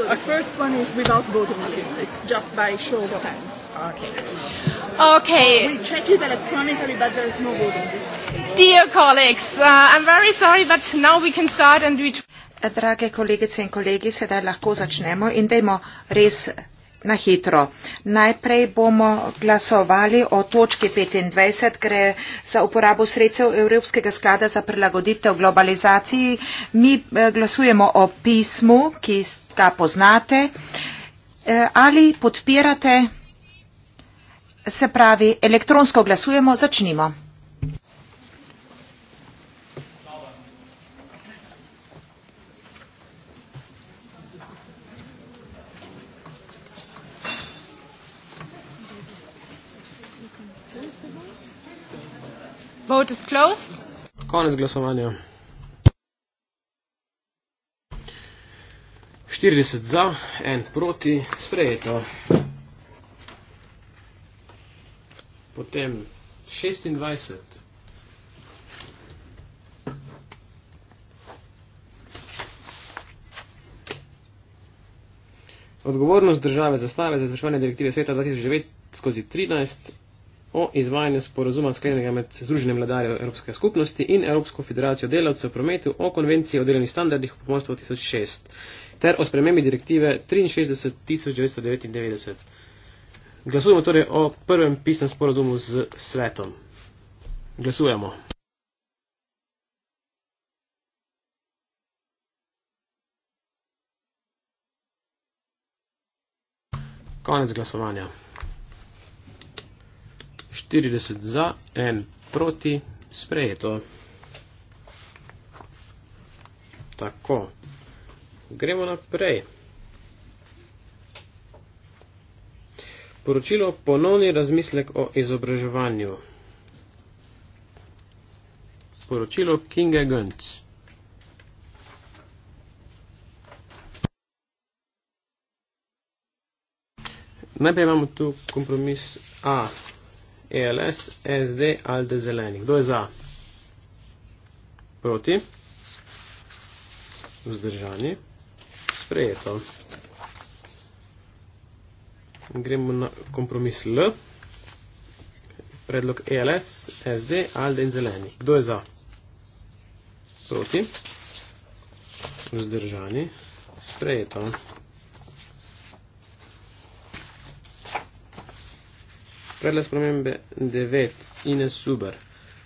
So the okay. first one is without voting, it's just by show of hands. Okay. Okay. We check it electronically, but there is no voting. This Dear colleagues, uh, I'm very sorry, but now we can start and we. Drage kolegice in kolegi, sedaj lahko začnemo in dajmo res na hitro. Najprej bomo glasovali o točki 25, gre za uporabo sredstev Evropskega sklada za prilagoditev globalizaciji. Mi eh, glasujemo o pismu, ki ga poznate. Eh, ali podpirate, se pravi, elektronsko glasujemo, začnimo. Vote is closed. Konec glasovanja. 40 za, 1 proti, sprejeto. Potem 26. Odgovornost države za stave za izvršovanje direktive sveta 2009 skozi 13 o izvajanju sporozuma sklenjenega med Združenjem vladarjev Evropske skupnosti in Evropsko federacijo delavcev v prometu o konvenciji o delovnih standardih v pomorstvu 2006 ter o spremembi direktive 63.999. Glasujemo torej o prvem pisnem sporozumu z svetom. Glasujemo. Konec glasovanja. 40 za, 1 proti, sprejeto. Tako, gremo naprej. Poročilo ponovni razmislek o izobraževanju. Poročilo Kinga Gönc. Najprej imamo tu kompromis A. ELS, SD, ALDE, zeleni. Kdo je za? Proti? Vzdržani? Sprejeto. Gremo na kompromis L. Predlog ELS, SD, ALDE in zeleni. Kdo je za? Proti? Vzdržani? Sprejeto. Predle spremembe 9 Ines Suber.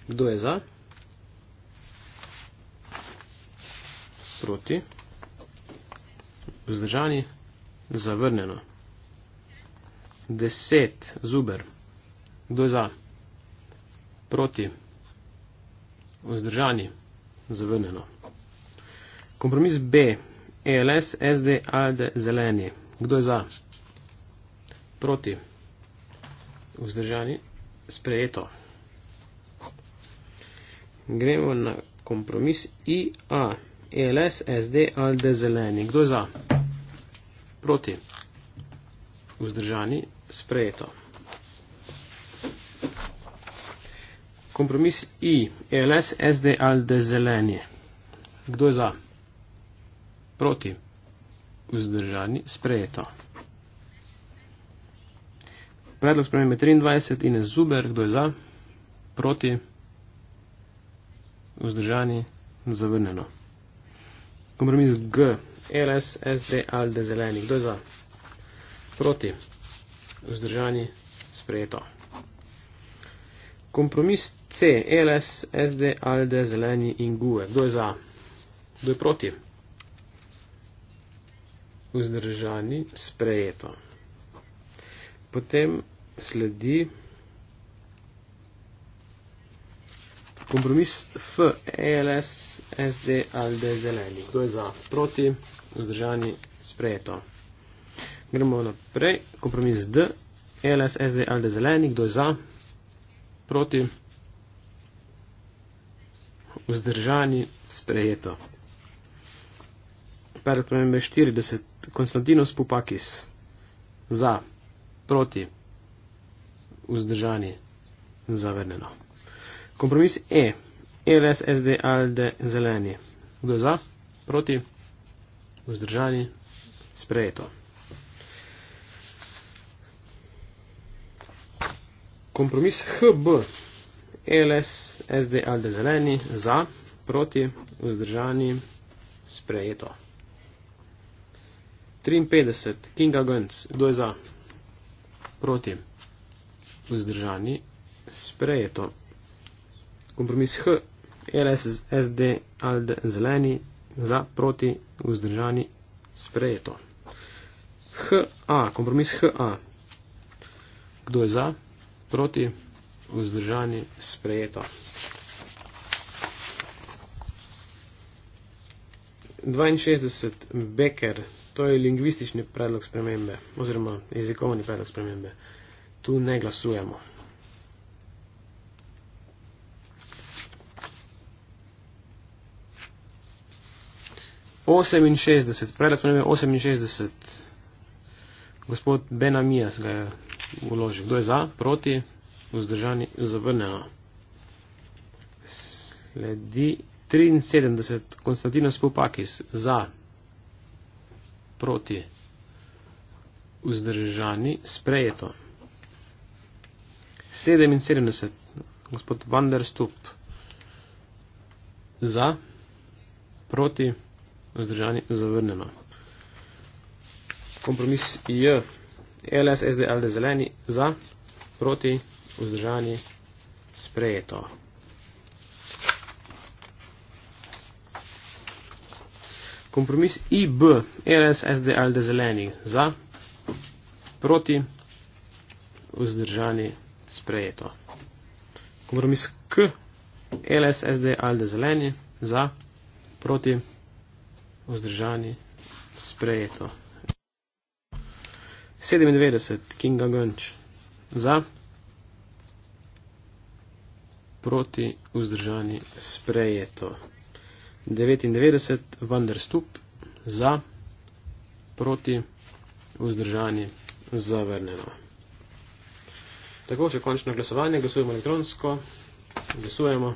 Kdo je za? Proti. Vzdržani. Zavrnjeno. 10 Zuber. Kdo je za? Proti. Vzdržani. Zavrnjeno. Kompromis B. ELS, SD, ALDE, zeleni. Kdo je za? Proti vzdržani, sprejeto. Gremo na kompromis IA, ELS, SD, ALDE, zeleni. Kdo je za? Proti. Vzdržani, sprejeto. Kompromis I, ELS, SD, ALDE, zeleni. Kdo je za? Proti. Vzdržani, sprejeto. Predlog sprememb je 23, Ines Zuber, kdo je za, proti, vzdržani, zavrnjeno. Kompromis G, LS, SD, ALDE, zeleni, kdo je za, proti, vzdržani, sprejeto. Kompromis C, LS, SD, ALDE, zeleni in GUE, kdo je za, kdo je proti, vzdržani, sprejeto. Potem sledi kompromis F, ELS, SD, ALD, zeleni. Kdo je za? Proti, vzdržani, sprejeto. Gremo naprej. Kompromis D, ELS, SD, ALD, zeleni. Kdo je za? Proti, vzdržani, sprejeto. Predpomembe 40. Konstantinos Pupakis. Za. Proti vzdržani zavrnjeno. Kompromis E. LS, SD, ALD, zeleni. Kdo za? Proti? Vzdržani? Sprejeto. Kompromis HB. LS, SD, ALD, zeleni. Za? Proti? Vzdržani? Sprejeto. 53. Kinga Gönc. Kdo je za? Proti? Proti? vzdržani, sprejeto. Kompromis H, LS, SD, ALD, zeleni, za, proti, vzdržani, sprejeto. HA, kompromis HA. Kdo je za, proti, vzdržani, sprejeto. 62 Becker, to je lingvistični predlog spremembe, oziroma jezikovni predlog spremembe tu ne glasujemo. Oseminšestdeset, predlog nam je oseminšestdeset. Gospod Benamijas ga je uložil. Kdo je za, proti, vzdržani, zavrnjeno. Sledi triinsedemdeset, Konstantinos Popakis, za, proti, vzdržani, sprejeto. 77, gospod Vanderstup, za, proti, vzdržani, zavrnjeno. Kompromis J, LS, SD, LD, zeleni, za, proti, vzdržani, sprejeto. Kompromis IB, LS, SD, LD, zeleni, za, proti, vzdržani, sprejeto sprejeto. Kompromis K, LS, SD, ALDE, zeleni, za, proti, vzdržani, sprejeto. 97, Kinga Gönč, za, proti, vzdržani, sprejeto. 99, Vanderstup, za, proti, vzdržani, zavrnjeno. Tako, še končno glasovanje, glasujemo elektronsko, glasujemo.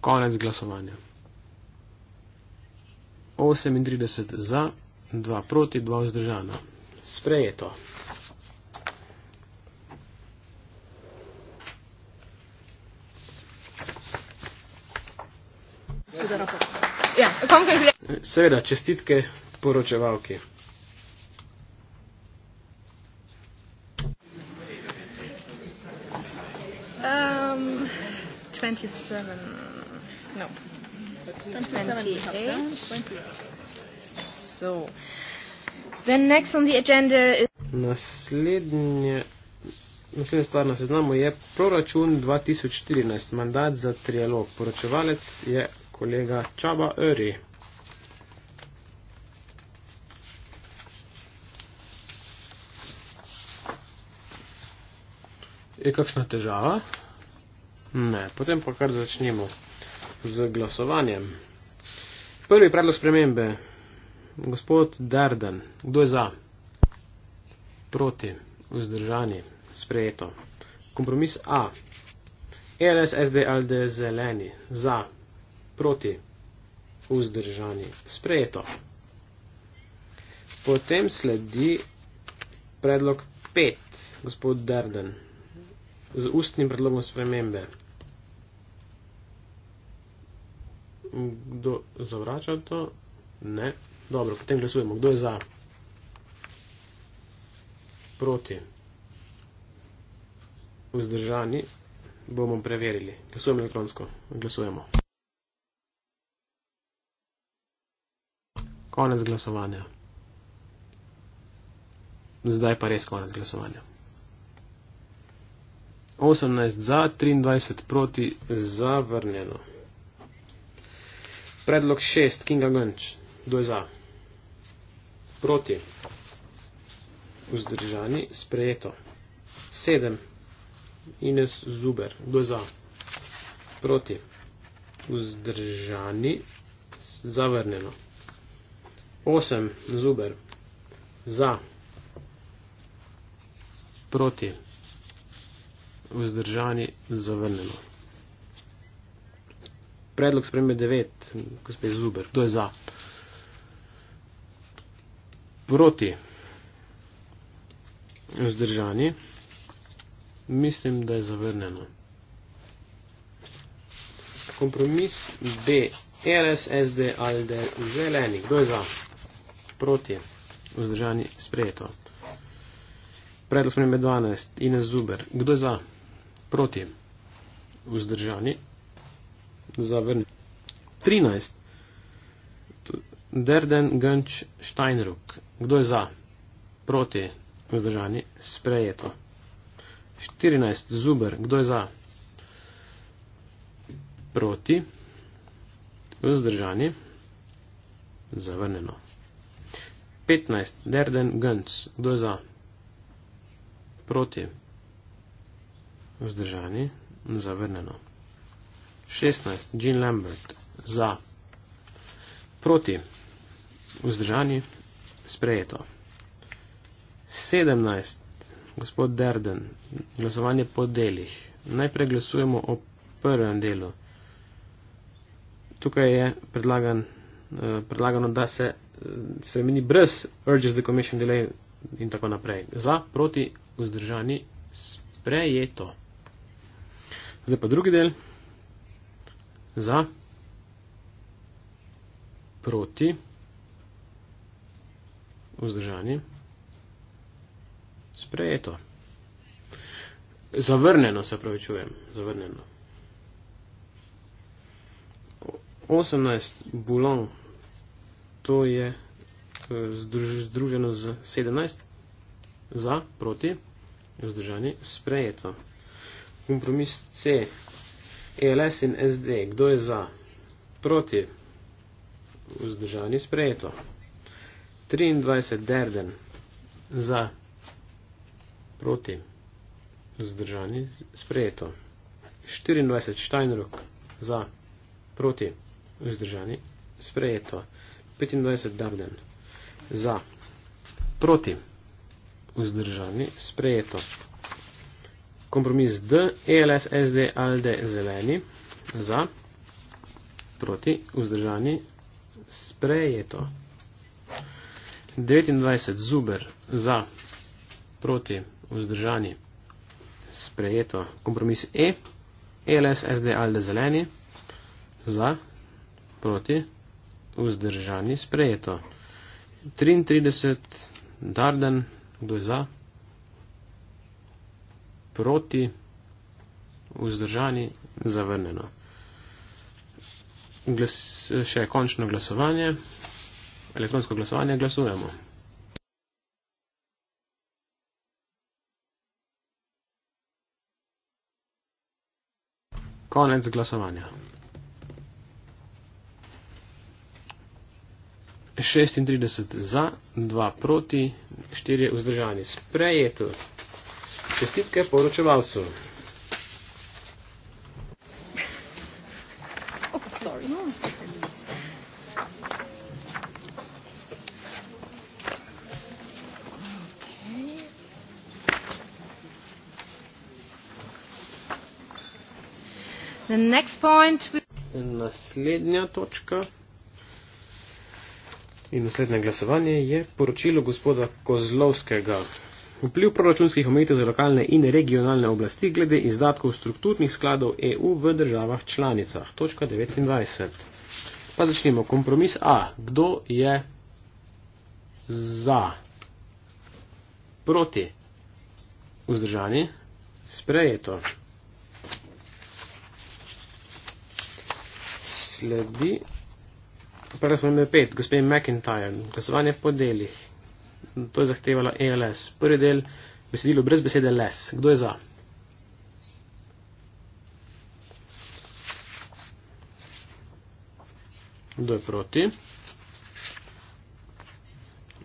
Konec glasovanja. 38 za, 2 proti, 2 vzdržana. Sprejeto. seveda čestitke poročevalki. Um, 27, no, 28. 28. Naslednje, naslednje stvar na seznamu je proračun 2014, mandat za trialog. Poročevalec je kolega Čaba Öri. Je kakšna težava? Ne, potem pa kar začnemo z glasovanjem. Prvi predlog spremembe. Gospod Darden, kdo je za? Proti, vzdržani, sprejeto. Kompromis A. E LS, SD, LD, zeleni, za, proti, vzdržani, sprejeto. Potem sledi predlog 5, gospod Darden z ustnim predlogom spremembe. Kdo zavrača to? Ne. Dobro, potem glasujemo. Kdo je za? Proti. Vzdržani. Bomo preverili. Glasujemo elektronsko. Glasujemo. Konec glasovanja. Zdaj pa res konec glasovanja. 18 za, 23 proti, zavrnjeno. Predlog 6, Kinga Gönč, kdo je za? Proti. Vzdržani, sprejeto. 7, Ines Zuber, kdo je za? Proti. Vzdržani, zavrnjeno. 8, Zuber, za. Proti vzdržani zavrnemo. Predlog spremembe 9, gospod Zuber, kdo je za? Proti vzdržani mislim, da je zavrnjeno. Kompromis B, LS, SD, ALD, zeleni, kdo je za? Proti vzdržani sprejeto. Predlog spremembe 12, Ines Zuber, kdo je za? proti, vzdržani, zavrni. 13. Derden Gönč Steinruck. Kdo je za? Proti, vzdržani, sprejeto. 14. Zuber. Kdo je za? Proti, vzdržani, zavrnjeno. 15. Derden Gönč. Kdo je za? Proti vzdržani, zavrnjeno. 16. Jean Lambert, za, proti, vzdržani, sprejeto. 17. Gospod Derden, glasovanje po delih. Najprej glasujemo o prvem delu. Tukaj je predlagan, eh, predlagano, da se eh, spremeni brez urges the commission delay in tako naprej. Za, proti, vzdržani, sprejeto. Zdaj pa drugi del. Za, proti, vzdržanje, sprejeto. Zavrnjeno, se pravi, čujem. Zavrnjeno. 18 bulon, to je eh, združeno z 17, za, proti, vzdržanje, sprejeto kompromis C, e LS in SD, kdo je za, proti, vzdržani sprejeto, 23 derden za, proti, vzdržani sprejeto, 24 Steinrock za, proti, vzdržani sprejeto, 25 derden za, proti, vzdržani sprejeto kompromis D, ELS, SD, ALD, zeleni, za, proti, vzdržani, sprejeto. 29, Zuber, za, proti, vzdržani, sprejeto. Kompromis E, ELS, SD, ALD, zeleni, za, proti, vzdržani, sprejeto. 33, Darden, kdo je za, proti, vzdržani, sprejeto proti, vzdržani, zavrnjeno. Glas, še končno glasovanje, elektronsko glasovanje, glasujemo. Konec glasovanja. 36 za, 2 proti, 4 vzdržani. Sprejeto čestitke poročevalcu. The next point we... Naslednja točka in naslednje glasovanje je poročilo gospoda Kozlovskega. Vpliv proračunskih omejitev za lokalne in regionalne oblasti glede izdatkov strukturnih skladov EU v državah članicah. Točka 29. Pa začnimo. Kompromis A. Kdo je za? Proti? Vzdržani? Sprejeto. Sledi. Prvo smo imeli pet. Gospod McIntyre. Glasovanje po delih. To je zahtevalo ALS. E Prvi del besedilo brez besede les. Kdo je za? Kdo je proti?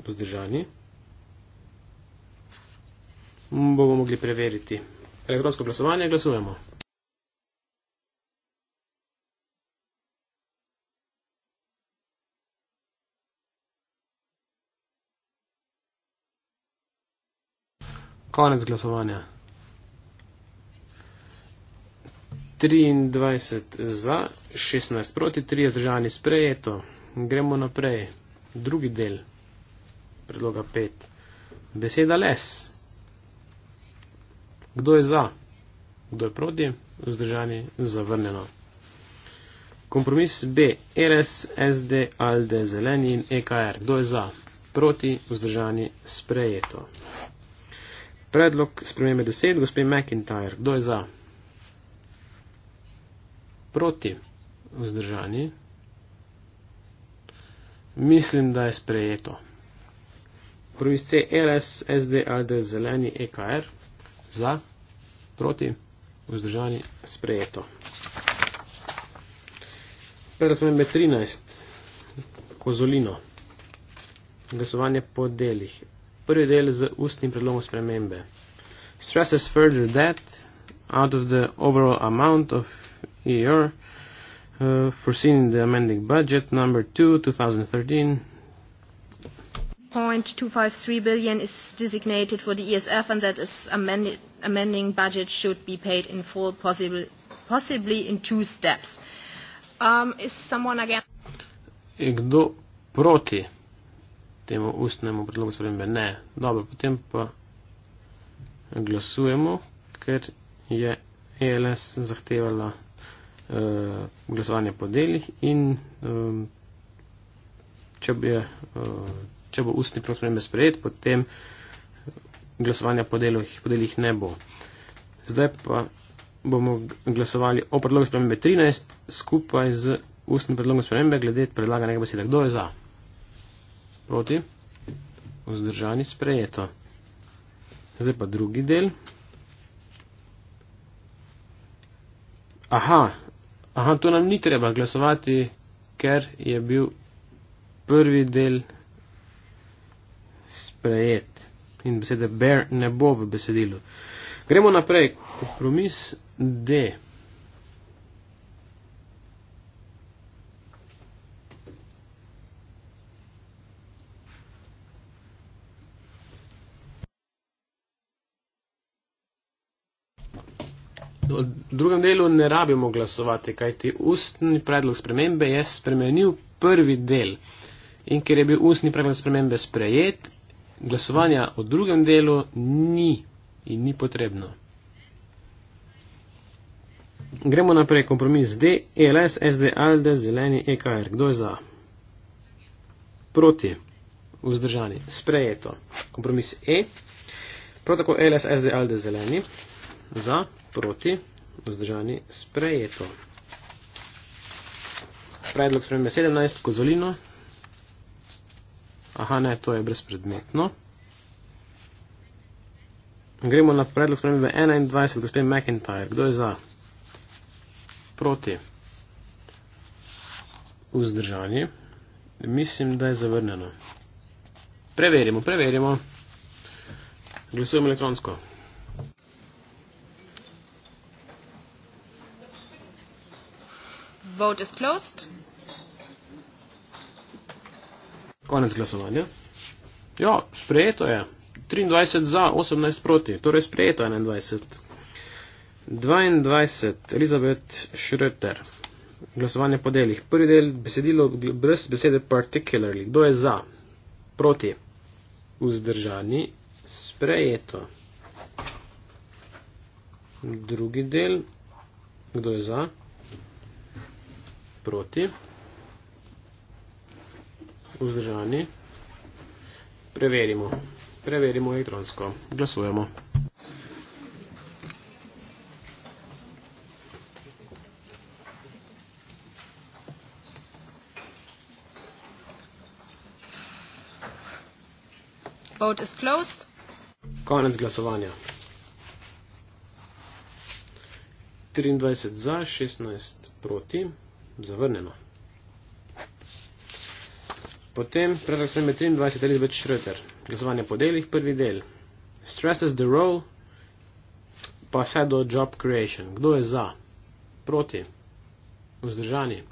Vzdržani. Bomo mogli preveriti. Elektronsko glasovanje glasujemo. Konec glasovanja. 23 za, 16 proti, 3 zdržani sprejeto. Gremo naprej. Drugi del predloga 5. Beseda les. Kdo je za? Kdo je proti? Vzdržani zavrnjeno. Kompromis B. RS, SD, ALDE, Zeleni in EKR. Kdo je za? Proti? Vzdržani sprejeto predlog spremembe 10, gospe McIntyre, kdo je za? Proti vzdržani. Mislim, da je sprejeto. Prvi C, LS, SD, LD, zeleni, EKR, za, proti, vzdržani, sprejeto. Predlog spremembe 13, kozolino, glasovanje po delih prvi del z ustnim predlogom spremembe. Stresses further that out of the overall amount of year uh, foreseen in the amending budget number 2, 2013. 0.253 billion is designated for the ESF and that is amended, amending budget should be paid in full possible, possibly in two steps. Um, is someone again? Kdo proti? temu ustnemu predlogu spremembe ne. Dobro, potem pa glasujemo, ker je ELS zahtevala uh, glasovanje po delih in um, če, bi, uh, če bo ustni predlog spremembe sprejet, potem glasovanja po delih, po delih ne bo. Zdaj pa bomo glasovali o predlogu spremembe 13 skupaj z ustnim predlogom spremembe glede predlaganega besede. Kdo je za? proti, vzdržani sprejeto. Zdaj pa drugi del. Aha, aha, to nam ni treba glasovati, ker je bil prvi del sprejet in beseda bear ne bo v besedilu. Gremo naprej, kompromis D. drugem delu ne rabimo glasovati, kajti ustni predlog spremembe je spremenil prvi del. In ker je bil ustni predlog spremembe sprejet, glasovanja o drugem delu ni in ni potrebno. Gremo naprej, kompromis D, ELS, SD, ALDE, zeleni, EKR. Kdo je za? Proti. Vzdržani. Sprejeto. Kompromis E. Protokol e LSSD ALDE zeleni. Za. Proti vzdržani sprejeto. Predlog spremembe 17, kozolino. Aha, ne, to je brezpredmetno. Gremo na predlog spremembe 21, gospod McIntyre. Kdo je za? Proti. Vzdržani. Mislim, da je zavrnjeno. Preverimo, preverimo. Glasujemo elektronsko. Vote is closed. Konec glasovanja. Jo, ja, sprejeto je. 23 za, 18 proti. Torej sprejeto je 21. 22. Elizabeth Schröter. Glasovanje po delih. Prvi del besedilo brez besede particularly. Kdo je za? Proti. Vzdržani. Sprejeto. Drugi del. Kdo je za? proti, vzdržani. Preverimo. Preverimo elektronsko. Glasujemo. Vote is closed. Konec glasovanja. 23 za, 16 proti zavrnjeno. Potem predlog spremembe 23 Elizabeth Schroeder. Glasovanje po delih, prvi del. Stresses the role, pa vse do job creation. Kdo je za? Proti? Vzdržani?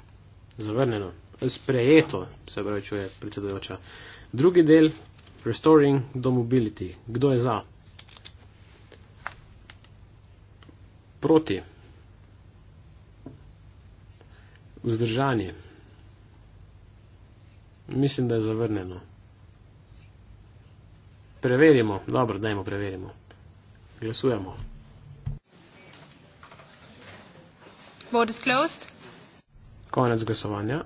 Zavrnjeno. Sprejeto, se pravi, čuje predsedujoča. Drugi del, restoring the mobility. Kdo je za? Proti? vzdržanje. Mislim, da je zavrnjeno. Preverimo. Dobro, dajmo preverimo. Glasujemo. Vote is closed. Konec glasovanja.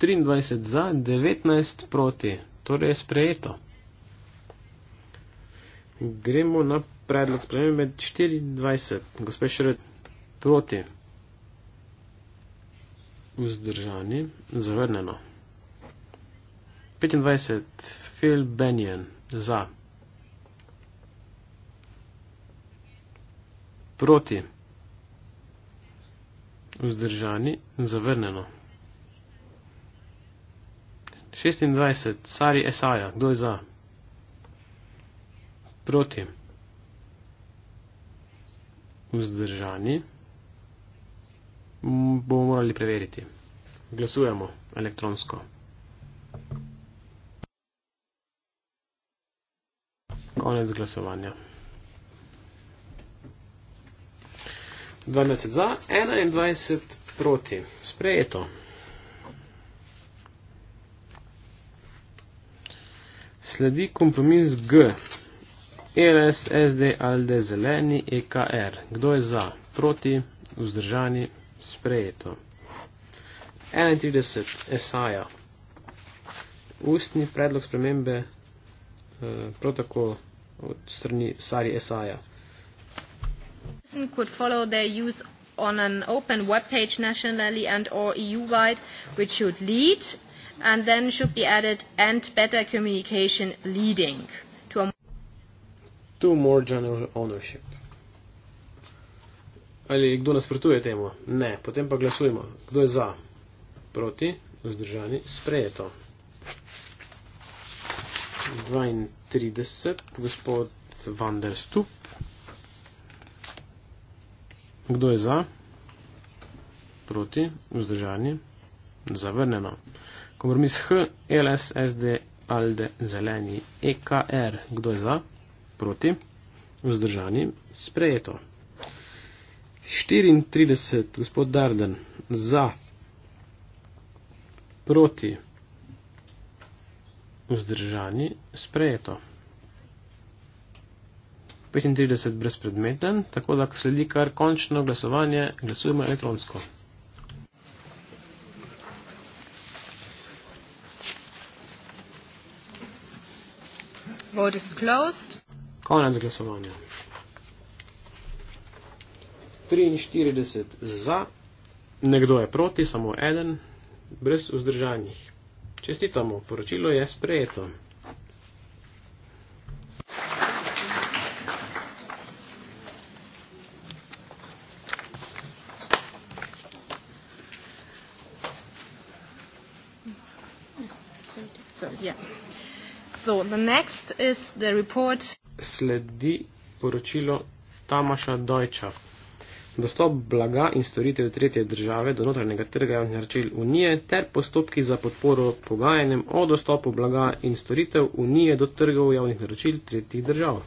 23 za, 19 proti. Torej je sprejeto. Gremo na predlog spremembe 24. Gospod Šred, proti vzdržani, zavrnjeno. 25. Phil Benjen za. Proti. Vzdržani, zavrnjeno. 26. Sari Esaja, kdo je za? Proti. Vzdržani bomo morali preveriti. Glasujemo elektronsko. Konec glasovanja. 12 za, 21 proti. Sprejeto. Sledi kompromis G. ELS, SD, ALDE, zeleni, EKR. Kdo je za? Proti, vzdržani sprejeto. 31. Esaja. Ustni predlog spremembe eh, protokol od strani Sari Esaja. On an open web page nationally and/or EU-wide, which should lead, and then should be added and better communication leading to a more general ownership ali kdo nasprotuje temu? Ne, potem pa glasujmo. Kdo je za? Proti, vzdržani, sprejeto. 32, gospod Van der Stup. Kdo je za? Proti, vzdržani, zavrnjeno. Kompromis H, LS, SD, ALDE, zeleni, EKR. Kdo je za? Proti, vzdržani, sprejeto. 34, gospod Darden, za, proti, vzdržani, sprejeto. 35 brezpredmeten, tako da sledi kar končno glasovanje, glasujemo elektronsko. Vote is closed. Konec glasovanja. 43 za, nekdo je proti, samo eden, brez vzdržanjih. Čestitamo, poročilo je sprejeto. So, yeah. so, next is the report. Sledi poročilo Tamaša Dojčaka dostop blaga in storitev tretje države do notranjega trga javnih naročil Unije ter postopki za podporo pogajanjem o dostopu blaga in storitev Unije do trgov javnih naročil tretjih držav.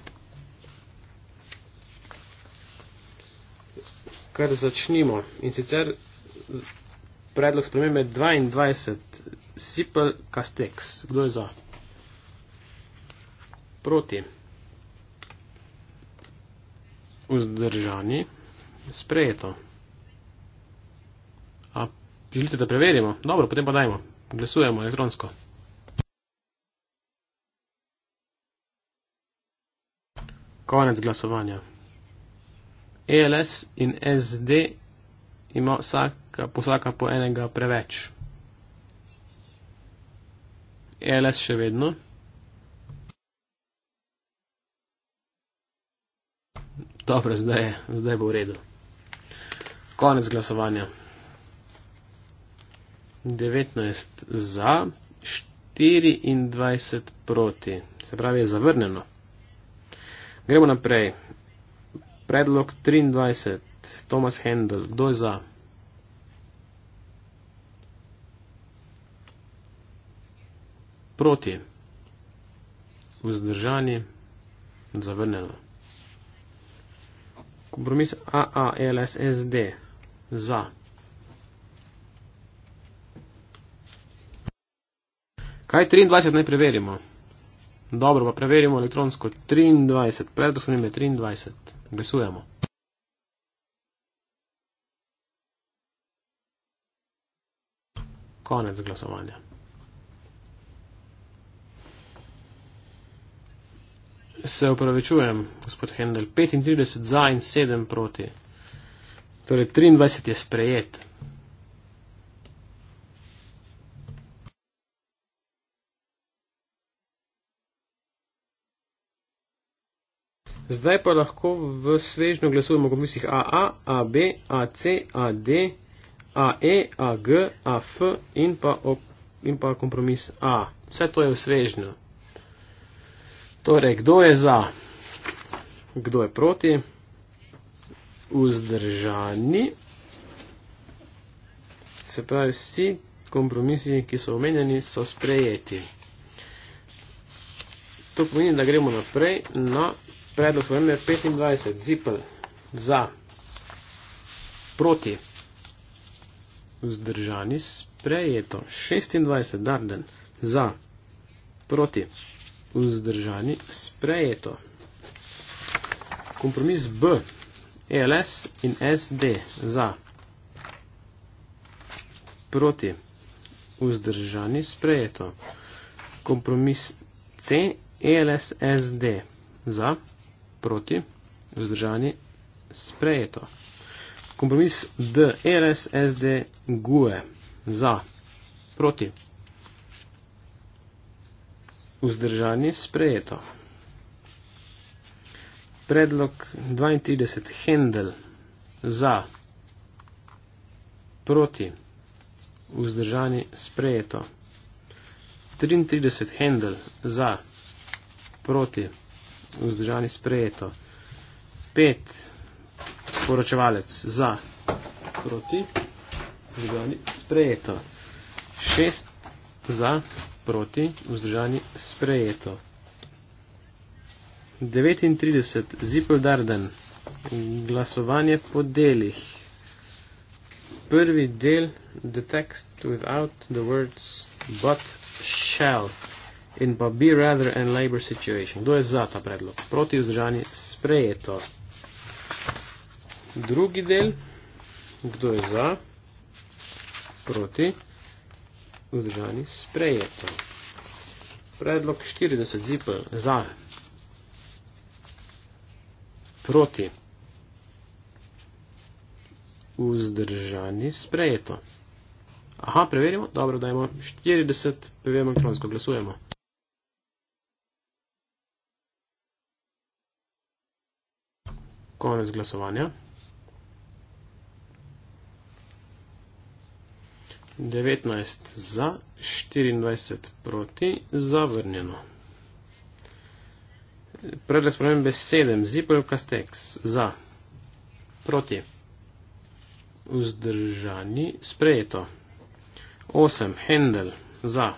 Kar začnimo in sicer predlog spremembe 22 Sipel Castex. Kdo je za? Proti. Vzdržani sprejeto. A želite, da preverimo? Dobro, potem pa dajmo. Glasujemo elektronsko. Konec glasovanja. ELS in SD ima vsaka, vsaka po enega preveč. ELS še vedno. Dobro, zdaj je, zdaj bo v redu. Konec glasovanja. 19 za, 24 proti. Se pravi, je zavrnjeno. Gremo naprej. Predlog 23. Thomas Hendel, kdo je za? Proti. Vzdržani. Zavrnjeno. Kompromis AALSSD za. Kaj 23 naj preverimo? Dobro, pa preverimo elektronsko 23. Predoslovnim je 23. Glesujemo. Konec glasovanja. Se upravičujem, gospod Hendel. 35 za in 7 proti. Torej, 23 je sprejet. Zdaj pa lahko v svežno glasujemo komisih AA, AB, AC, AD, AE, AG, AF in pa, ob, in pa kompromis A. Vse to je v svežnju. Torej, kdo je za? Kdo je proti? Kdo je proti? vzdržani. Se pravi, vsi kompromisi, ki so omenjeni, so sprejeti. To pomeni, da gremo naprej na predlog svojeme 25, zipl za, proti, vzdržani, sprejeto, 26, darden, za, proti, vzdržani, sprejeto. Kompromis B. E ls in sd za proti vzdržani sprejeto kompromis c e ls sd za proti vzdržani sprejeto kompromis d e ls sd gue za proti vzdržani sprejeto predlog 32 Hendel za proti vzdržani sprejeto. 33 Hendel za proti vzdržani sprejeto. 5 poročevalec za proti vzdržani sprejeto. 6 za proti vzdržani sprejeto. 39. Zipeldarden. Glasovanje po delih. Prvi del. The text without the words but shall in pa be rather and labor situation. Kdo je za ta predlog? Proti vzdržani sprejeto. Drugi del. Kdo je za? Proti vzdržani sprejeto. Predlog 40. Zipel. Za proti. Vzdržani sprejeto. Aha, preverimo. Dobro, dajmo 40, povemo elektronsko, glasujemo. Konec glasovanja. 19 za, 24 proti, zavrnjeno. Predle spremembe 7. Zipel Castex. Za. Proti. Vzdržani. Sprejeto. 8. Hendel. Za.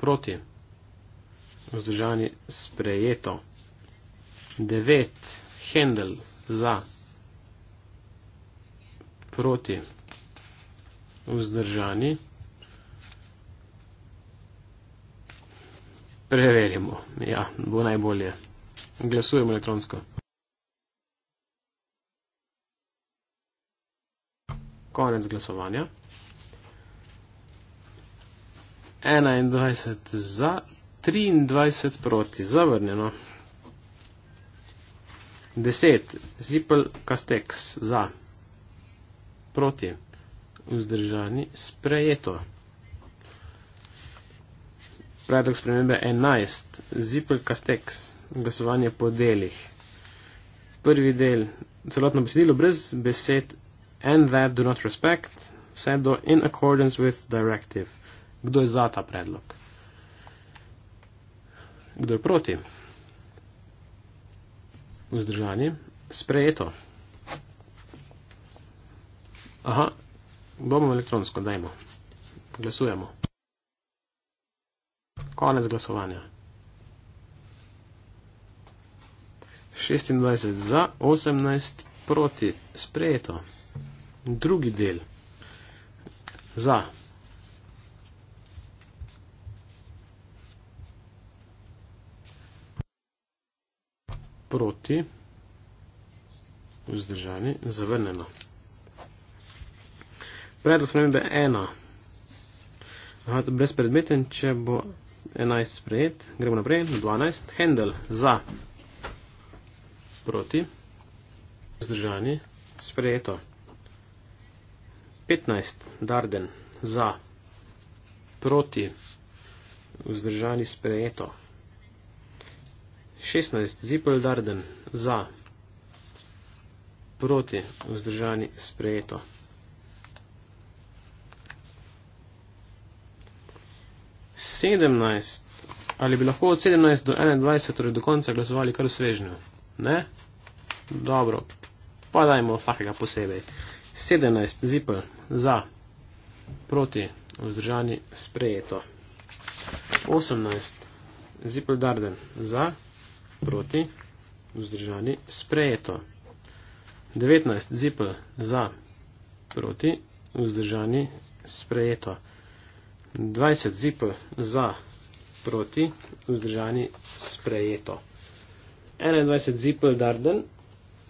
Proti. Vzdržani. Sprejeto. 9. Hendel. Za. Proti. Vzdržani. Vzdržani. Preverimo. Ja, bo najbolje. Glasujemo elektronsko. Konec glasovanja. 21 za, 23 proti, zavrnjeno. 10, Zipel Kasteks za, proti, vzdržani, sprejeto predlog spremembe 11, zipl kastex, glasovanje po delih. Prvi del, celotno besedilo brez besed and that do not respect, vse do in accordance with directive. Kdo je za ta predlog? Kdo je proti? Vzdržani. Sprejeto. Aha, bomo elektronsko, dajmo. Glasujemo. Konec glasovanja. 26 za, 18 proti, sprejeto. Drugi del. Za. Proti. Vzdržani, zavrneno. Predlog smembe 1. Brez predmeten, če bo... 11 sprejet, gremo naprej, 12, handle, za, proti, vzdržani, sprejeto, 15, darden, za, proti, vzdržani, sprejeto, 16, zipel, darden, za, proti, vzdržani, sprejeto, 17, 17, ali bi lahko od 17 do 21, torej do konca, glasovali kar v svežnju? Ne? Dobro, pa dajmo vsakega posebej. 17, zipr, za, proti, vzdržani, sprejeto. 18, zipr, darden, za, proti, vzdržani, sprejeto. 19, zipr, za, proti, vzdržani, sprejeto. 20, 20 zip za proti, vzdržani sprejeto. 21 zip darden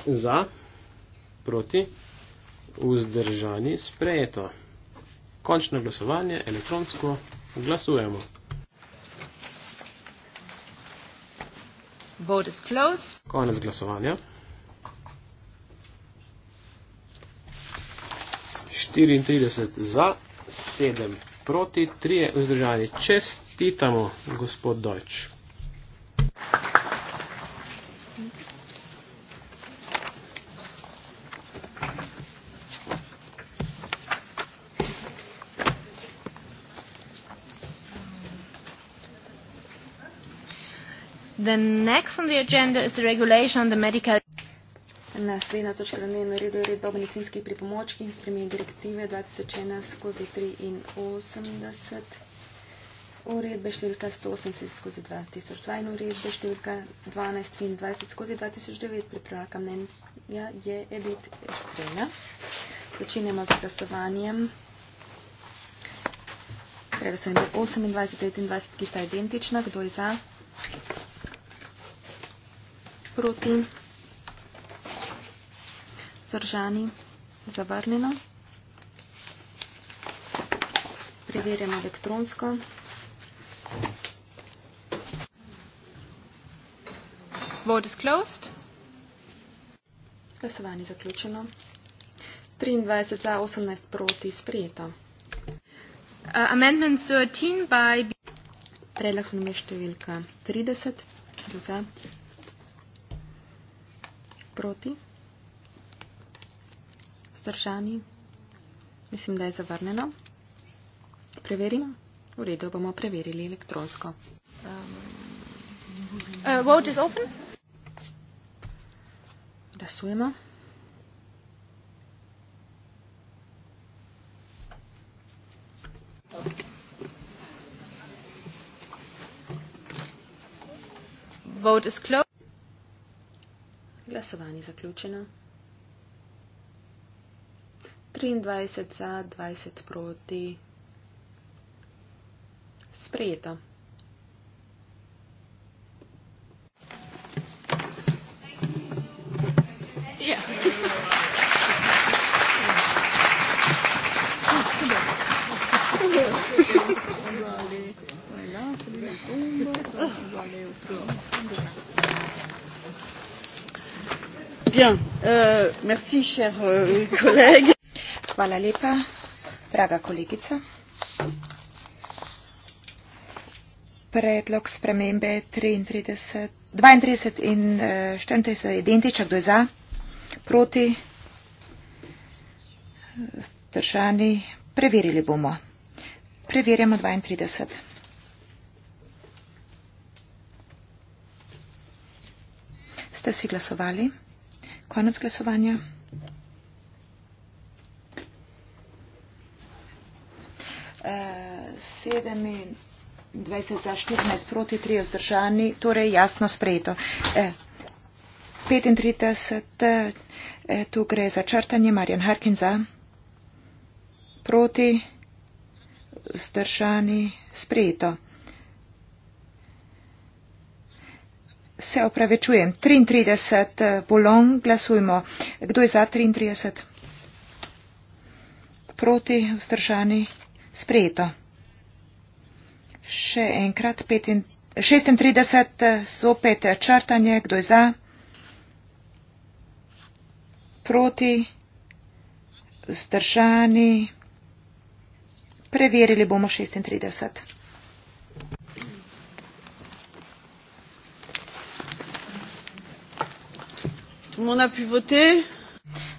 za proti, vzdržani sprejeto. Končno glasovanje, elektronsko, glasujemo. Vote is close. Konec glasovanja. 34 za 7 proti proti, tri je vzdržani. Čestitamo, gospod Deutsch. The next on the agenda is the regulation on the medical Naslednja točka na dnevnem redu je uredba o medicinskih pripomočkih in spremenjih direktive 2001 skozi 83, uredbe številka 180 skozi 2002 in uredbe številka 1223 skozi 2009. Pripravljaka mnenja je Edith Eštrena. Začinemo z glasovanjem. Preda so 28, 29, ki sta identična. Kdo je za? Proti. Proti držani, zavrnjeno. Preverjam elektronsko. Vote is closed. Glasovanje zaključeno. 23 za 18 proti sprejeto. Uh, amendment 13 by... Predlog nam je številka 30. Do za. Proti vzdržani. Mislim, da je zavrneno. Preverimo. V redu bomo preverili elektronsko. Um, uh, is open. Glasujemo. Vote is closed. Glasovanje zaključeno. 23 za 20 proti. Sprejeto. Ja. Bien, euh, merci chers euh, collègues. Hvala lepa, draga kolegica. Predlog spremembe 33, 32 in 34 eh, je identičen, kdo je za, proti, zdržani, preverili bomo. Preverjamo 32. Ste vsi glasovali? Konec glasovanja. 27 za 14 proti 3 vzdržani, torej jasno sprejeto. 35, e, e, tu gre za črtanje, Marjan Harkin za, proti vzdržani, sprejeto. Se opravičujem, 33, e, Bolon, glasujmo. Kdo je za 33? Proti vzdržani sprejeto. Še enkrat, 36, zopet črtanje, kdo je za, proti, vzdržani, preverili bomo 36.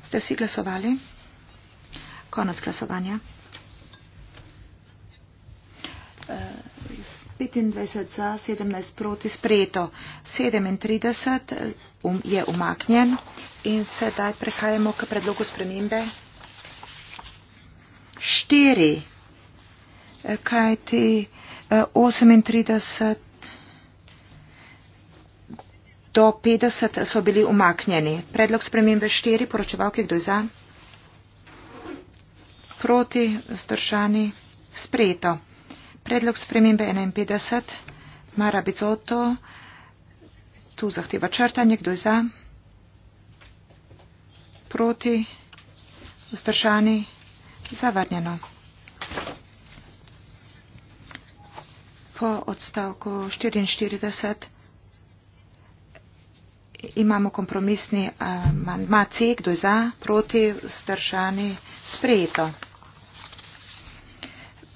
Ste vsi glasovali? Konec glasovanja. 25 za, 17 proti sprejeto. 37 um, je umaknjen in sedaj prehajamo k predlogu spremembe. 4, kaj ti 38 do 50 so bili umaknjeni. Predlog spremembe 4, poročevalke, kdo je za? Proti, zdržani, sprejeto. Predlog spremembe 51, Mara Bizoto, tu zahteva črtanje, kdo je za, proti, ustršani, zavrnjeno. Po odstavku 44 imamo kompromisni eh, mandma C, kdo je za, proti, ustršani, sprejeto.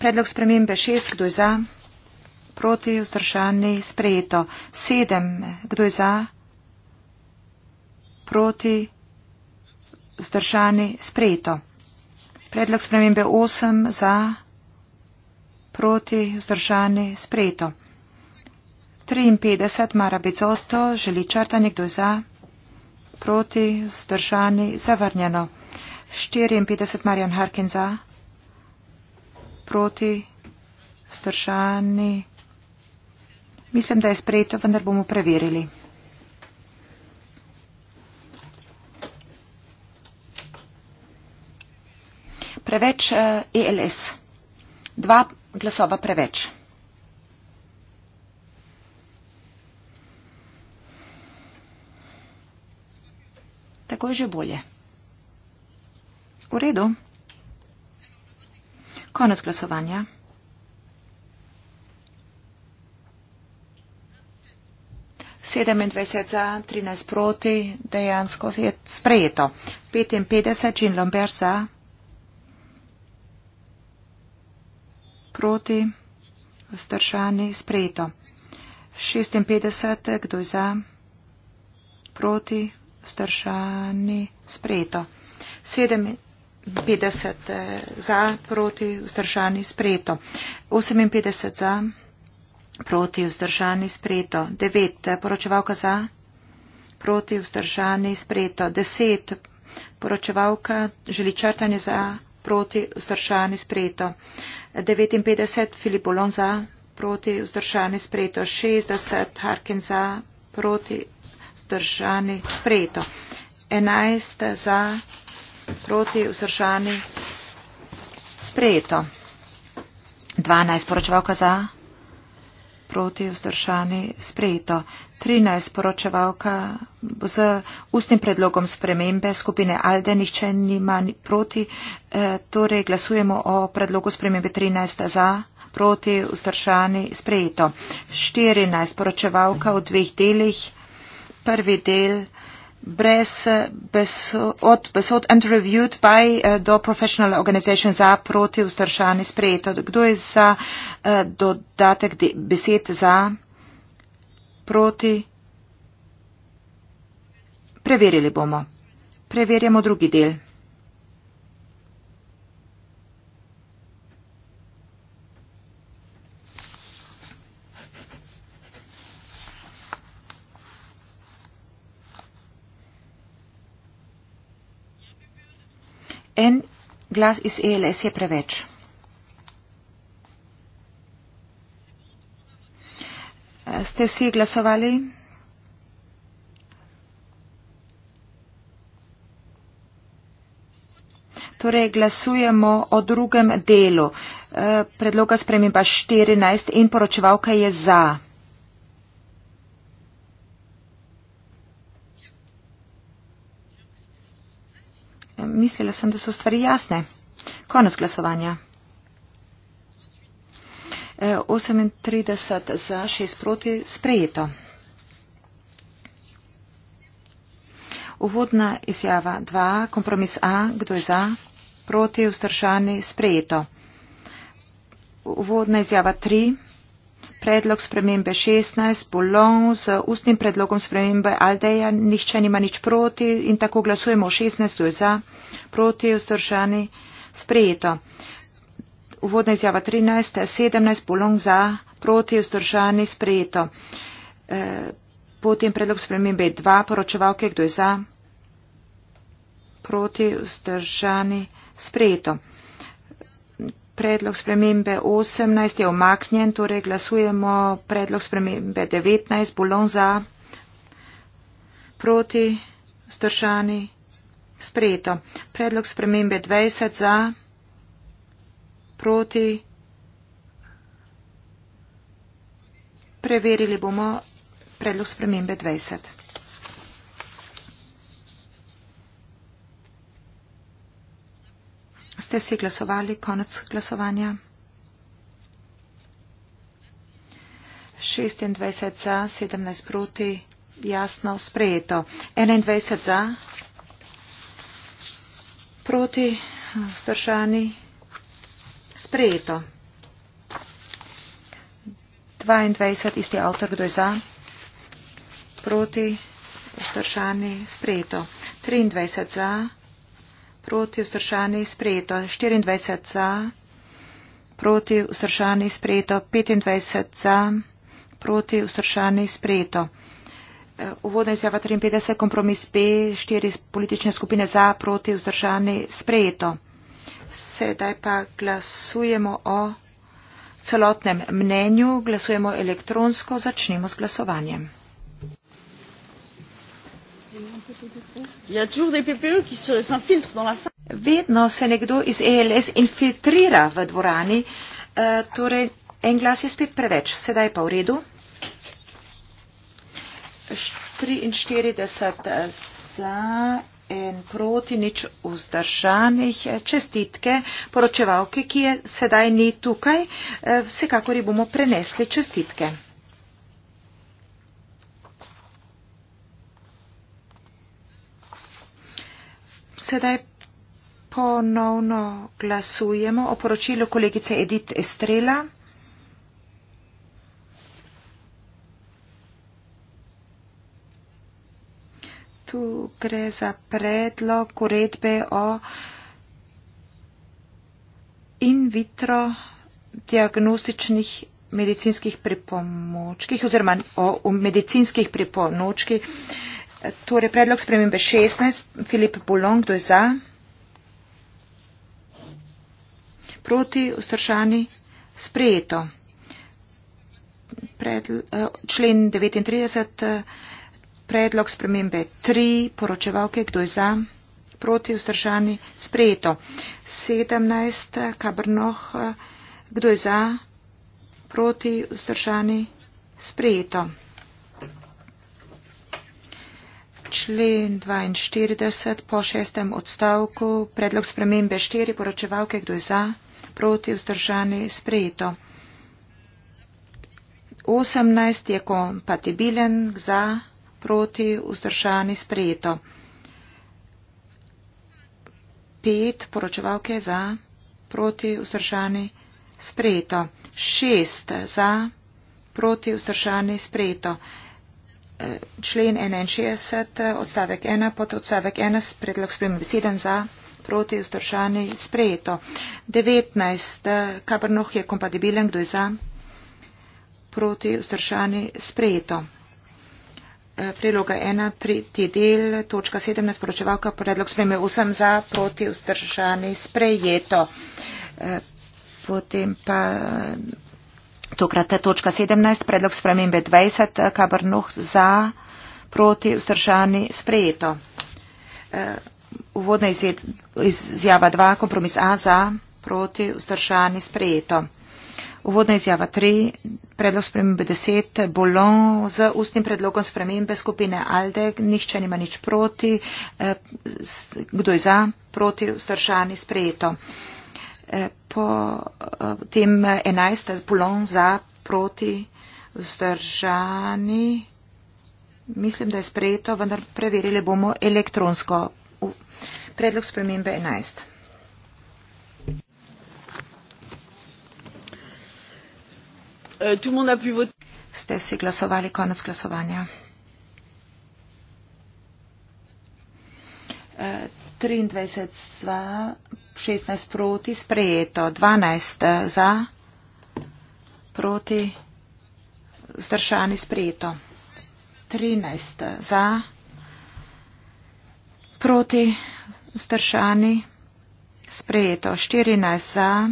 Predlog spremembe 6, kdo je za, proti, vzdržani, sprejeto. 7, kdo je za, proti, vzdržani, sprejeto. Predlog spremembe 8, za, proti, vzdržani, sprejeto. 53, Mara Bizotto, želi črtanje, kdo je za, proti, vzdržani, zavrnjeno. 54, Marjan Harkin za proti, stršani. Mislim, da je sprejeto, vendar bomo preverili. Preveč ELS. Eh, e Dva glasova preveč. Tako je že bolje. V redu. Koniec głosowania. sedemindvajset za, trinajst proti, dejansko je sprejeto. petinpetdeset in Lomber za, proti, vzdržani, sprejeto. šestinpetdeset, kdo je za, proti, vzdržani, sprejeto. sedemindvajset 50 eh, za, proti, vzdržani, sprejeto. 58 za, proti, vzdržani, sprejeto. 9 eh, poročevalka za, proti, vzdržani, sprejeto. 10 poročevalka želi črtanje za, proti, vzdržani, sprejeto. 59 Filip Bolon za, proti, vzdržani, sprejeto. 60 Harkin za, proti, vzdržani, sprejeto. 11 za, proti, proti vzdržani sprejeto. 12 poročevalka za proti vzdržani sprejeto. 13 poročevalka z ustnim predlogom spremembe skupine Alde, nihče nima proti, e, torej glasujemo o predlogu spremembe 13 za proti vzdržani sprejeto. 14 poročevalka v dveh delih. Prvi del brez od besod and reviewed by do eh, professional organizations za proti vzdržani sprejeto. Kdo je za eh, dodatek besed za proti? Preverili bomo. Preverjamo drugi del. en glas iz ELS je preveč. Ste vsi glasovali? Torej glasujemo o drugem delu. E, predloga sprememba 14 in poročevalka je za. mislila sem, da so stvari jasne. Konec glasovanja. 38 e, za 6 proti sprejeto. Uvodna izjava 2, kompromis A, kdo je za, proti, vzdržani, sprejeto. Uvodna izjava 3 predlog spremembe 16, Bolon z ustnim predlogom spremembe Aldeja, nihče nima nič proti in tako glasujemo 16 za, proti vzdržani sprejeto. Uvodna izjava 13, 17, Bolon za, proti vzdržani sprejeto. E, potem predlog spremembe 2, poročevalke, kdo je za, proti vzdržani sprejeto predlog spremembe 18 je omaknjen, torej glasujemo predlog spremembe 19, bolon za, proti, stršani, sprejeto. Predlog spremembe 20 za, proti, preverili bomo predlog spremembe 20. ste vsi glasovali, konec glasovanja. 26 za, 17 proti, jasno, sprejeto. 21 za, proti, vzdržani, sprejeto. 22, isti avtor, kdo je za, proti, vzdržani, sprejeto. 23 za, proti, vzdržani, sprejeto. Proti vzdržani sprejeto 24 za, proti vzdržani sprejeto 25 za, proti vzdržani sprejeto. Eh, uvodna izjava 53, kompromis B, štiri politične skupine za, proti vzdržani sprejeto. Sedaj pa glasujemo o celotnem mnenju, glasujemo elektronsko, začnimo s glasovanjem. E Vedno se nekdo iz ELS infiltrira v dvorani, eh, torej en glas je spet preveč, sedaj pa v redu. 43 eh, za in proti, nič vzdržanih. Eh, čestitke poročevalke, ki je sedaj ni tukaj, vsekakor ji bomo prenesli čestitke. Sedaj ponovno glasujemo o poročilu kolegice Edith Estrela. Tu gre za predlog uredbe o in vitro diagnostičnih medicinskih pripomočkih oziroma o medicinskih pripomočkih. Torej, predlog spremembe 16. Filip Bulon, kdo je za? Proti, ustršani, sprejeto. Pred, eh, člen 39. Eh, predlog spremembe 3. Poročevalke, kdo je za? Proti, ustršani, sprejeto. 17. Eh, Kabrnoh, kdo je za? Proti, ustršani, sprejeto člen 42 po šestem odstavku, predlog spremembe štiri poročevalke, kdo je za, proti, vzdržani, sprejeto. 18 je kompatibilen, za, proti, vzdržani, sprejeto. 5 poročevalke za, proti, vzdržani, sprejeto. 6 za, proti, vzdržani, sprejeto člen 61, odstavek 1, pod odstavek 1, predlog sprem 7 za, proti, vzdržani, sprejeto. 19, kabrnoh je kompatibilen, kdo je za, proti, vzdržani, sprejeto. Priloga 1, 3. del, točka 17, poročevalka, predlog spreme 8 za, proti, vzdržani, sprejeto. E, potem pa Tokrat točka 17, predlog spremembe 20, eh, kabrnuh za, proti, vzdržani, sprejeto. Eh, uvodna izjava 2, kompromis A za, proti, vzdržani, sprejeto. Uvodna izjava 3, predlog spremembe 10, bolon z ustnim predlogom spremembe skupine Alde, nihče nima nič proti, eh, kdo je za, proti, vzdržani, sprejeto po eh, tem 11. Eh, polon eh, za proti vzdržani. Mislim, da je sprejeto, vendar preverili bomo elektronsko. Predlog spremembe 11. Ste vsi glasovali, konec glasovanja. 23 za, 16 proti, sprejeto, 12 eh, za, proti, zdržani sprejeto, 13 eh, za, proti, zdržani sprejeto, 14 za,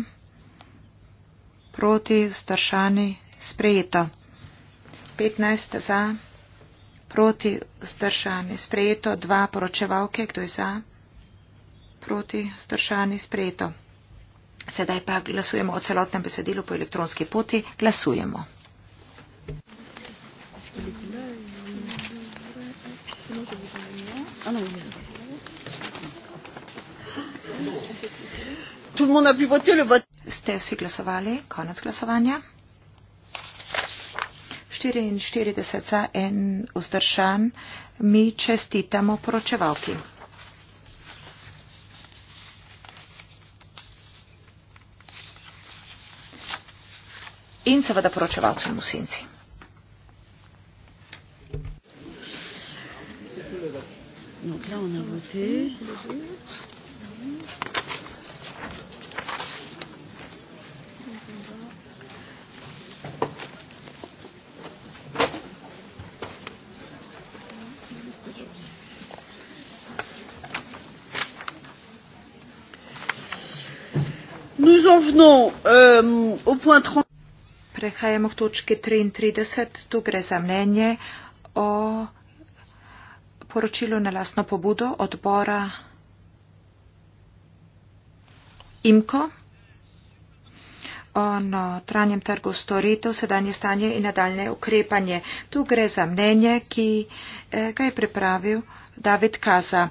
proti, zdržani sprejeto, 15 za, proti, zdržani sprejeto, 2 poročevalke, kdo je za proti stršani sprejeto. Sedaj pa glasujemo o celotnem besedilu po elektronski poti. Glasujemo. Ste vsi glasovali? Konec glasovanja. 44 za en vzdržan. Mi čestitamo poročevalki. in seveda poročevalcem v senci. Nous en venons euh, au point 30. Prehajamo k točki 33. Tu gre za mnenje o poročilu na lasno pobudo odbora IMKO o notranjem trgu storitev, sedanje stanje in nadaljne ukrepanje. Tu gre za mnenje, ki eh, ga je pripravil David Kaza.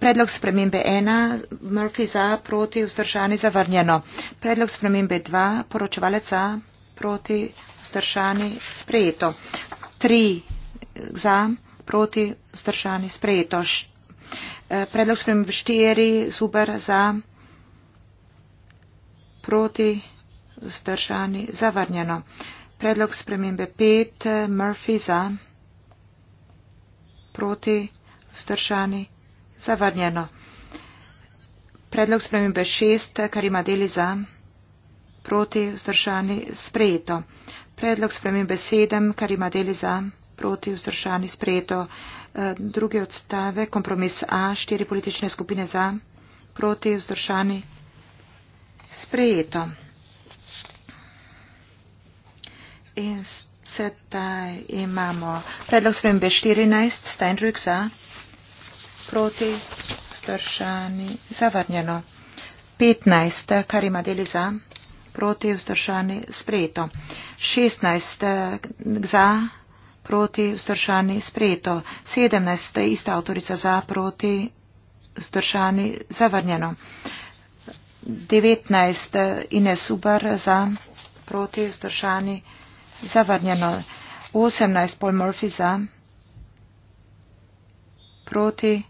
Predlog spremembe 1, Murphy za, proti, vzdržani, zavrnjeno. Predlog spremembe 2, poročevalec za, proti zdržani sprejeto. Tri za, proti zdržani sprejeto. Š, eh, predlog sprem štiri, zuber za, proti zdržani zavrnjeno. Predlog spremembe 5, Murphy za, proti, vzdržani, zavrnjeno. Predlog spremembe 6, kar ima deli za, proti vzdržani sprejeto. Predlog spremembe sedem, kar ima deli za proti vzdržani sprejeto. E, drugi odstave, kompromis A, štiri politične skupine za proti vzdržani sprejeto. In sedaj imamo predlog spremembe 14, Steinrück za, proti vzdržani zavrnjeno. 15, kar ima deli za, proti, vzdržani, sprejeto. 16 eh, za, proti, vzdržani, sprejeto. 17 eh, ista avtorica za, proti, vzdržani, zavrnjeno. 19 eh, Ines Ubar za, proti, vzdržani, zavrnjeno. 18 Paul Murphy za, proti,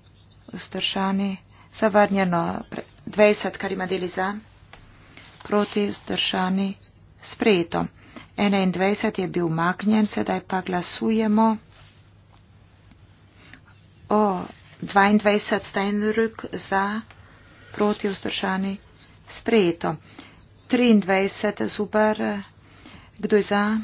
vzdržani, zavrnjeno. 20 Karima Deli za proti vzdržani sprejeto. 21 je bil umaknjen, sedaj pa glasujemo o 22 Steinruck za proti vzdržani sprejeto. 23 Zubar, kdo je za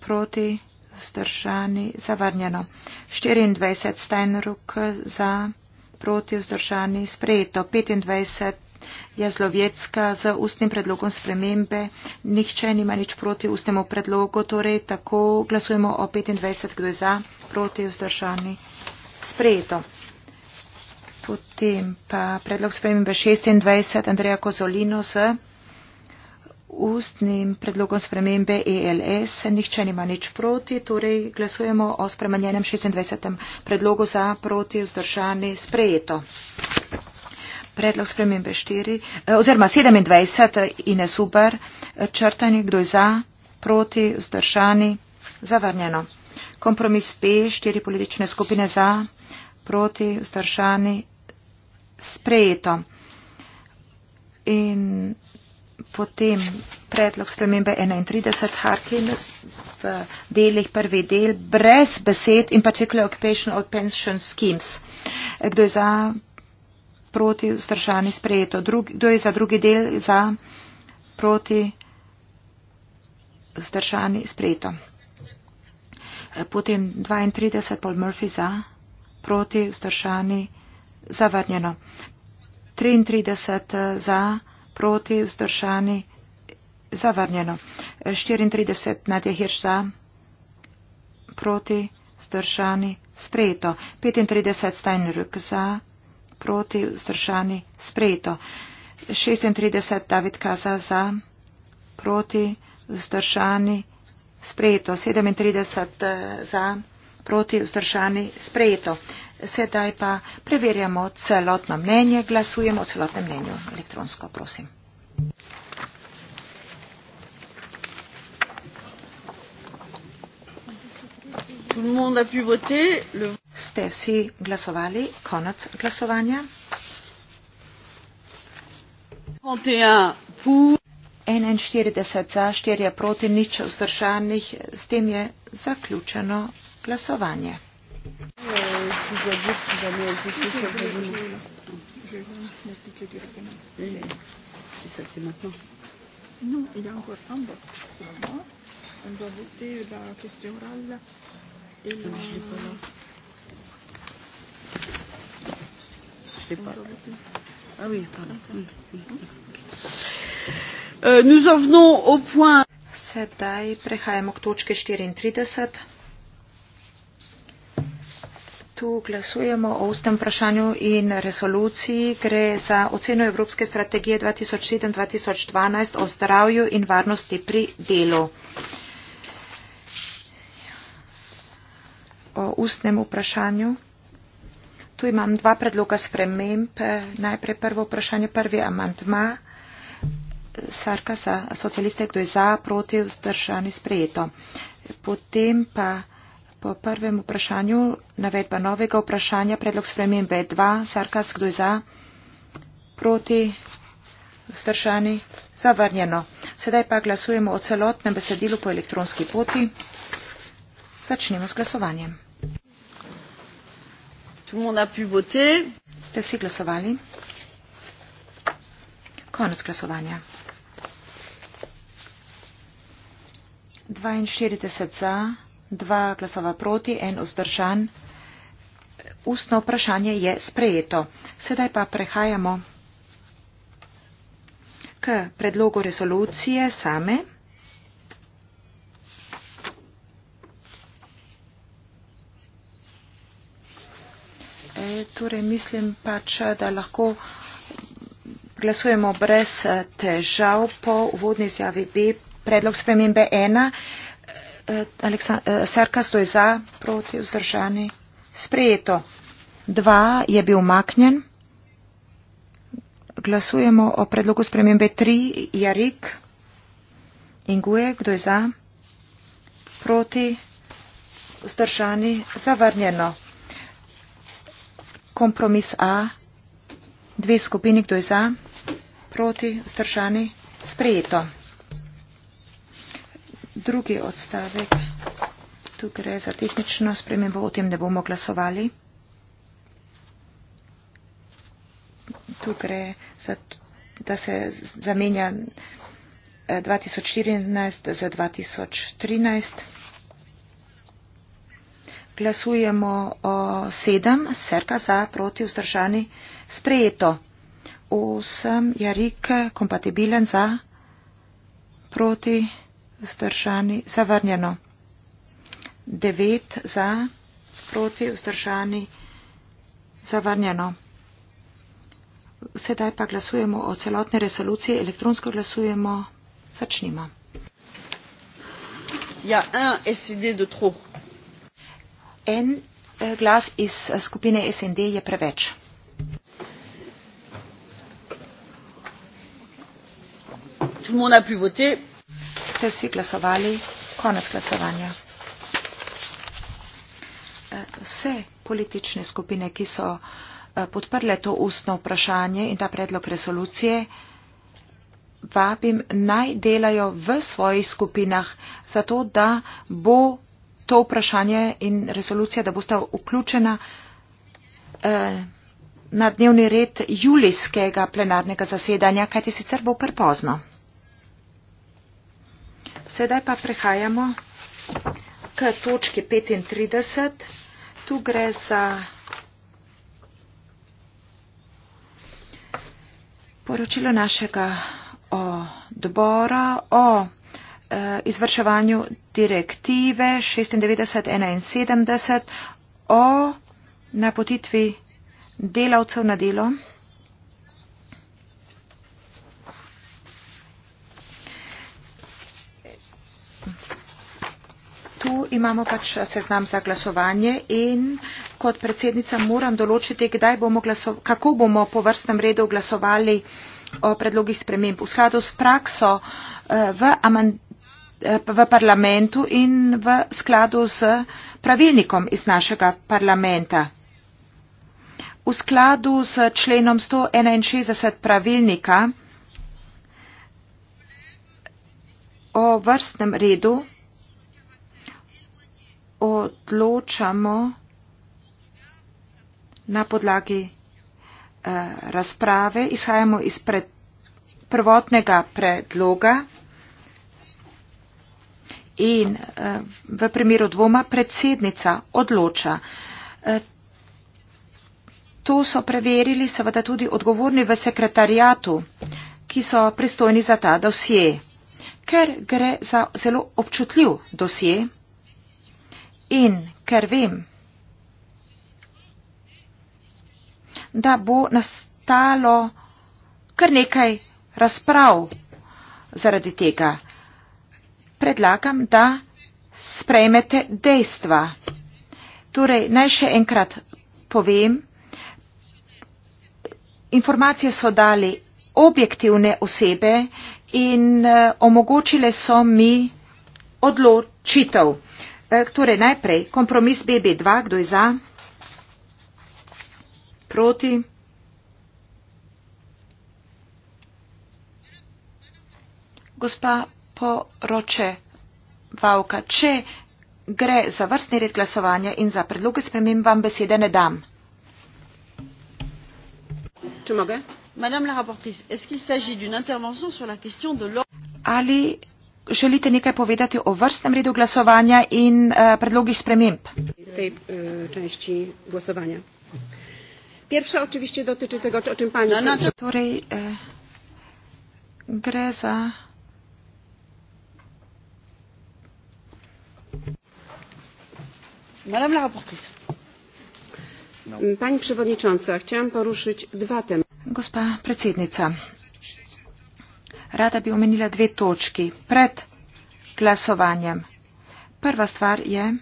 proti vzdržani zavrnjeno. 24 Steinruck za proti vzdržani sprejeto. 25 je zlovjetska z ustnim predlogom spremembe. Nihče nima nič proti ustnemu predlogu, torej tako glasujemo o 25, kdo je za, proti vzdržani. Sprejeto. Potem pa predlog spremembe 26 Andreja Kozolino z ustnim predlogom spremembe ELS. Nihče nima nič proti, torej glasujemo o spremenjenem 26. predlogu za proti vzdržani sprejeto predlog spremembe 4, eh, oziroma 27 in je super črtanje, kdo je za, proti, vzdržani, zavrnjeno. Kompromis P, štiri politične skupine za, proti, vzdržani, sprejeto. In potem predlog spremembe 31, Harkin v delih prvi del, brez besed in particular occupational pension schemes. Eh, kdo je za, proti, vzdržani sprejeto. Drugi, kdo je za drugi del za proti, vzdržani sprejeto. E, potem 32, Paul Murphy za, proti, vzdržani, zavrnjeno. 33 e, za, proti, vzdržani, zavrnjeno. 34 e, Nadja Hirš za, proti, vzdržani, sprejeto. 35 Steinrück za, proti, vzdržani, sprejeto. 36 David Kaza za, proti, vzdržani, sprejeto. 37 eh, za, proti, vzdržani, sprejeto. Sedaj pa preverjamo celotno mnenje, glasujemo o celotnem mnenju elektronsko, prosim. Tout le monde a pu voter. Le... Ste vsi glasovali, konec glasovanja. 41 za, 4 proti, nič vzdržanih. S tem je zaključeno glasovanje. Non, il y a encore un vote. On doit voter la question orale. Je ne suis pas là. Je ne pas. Ah oui, pardon. Euh, nous en venons au point. Sedaj prehajamo k točki 34. Tu glasujemo o ustnem vprašanju in resoluciji. Gre za oceno Evropske strategije 2007-2012 o zdravju in varnosti pri delu. Uh, o ustnem vprašanju. Tu imam dva predloga sprememb. Najprej prvo vprašanje, prvi amantma. Sarka za socialiste, kdo je za, proti, vzdržani, sprejeto. Potem pa po prvem vprašanju navedba novega vprašanja, predlog spremembe 2, Sarkas, kdo je za, proti, vzdržani, zavrnjeno. Sedaj pa glasujemo o celotnem besedilu po elektronski poti. Začnimo s glasovanjem. Tout le monde a pu voter. Ste vsi glasovali? Konec glasovanja. 42 za, 2 glasova proti, 1 vzdržan. Ustno vprašanje je sprejeto. Sedaj pa prehajamo k predlogu rezolucije same. torej mislim pač, da lahko glasujemo brez eh, težav po uvodni izjavi B. Predlog spremembe 1. Serka stoj za, proti, vzdržani. Sprejeto. 2 je bil umaknjen. Glasujemo o predlogu spremembe 3. Jarik in Guje, kdo je za? Proti, vzdržani, zavrnjeno kompromis A, dve skupini, kdo je za, proti, vzdržani, sprejeto. Drugi odstavek, tu gre za tehnično spremembo, o tem ne bomo glasovali. Tu gre za, da se zamenja 2014 eh, za 2013 glasujemo o sedem, serka za, proti, vzdržani, sprejeto. Osem, jarik, kompatibilen za, proti, vzdržani, zavrnjeno. Devet za, proti, vzdržani, zavrnjeno. Sedaj pa glasujemo o celotni resoluciji, elektronsko glasujemo, začnimo. Ja, en SID do troh. En eh, glas iz eh, skupine SND je preveč. Ste vsi glasovali? Konec glasovanja. Eh, vse politične skupine, ki so podprle to ustno vprašanje in ta predlog resolucije, vabim naj delajo v svojih skupinah, zato da bo to vprašanje in resolucija, da bosta vključena eh, na dnevni red julijskega plenarnega zasedanja, kajti sicer bo prepozno. Sedaj pa prehajamo k točki 35. Tu gre za poročilo našega odbora o. Dobora, o Eh, izvrševanju direktive 9671 o napotitvi delavcev na delo. Tu imamo pač seznam za glasovanje in kot predsednica moram določiti, bomo kako bomo po vrstnem redu glasovali o predlogih sprememb. V skladu s prakso eh, v amandmaju v parlamentu in v skladu s pravilnikom iz našega parlamenta. V skladu s členom 161 pravilnika o vrstnem redu odločamo na podlagi eh, razprave, izhajamo iz pre, prvotnega predloga in eh, v primeru dvoma predsednica odloča. Eh, to so preverili seveda tudi odgovorni v sekretarijatu, ki so pristojni za ta dosje. Ker gre za zelo občutljiv dosje in ker vem, da bo nastalo kar nekaj razprav zaradi tega predlagam, da sprejmete dejstva. Torej, naj še enkrat povem, informacije so dali objektivne osebe in eh, omogočile so mi odločitev. Eh, torej, najprej kompromis BB2, kdo je za, proti. Gospa poročevalka. Če gre za vrstni red glasovanja in za predloge spremem, vam besede ne dam. Ali želite nekaj povedati o vrstnem redu glasovanja in uh, predlogih sprememb? Prva, očivišče, dotiče tega, o čem pani. No, no, torej, uh, gre za Madame la rapporteuse. No. Pani przewodnicząca, chciałam poruszyć dwa tematy. Gospa predsednica, rada bi omenila dve točki pred glasovanjem. Prva stvar je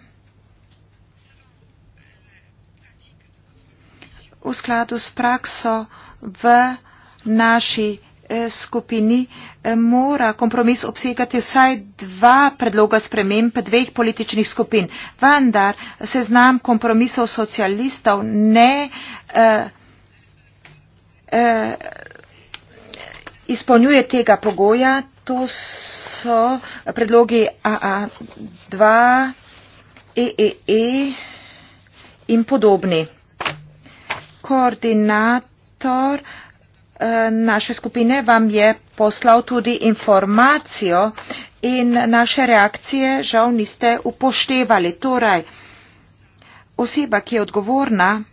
v skladu s prakso v naši Eh, skupini eh, mora kompromis obsegati vsaj dva predloga sprememb dveh političnih skupin. Vendar se znam kompromisov socialistov ne eh, eh, izpolnjuje tega pogoja. To so predlogi AA2, EEE e in podobni. Koordinator eh, Eh, naše skupine vam je poslal tudi informacijo in naše reakcije žal niste upoštevali. Torej, oseba, ki je odgovorna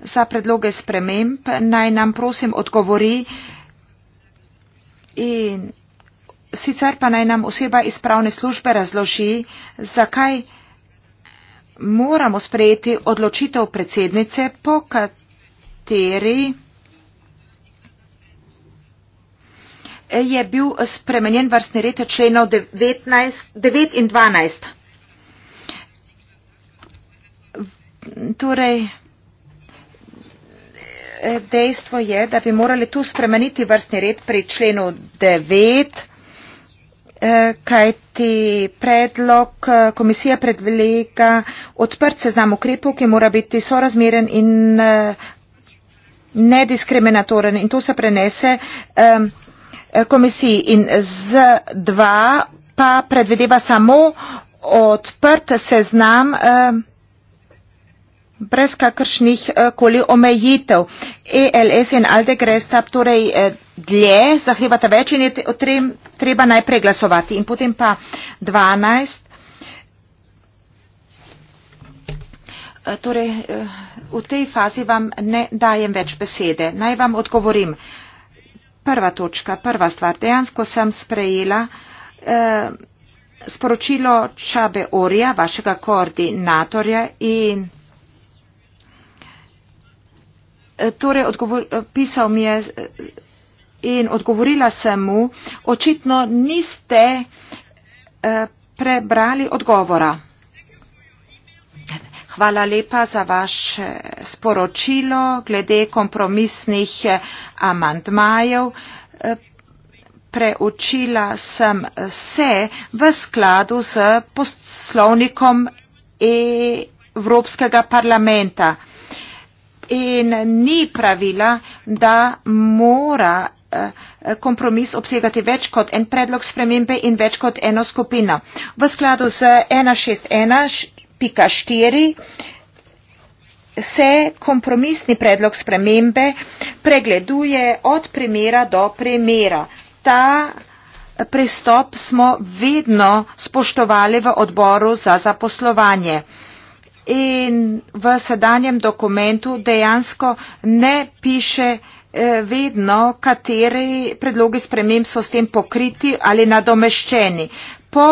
za predloge sprememb, naj nam prosim odgovori in sicer pa naj nam oseba iz pravne službe razloži, zakaj moramo sprejeti odločitev predsednice, po kateri je bil spremenjen vrstni red členov 19, 9 in 12. Torej, dejstvo je, da bi morali tu spremeniti vrstni red pri členu 9, eh, kajti predlog eh, komisije predvelika odprt seznam ukrepov, ki mora biti sorazmeren in eh, nediskriminatoren. In to se prenese Eh, komisiji in z dva pa predvideva samo odprt seznam eh, brez kakršnih eh, koli omejitev. ELS in ALDE gresta torej dlje, zahtevata več in je o tem treba najprej glasovati. In potem pa 12. Torej, v tej fazi vam ne dajem več besede. Naj vam odgovorim prva točka, prva stvar. Dejansko sem sprejela eh, sporočilo Čabe Orija, vašega koordinatorja in eh, Torej, odgovor, eh, pisal mi je eh, in odgovorila sem mu, očitno niste eh, prebrali odgovora. Hvala lepa za vaš eh, sporočilo glede kompromisnih eh, amandmajev. Eh, preučila sem se v skladu s poslovnikom e-, Evropskega parlamenta in ni pravila, da mora kompromis obsegati več kot en predlog spremembe in več kot eno skupino. V skladu z 161 pika štiri se kompromisni predlog spremembe pregleduje od primera do primera. Ta pristop smo vedno spoštovali v odboru za zaposlovanje in v sedanjem dokumentu dejansko ne piše eh, vedno, kateri predlogi sprememb so s tem pokriti ali nadomeščeni. Po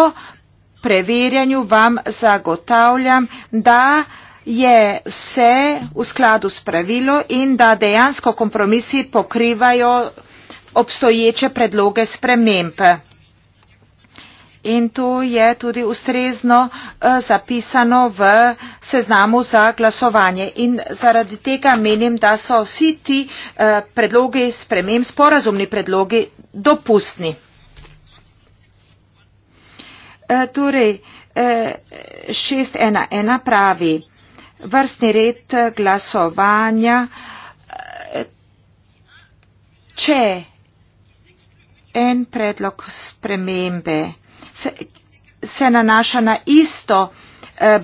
preverjanju vam zagotavljam, da je vse v skladu s pravilo in da dejansko kompromisi pokrivajo obstoječe predloge sprememb. In to je tudi ustrezno eh, zapisano v seznamu za glasovanje. In zaradi tega menim, da so vsi ti eh, predlogi sprememb, sporazumni predlogi, dopustni. E, torej, 611 e, pravi vrstni red glasovanja. E, če en predlog spremembe se, se nanaša na isto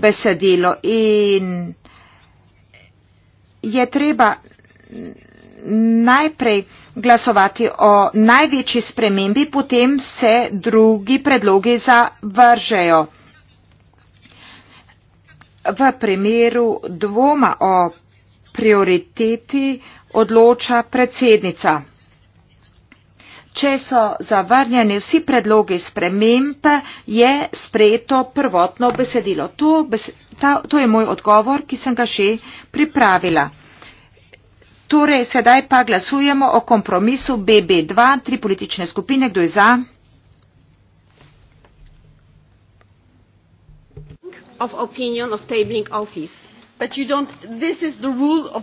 besedilo in je treba najprej glasovati o največji spremembi, potem se drugi predlogi zavržejo. V primeru dvoma o prioriteti odloča predsednica. Če so zavrnjeni vsi predlogi sprememb, je sprejeto prvotno besedilo. To, to je moj odgovor, ki sem ga še pripravila. Torej, sedaj pa glasujemo o kompromisu BB2, tri politične skupine, kdo je za? Of opinion of tabling office. But you don't, this is the rule of...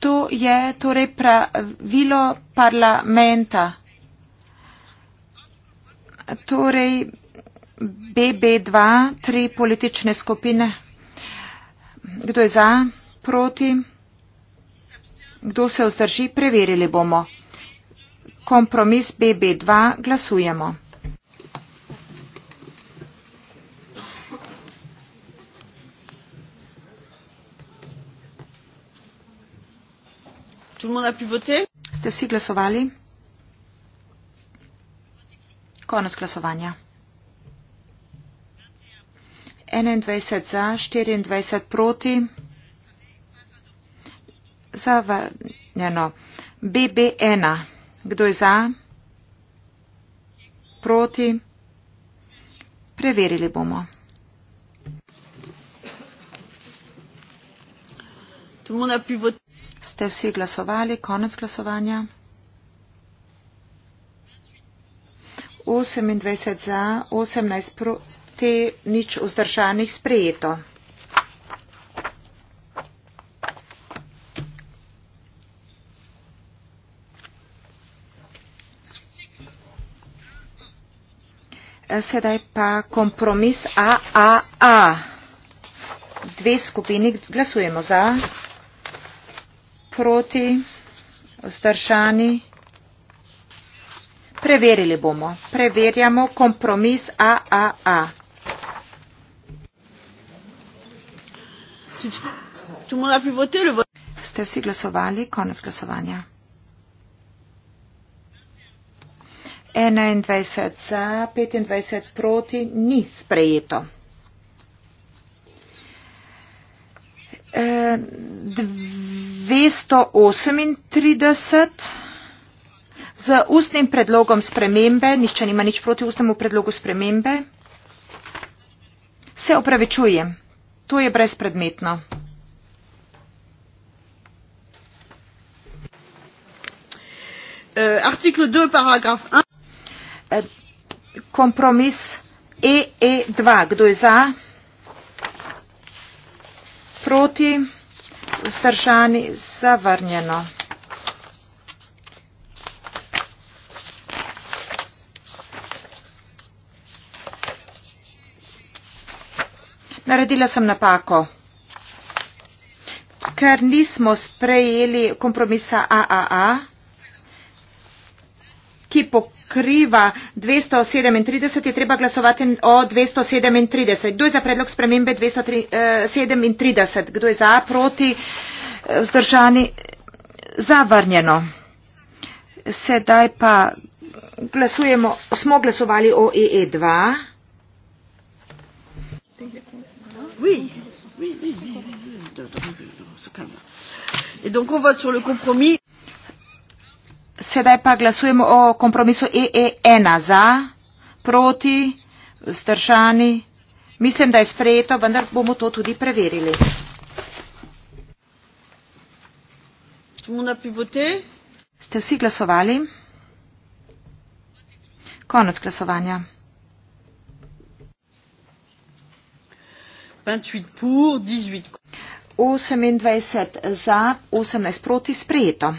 To je torej pravilo parlamenta. Torej, BB2, tri politične skupine. Kdo je za? Proti? Kdo se vzdrži, preverili bomo. Kompromis BB2 glasujemo. Ste vsi glasovali? Konec glasovanja. 21 za, 24 proti zavrnjeno. BB1. Kdo je za? Proti? Preverili bomo. Ste vsi glasovali? Konec glasovanja? 28 za, 18 proti, nič vzdržanih sprejeto. Sedaj pa kompromis AAA. Dve skupini glasujemo za, proti, vzdržani. Preverili bomo. Preverjamo kompromis AAA. Ste vsi glasovali? Konec glasovanja. 21 za, 25 proti ni sprejeto. E, 238 z ustnim predlogom spremembe, nišče nima nič proti ustnemu predlogu spremembe, se opravičujem. To je brezpredmetno. Euh, article 2, paragraphe 1 kompromis EE2. Kdo je za? Proti? Vstršani? Zavrnjeno. Naredila sem napako, ker nismo sprejeli kompromisa AAA, ki pokazuje, kriva 237 je treba glasovati o 237. Kdo je za predlog spremembe 237? Kdo je za, proti, vzdržani, zavrnjeno? Sedaj pa glasujemo, smo glasovali o EE2. Oui, oui, oui, oui, oui. Et donc on vote sur le compromis. Sedaj pa glasujemo o kompromisu EE1 za, proti, zdržani. Mislim, da je sprejeto, vendar bomo to tudi preverili. Ste vsi glasovali? Konec glasovanja. 28 za, 18 proti sprejeto.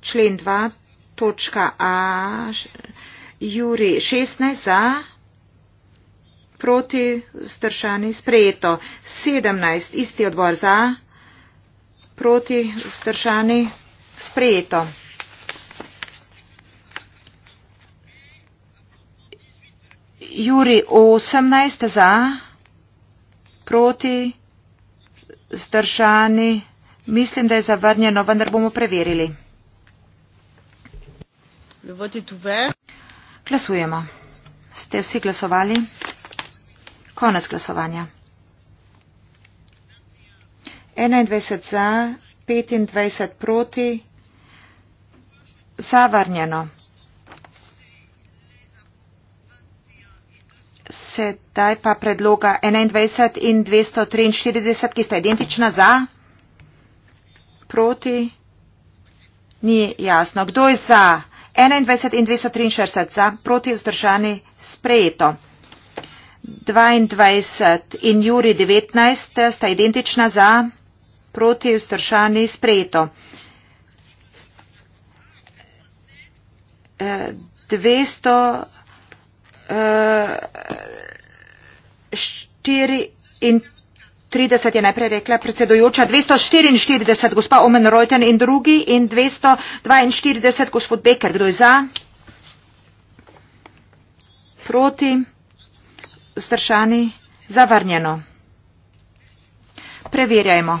člen 2, točka A, Juri 16 za, proti vzdržani sprejeto, 17 isti odbor za, proti vzdržani sprejeto. Juri 18 za, proti vzdržani, mislim, da je zavrnjeno, vendar bomo preverili. Le vote est ouvert. Glasujemo. Ste vsi glasovali? Konec glasovanja. 21 za, 25 proti, zavarnjeno. Sedaj pa predloga 21 in 243, ki sta identična za, proti, ni jasno. Kdo je za? 21 in 263 za, proti vzdržani sprejeto. 22 in Juri 19 sta identična za, proti vzdržani sprejeto. 200 uh, 4 in trideset je najprej rekla predsedujoča dvesto štiriinštirideset gospa omen reuten in drugi in dvesto dvainštirideset gospod becker kdo je za proti vzdržani zavrnjeno preverjajmo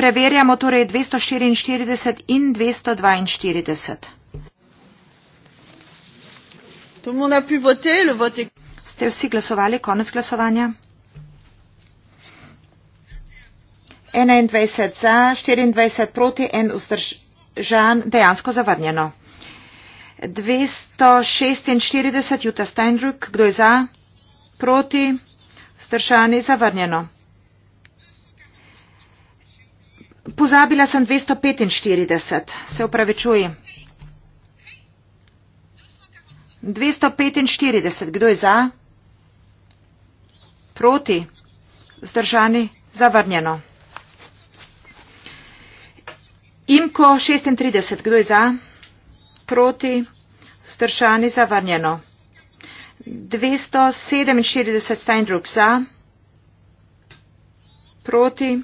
preverjamo torej dvesto štiriinštirideset in dvesto dvainštirideset Ste vsi glasovali konec glasovanja? 21 za, 24 proti, en vzdržan, dejansko zavrnjeno. 246 Juta Steinruck, kdo je za, proti, vzdržani, zavrnjeno. Pozabila sem 245, se upravičuji. 245, kdo je za, proti, vzdržani, zavrnjeno imko šestintrideset kdo je za proti vzdržani zavrnjeno dvesto sedeminštirideset steinruk za proti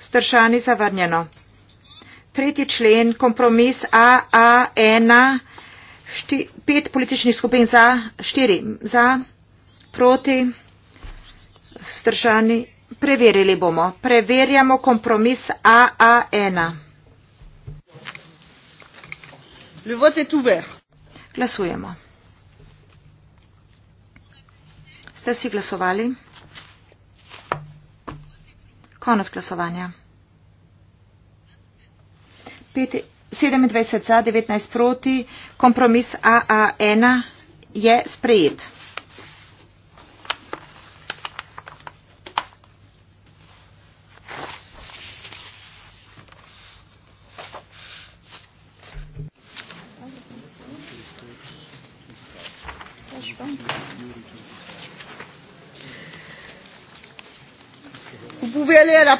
vzdržani zavrnjeno tretji člen kompromis a a ena šti, pet političnih skupin za štiri za proti vzdržani preverili bomo preverjamo kompromis a a ena Le vote est ouvert. Glasujemo. Ste vsi glasovali? Konec glasovanja. 27 za, 19 proti, kompromis AA1 je sprejet.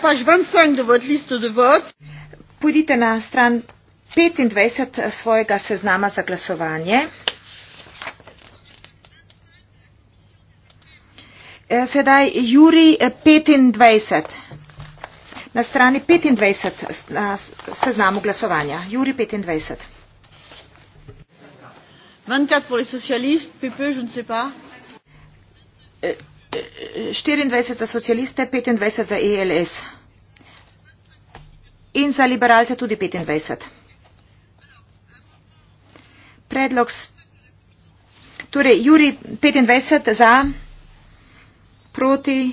page 25 de votre liste de vote. Pojdite na stran 25 svojega seznama za glasovanje. E, sedaj Juri 25. E, na strani 25 na seznamu glasovanja. Juri 25. 24 pour les socialistes, PP, je ne sais pas. E, 24 za socialiste, 25 za ELS in za liberalce tudi 25. Predlog, torej Juri 25 za, proti,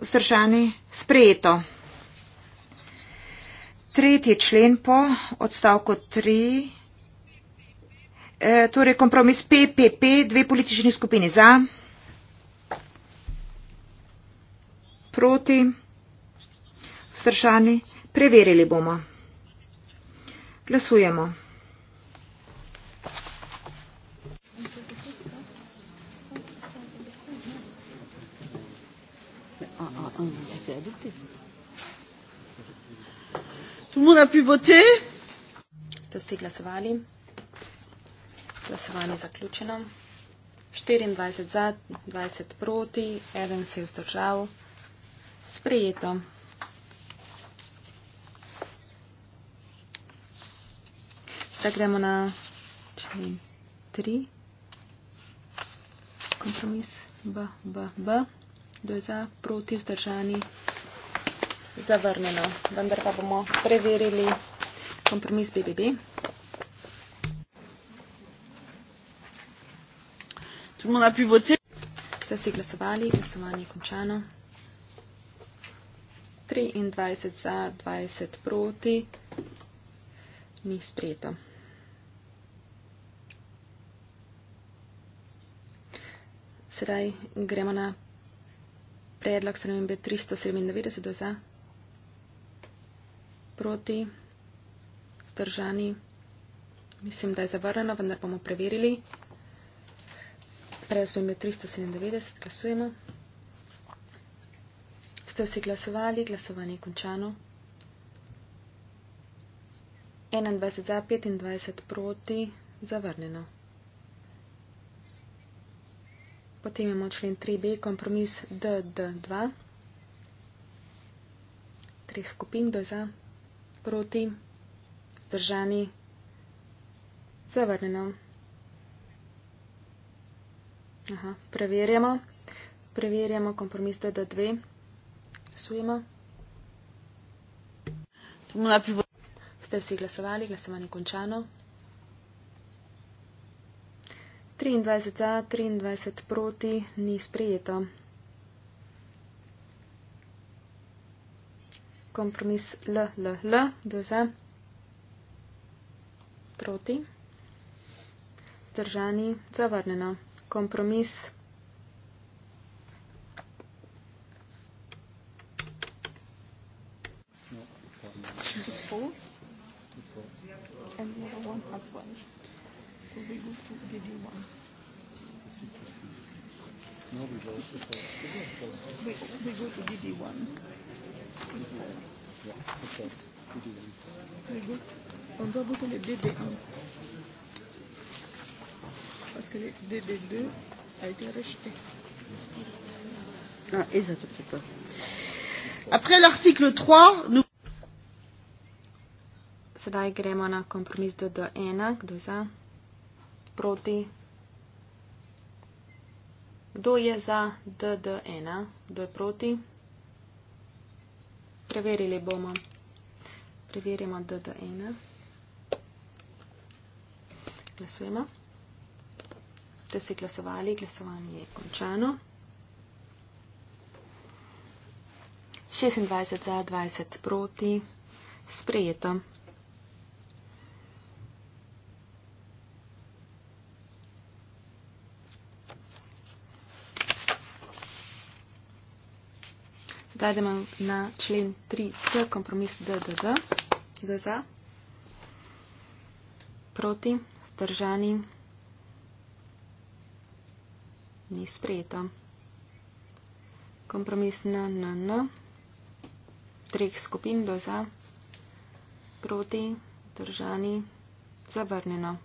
vzdržani, sprejeto. Tretji člen po odstavku 3. Eh, torej kompromis PPP, dve politični skupini za. proti, vzdržani, preverili bomo. Glasujemo. Ste vsi glasovali? Glasovanje zaključeno. 24 za, 20 proti, eden se je vzdržal sprejeto. Zdaj gremo na člen 3. Kompromis B, B, B. Kdo je za, proti, zdržani, zavrnjeno. Vendar pa bomo preverili kompromis BBB. Zdaj si glasovali, glasovanje je končano. 23 za, 20 proti, ni sprejeto. Sedaj gremo na predlog spremembe 397 za, proti, vzdržani. Mislim, da je zavrnjeno, vendar bomo preverili. Predlog spremembe 397 glasujemo. Ste vsi glasovali? Glasovanje je končano. 21 za, 25 proti, zavrnjeno. Potem imamo člen 3b, kompromis DD2. Treh skupin, kdo je za, proti, zdržani, zavrnjeno. Aha, preverjamo. Preverjamo kompromis DD2. Svima. To mu najprej bo. Ste vsi glasovali, glasovanje končano. 23 za, 23 proti, ni sprejeto. Kompromis L, L, L, 2 za, proti, zdržani, zavrnjeno. Kompromis L, L, L, 2 za, proti, zdržani, zavrnjeno. Kompromis false. Another one as well. So we go to DD1. No, we go to false. We, we go to DD1. Yeah, DD1. We go. On doit voter les DD1. Parce que les DD2 a été rejeté. Ah, et ça ne te fait pas. Après l'article 3, nous sedaj gremo na kompromis do, do ena, kdo za, proti. Kdo je za DD1, kdo je proti? Preverili bomo. Preverimo DD1. Glasujemo. Ste si glasovali, glasovanje je končano. 26 za 20 proti. Sprejeto. Dajdemo na člen 3c, kompromis DDD. Kdo je za? Proti? Zdržani? Ni sprejeto. Kompromis NNN. Treh skupin. Kdo je za? Proti? Zdržani? Zavrnjeno.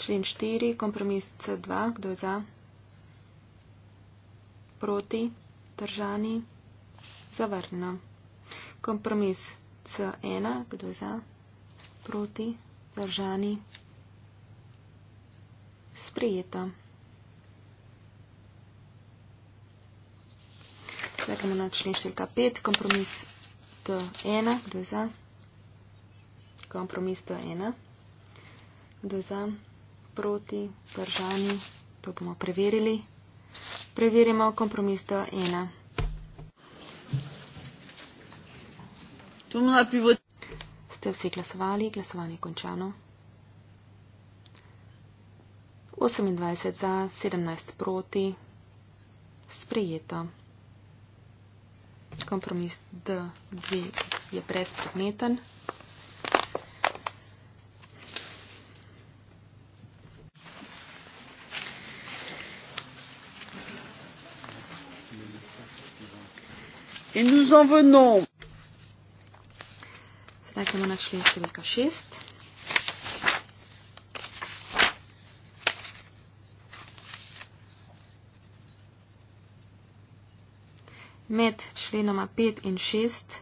Člen 4, kompromis C2. Kdo je za? Zdržani? proti, držani, zavrnjeno. Kompromis C1, kdo je za, proti, držani, sprijeto. Zdaj na člen številka 5, kompromis T1, kdo je za, kompromis T1, kdo je za, proti, držani, to bomo preverili, Preverimo kompromisto ena. Ste vsi glasovali? Glasovanje je končano. 28 za, 17 proti. Sprejeto. Kompromis D2 je brezpredmeten. Et nous en venons. Med členoma 5 in 6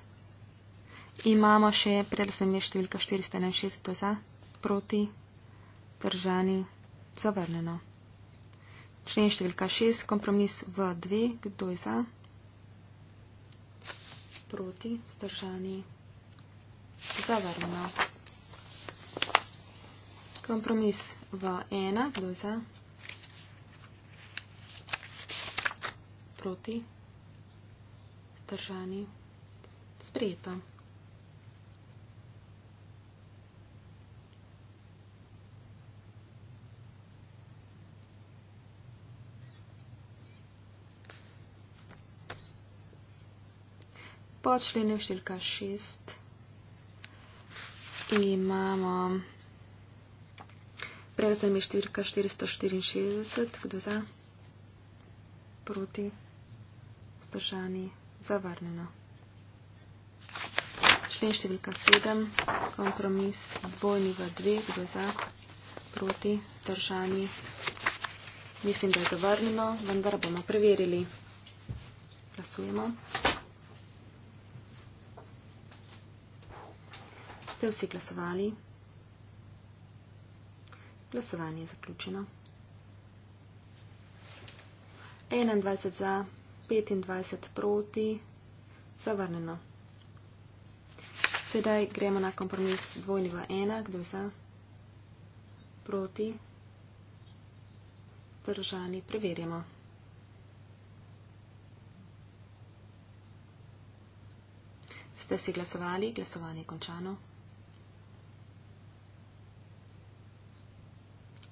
imamo še predvsem je številka 461, to je za, proti, držani, zavrneno. Člen številka 6, kompromis v 2, kdo je za? proti, vzdržani, zavrnjeno. Kompromis v ena, doj za, proti, vzdržani, sprijeto. Po členu številka 6 imamo prevzemi številka 464, kdo za, proti, vzdržani, zavrnjeno. Člen številka 7, kompromis dvojni v dve, kdo za, proti, vzdržani, mislim, da je zavrnjeno, vendar bomo preverili. Glasujemo. ste vsi glasovali? Glasovanje je zaključeno. 21 za, 25 proti, zavrnjeno. Sedaj gremo na kompromis dvojnega ena, kdo je za, proti, držani, preverjamo. Ste vsi glasovali? Glasovanje je končano.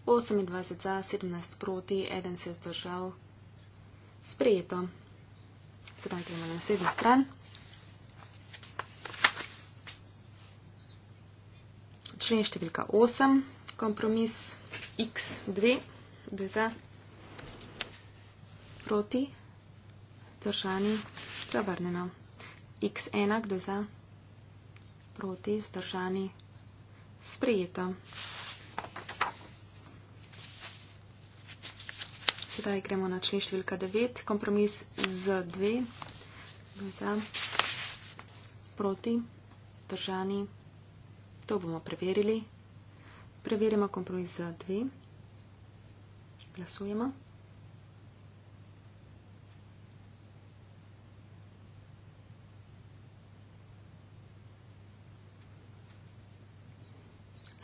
28 za, 17 proti, 1 se je zdržal. Sprejeto. Sedaj gremo na naslednjo stran. Člen številka 8, kompromis x2, 2 za, proti, zdržani, zavrneno. x1, 2 za, proti, zdržani, sprejeto. Sedaj gremo na člen številka 9, kompromis z 2, za, proti, držani. To bomo preverili. Preverimo kompromis z 2. Glasujemo.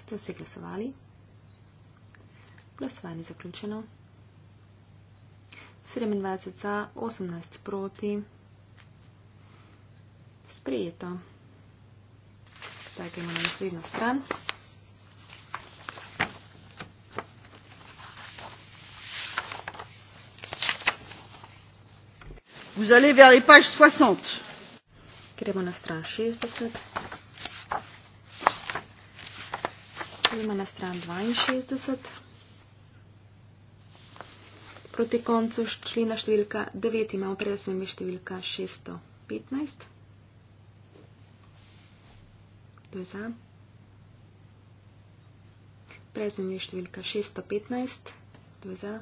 Ste vsi glasovali? Glasovanje zaključeno. 27 za, 18 proti. Sprejeto. Zdaj gremo na naslednjo stran. Vous allez vers les pages 60. Gremo na stran 60. Gremo na stran 62 proti koncu člena številka 9 imamo pred sebe številka 615. To je za. Pred sebe številka 615. To je za.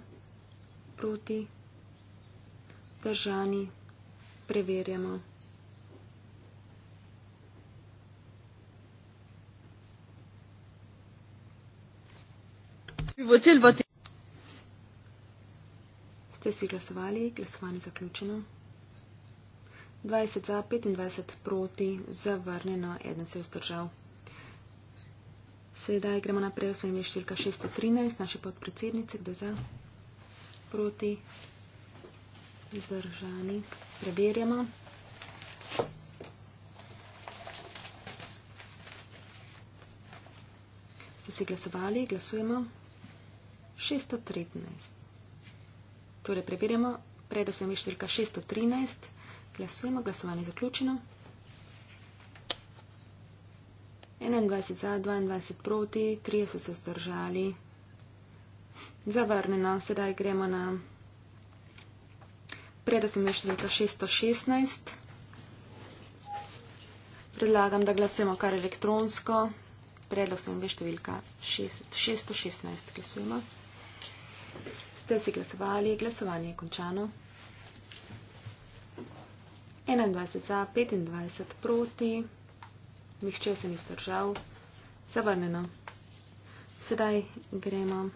Proti. Držani. Preverjamo. Vi voce il voto Ste si glasovali? Glasovanje zaključeno. 20 za, 25 proti, zavrnjeno, eden se je vzdržal. Sedaj gremo naprej, so imeli številka 613, naše podpredsednice, kdo je za, proti, zdržani, preverjamo. Ste si glasovali, glasujemo. 613. Torej, preverjamo, preda sem je številka 613. Glasujemo, glasovanje je zaključeno. 21 za, 22 proti, 30 so zdržali. Zavrneno, sedaj gremo na preda sem je številka 616. Predlagam, da glasujemo kar elektronsko. Predlog sem veš številka 6, 616. Glasujemo ste vsi glasovali, glasovanje je končano. 21 za, 25 proti, nihče se ni vzdržal, zavrnjeno. Sedaj gremo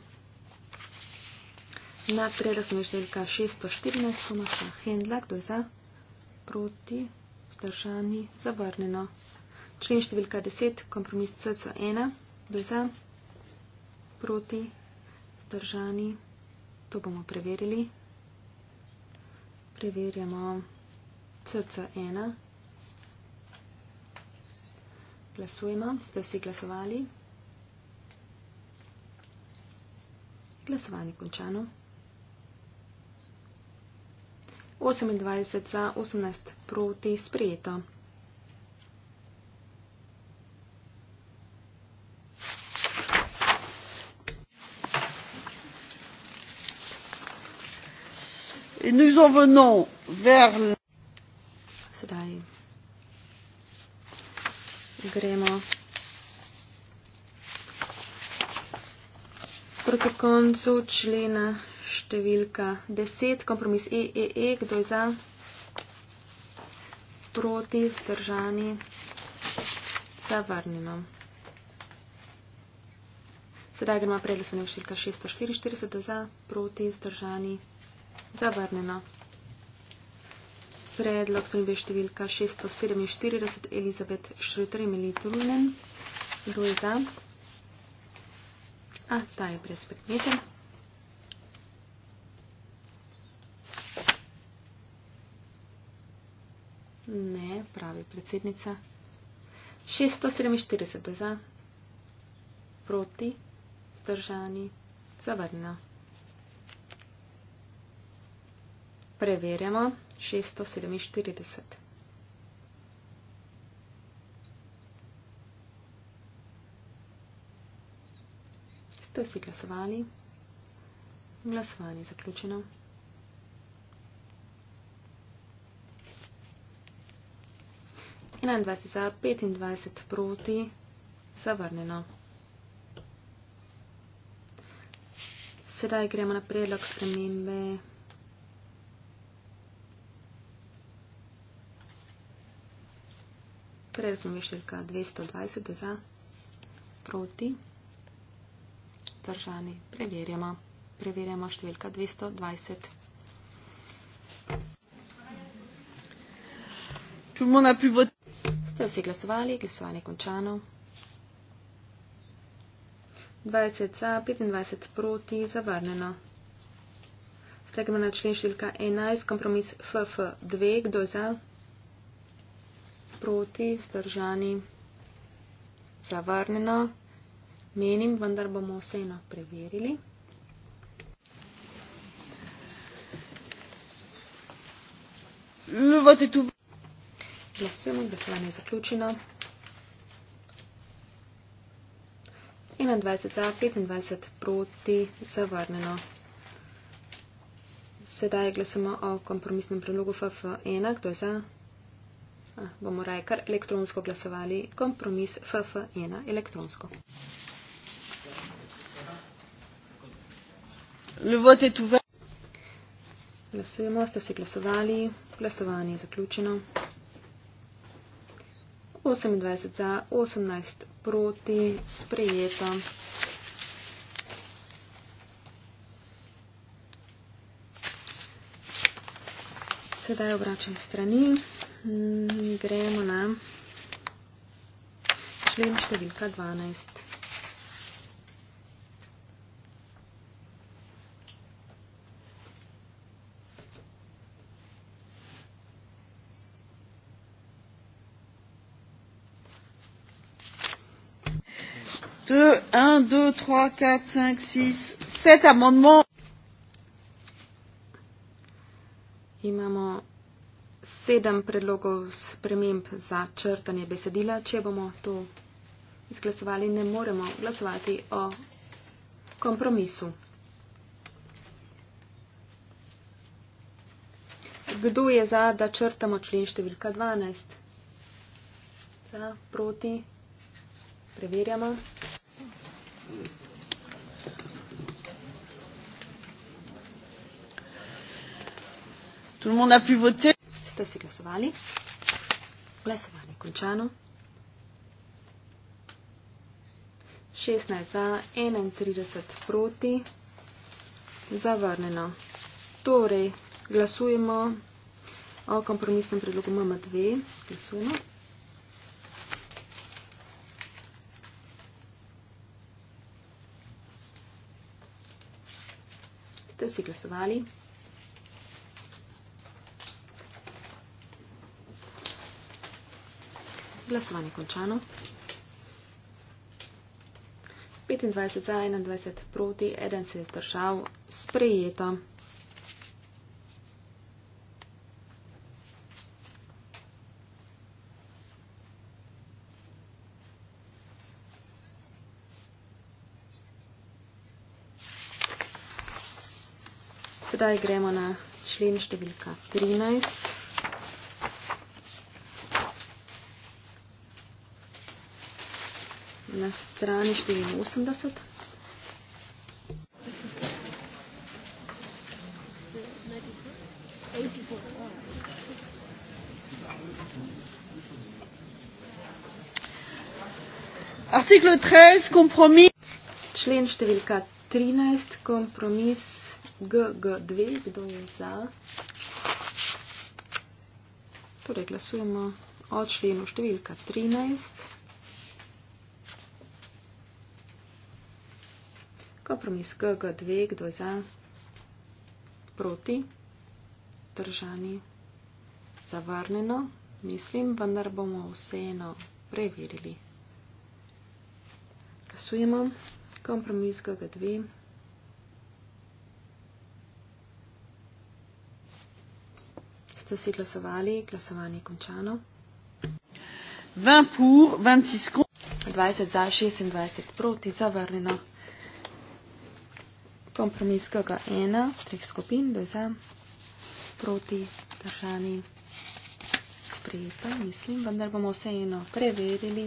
na predosnovno številka 614, Tomasa Hendla, kdo je za, proti, vzdržani, zavrnjeno. Člen številka 10, kompromis CC1, kdo je za, proti, vzdržani, zavrnjeno. To bomo preverili. Preverjamo CC1. Glasujemo, ste vsi glasovali. Glasovanje končano. 28 za 18 proti sprejeto. et nous en venons vers Sedaj. Gremo proti koncu člena številka 10, kompromis EEE, e, e, kdo je za, proti, vzdržani, zavrnjeno. Sedaj gremo predlog številka 644, kdo je za, proti, vzdržani, zavrnjeno. Zavrnjeno. Predlog so imeli številka 647 Elizabeth Schröter in Litrunen. Kdo je za? A, ta je brez predmeta. Ne, pravi predsednica. 647 je za, proti, zdržani, zavrnjeno. Preverjamo 647. Ste vsi glasovali? Glasovanje zaključeno. Enaindvajset za, petindvajset proti, zavrnjeno. Sedaj gremo na predlog spremembe Interesno je številka 220 do za, proti, držani. Preverjamo. Preverjamo številka 220. Čujemo na privod. Ste vsi glasovali, glasovanje končano. 20 za, 25 proti, zavrneno. Stegnemo na člen številka 11, kompromis FF2, kdo je za? proti, vzdržani, zavrnjeno. Menim, vendar bomo vseeno preverili. Ljubati tu. Glasujemo, glasovanje je zaključeno. 21 za, 25 proti, zavrnjeno. Sedaj glasujemo o kompromisnem predlogu FF1, kdo je za? bomo raje kar elektronsko glasovali, kompromis FF1 elektronsko. Glasujemo, ste vsi glasovali, glasovanje je zaključeno. 28 za, 18 proti, sprejeta. Sedaj obračam strani. Mm, gremo na člen številka 12. Deux, un, deux, trois, quatre, cinq, six, sept amendements. sedem predlogov sprememb za črtanje besedila. Če bomo to izglasovali, ne moremo glasovati o kompromisu. Kdo je za, da črtamo člen številka 12? Za, proti, preverjamo. Tout le monde a pu voter ste si glasovali? Glasovanje končano. 16 za, 31 proti, zavrneno. Torej, glasujemo o kompromisnem predlogu MM2. Glasujemo. Ste vsi glasovali? Glasovanje končano. 25 za, 21 proti, eden se je zdržal, sprejeto. Sedaj gremo na člen številka 13. na strani 84. Artikel 13, kompromis. Člen številka 13, kompromis GG2, kdo je za? Torej, glasujemo o členu številka 13. Kompromis GG2, kdo je za, proti, držani, zavrneno, mislim, vendar bomo vseeno preverili. Glasujemo. Kompromis GG2. Ste vsi glasovali, glasovanje je končano. 20 za, 26 proti, zavrneno kompromis KG1 treh skupin do za proti držani sprejeta, mislim, vendar bomo vseeno preverili.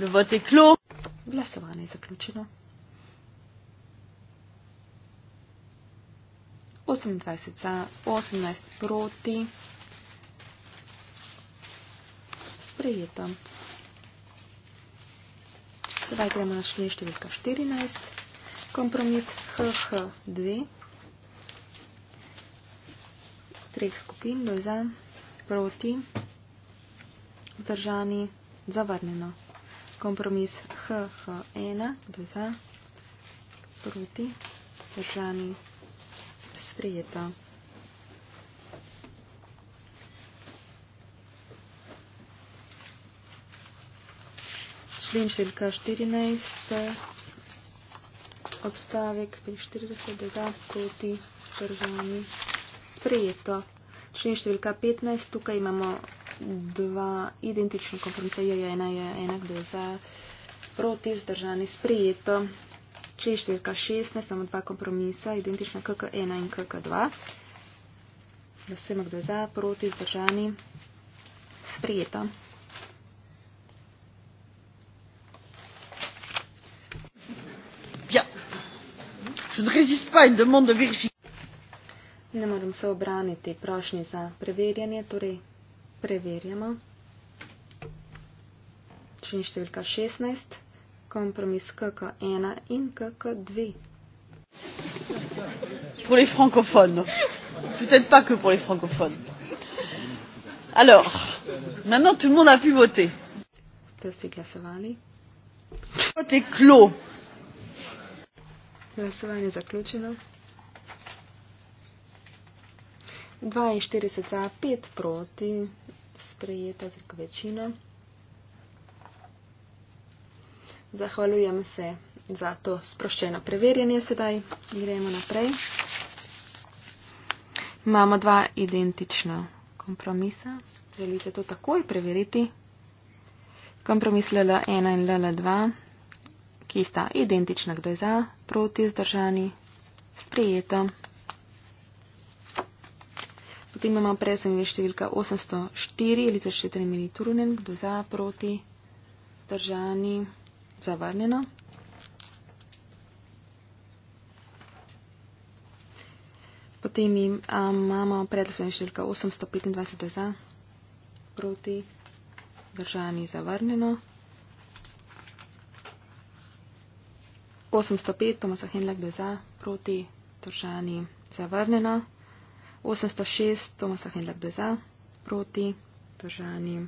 V teklu. Glasovanje je zaključeno. 28 za, 18 proti. Sprejeta. Sedaj gremo na šli številka 14, kompromis HH2, treh skupin, dojza, proti, vzdržani, zavrneno. Kompromis HH1, dojza, proti, vzdržani, sprijeto. muslim, številka 14, odstavek 45, da zakoti državni sprejeto. Člen številka 15, tukaj imamo dva identične konference, je ena, je ena, kdo je za, proti, vzdržani, sprejeto. Člen številka 16, imamo dva kompromisa, identična KK1 in KK2. Glasujemo, kdo je za, proti, vzdržani, sprejeto. résiste pas à une demande de vérification. Ne se obraniti prošnji za preverjanje, torej preverjamo. Člen številka 16, kompromis KK1 in KK2. Pour les francophones. Peut-être pas que pour les francophones. Alors, maintenant tout le monde a pu voter. Voté clos. Glasovanje je zaključeno. 42 za, 5 proti, sprejeta z večino. Zahvaljujem se za to sproščeno preverjanje. Sedaj gremo naprej. Imamo dva identična kompromisa. Želite to takoj preveriti? Kompromis LL1 in LL2 ki sta identična, kdo je za, proti, vzdržani, sprijeto. Potem imamo presenje številka 804 ali za 4 mini turunen, kdo za, proti, vzdržani, zavrnjeno. Potem imamo predlosvene številka 825 za, proti, držani, zavrnjeno. 805 Tomasa Henle bil za, proti, držani, zavrnjeno. 806 Tomasa Henle bil za, proti, držani.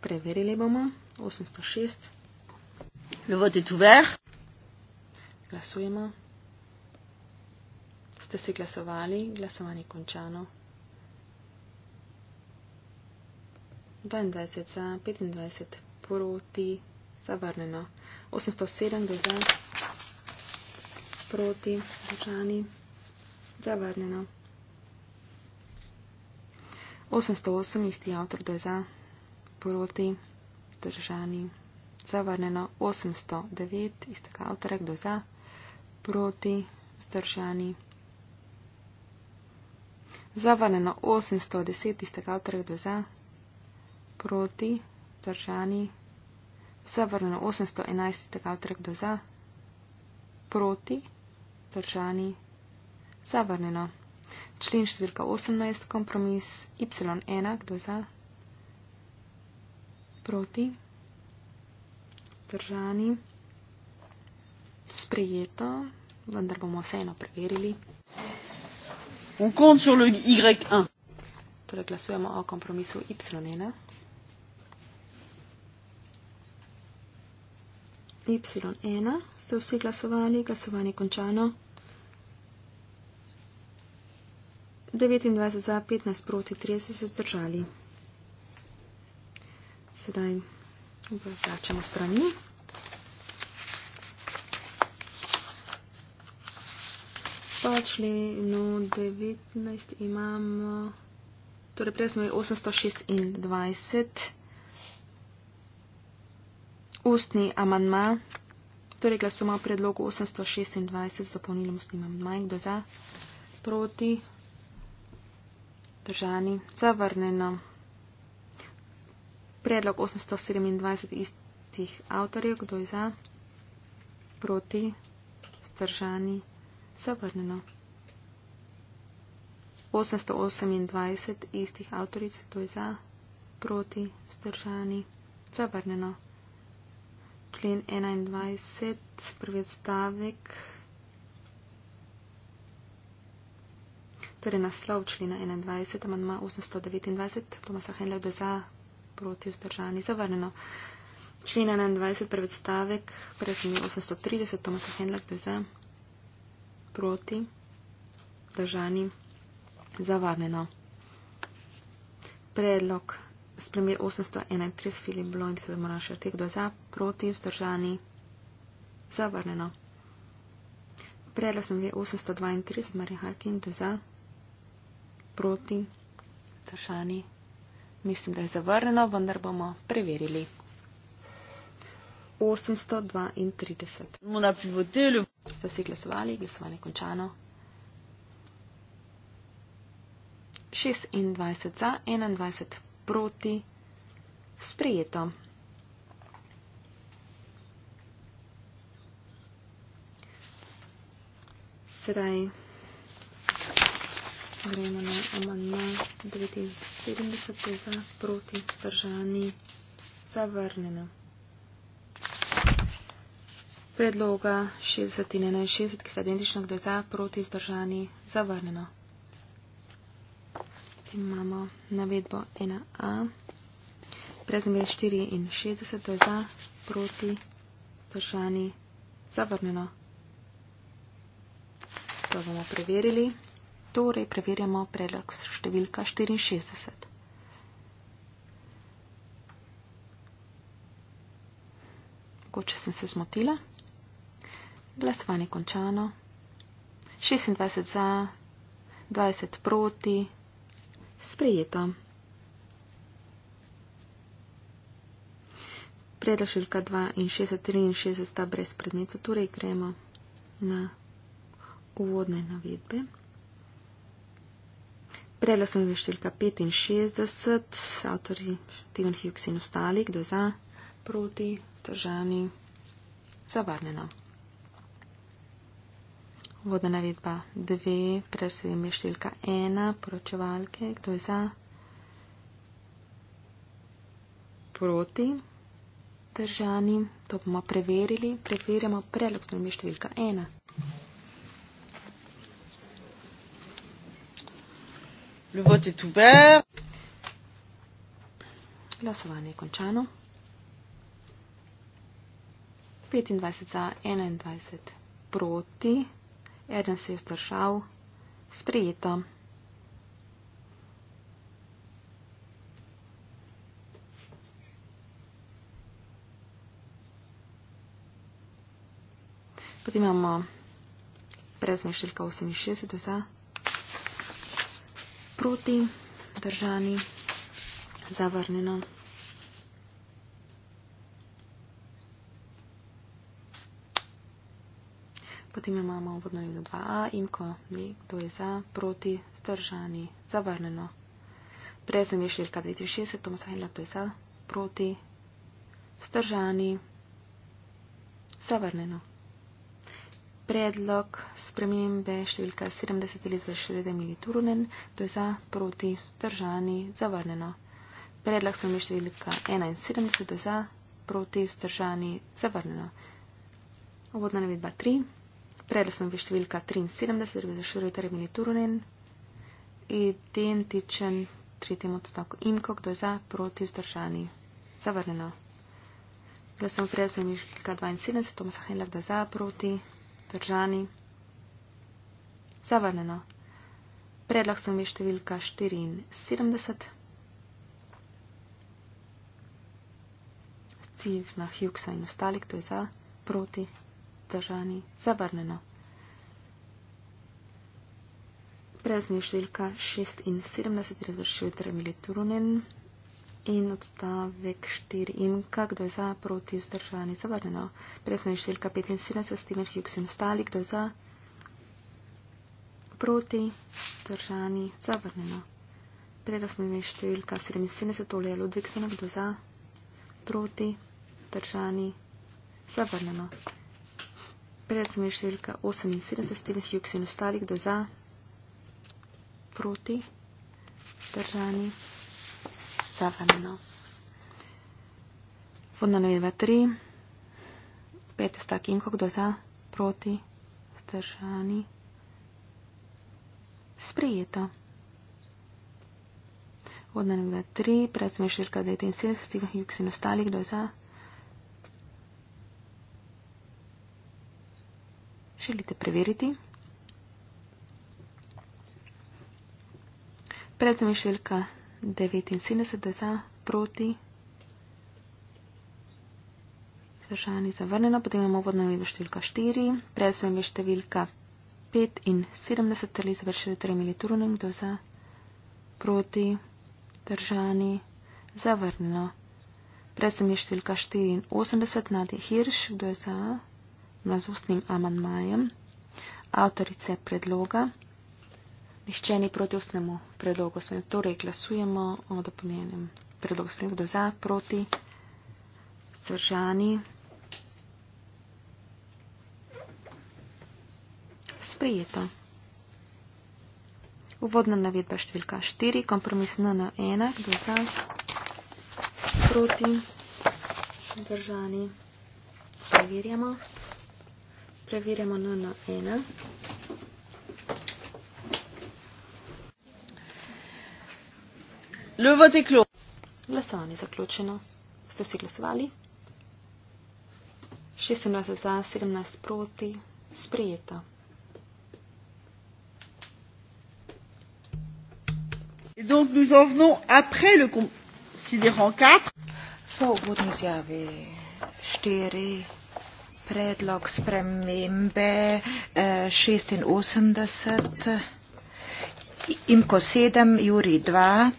Preverili bomo. 806. Le Glasujemo. Ste si glasovali? Glasovanje končano. 22 za, 25 proti zavrnjeno. 807 do za, proti, dučani, zavrnjeno. 808, isti avtor, da je za, proti, držani, zavrnjeno. 809, istega avtorek, da je za, proti, zdržani, zavrnjeno. 810, istega avtorek, da je za, proti, držani, zavrnjeno zavrnjeno 811 tega trg do za, proti, držani, zavrnjeno. Člen številka 18, kompromis Y enak do za, proti, držani, sprejeto, vendar bomo vseeno preverili. On compte sur le Y1. Torej glasujemo o kompromisu Y1. Y1. Ste vsi glasovali? Glasovanje je končano. 29 za, 15 proti, 30 so držali. Sedaj vračamo strani. Po členu 19 imamo, torej prej smo 826 ustni amanma, torej glasoma o predlogu 826 z dopolnilom ustnim amanmajem, kdo za, proti, držani, zavrneno. Predlog 827 istih avtorjev, kdo je za, proti, zdržani, zavrneno. 828 istih avtoric, kdo je za, proti, zdržani, zavrneno člen 21, prvi odstavek, torej naslov člena 21, amandma 829, Tomasa Henleda za, proti vzdržani, zavrnjeno. Člen 21, prvi odstavek, prvi 830, Tomasa Henleda za, proti vzdržani, zavrnjeno. Predlog spremljal 831 filip bilo in se da mora še tek do za, proti, vzdržani, zavrneno. Predla sem je 832, Marija Harkin, do za, proti, vzdržani, mislim, da je zavrneno, vendar bomo preverili. 832. Ste vsi glasovali, glasovanje končano. 26 za 21 proti sprejeta. Sedaj gremo na amandma 79 za proti vzdržani zavrnjena. Predloga 60 in 61, ki sta identična, kdo je za proti vzdržani zavrnjena imamo navedbo 1a, prezmer 64, to je za, proti, zdržani, zavrnjeno. To bomo preverili. Torej, preverjamo predlog številka 64. Mogoče sem se zmotila. Glasovanje končano. 26 za, 20 proti, sprejeta. Predašilka 2 in 63 sta brez predmeta, torej gremo na uvodne navedbe. Prela sem veštelka 65, avtori Steven Hughes in ostali, kdo za, proti, zdržani, zavarneno. Voda navedba 2, presedim je številka 1, poročevalke, kdo je za, proti, držani, to bomo preverili, preverjamo predlog spremem je številka 1. Le vote est ouvert. Glasovanje je končano. 25 za 21 proti eden se je zdržal, sprijeta. Potem imamo prezni šilka 68, proti, držani, zavrnjeno. Potem imamo vodno jedo 2a, imko, ne, kdo je za, proti, zdržani, zavrneno. Prezum je širka 260, to mislim, da je za, proti, zdržani, zavrneno. Predlog spremembe številka 70 ali zvršilede militurnen, to je za, proti, zdržani, zavrneno. Predlog spremembe številka 71, to je za, proti, zdržani, zavrneno. Uvodna navedba 3. Predlog smo bili številka 73, torej za širje termini turunen, identičen tretjem odstavku. In ko kdo je za, proti, zdržani, zavrnjeno. Glasujemo predlog smo bili številka 72, Tomas Hendler, kdo je za, proti, zdržani, zavrnjeno. Predlog smo bili številka 74. Steve na Hughesa in ostalih, kdo je za, proti, zdržani držani, zavrnjeno. Prezni številka 76 razvršil Dramili Turunen in odstavek 4 imka, kdo je za, proti, vzdržani, zavrnjeno. Prezni številka 75 Steven Hughes in ostali, kdo je za, proti, vzdržani, zavrnjeno. Prerasnovi številka 77 Olja Ludvigsena, kdo je za, proti, vzdržani, zavrnjeno. Prezumir številka 78, Steven Hughes in ostali, kdo za, proti, držani, zavrneno. Vodna novedva 3, pet ostak Inko, kdo za, proti, držani, sprejeto. Vodna novedva 3, prezumir številka 79, Steven Hughes in ostali, kdo za, proti, držani. Želite preveriti? Predzem je šelka 79, da je za, proti. Zdržani zavrnjeno, potem imamo vodno vedo številka 4, predzvem je številka 5 in 70, ali završili 3 ml, kdo za, proti, držani, zavrnjeno. Predzvem je številka 84, nadje Hirš, kdo je za, proti na z ustnim amantmajem avtorice predloga. Nihče ni proti ustnemu predlogu, torej glasujemo o dopolnjenem predlogu spremembe do za, proti, zdržani, sprijeto. Uvodna navedba številka 4, kompromis NN1, e kdo za, proti, zdržani, preverjamo preverjamo NN1. Ljubo teklo. Glasovanje zaključeno. Ste vsi glasovali? 26 za, 17 proti. Sprijeta. Et donc nous en venons après le considérant 4. Faut vous nous y avez. Je dirais predlog spremembe 86 in ko 7, Juri 2,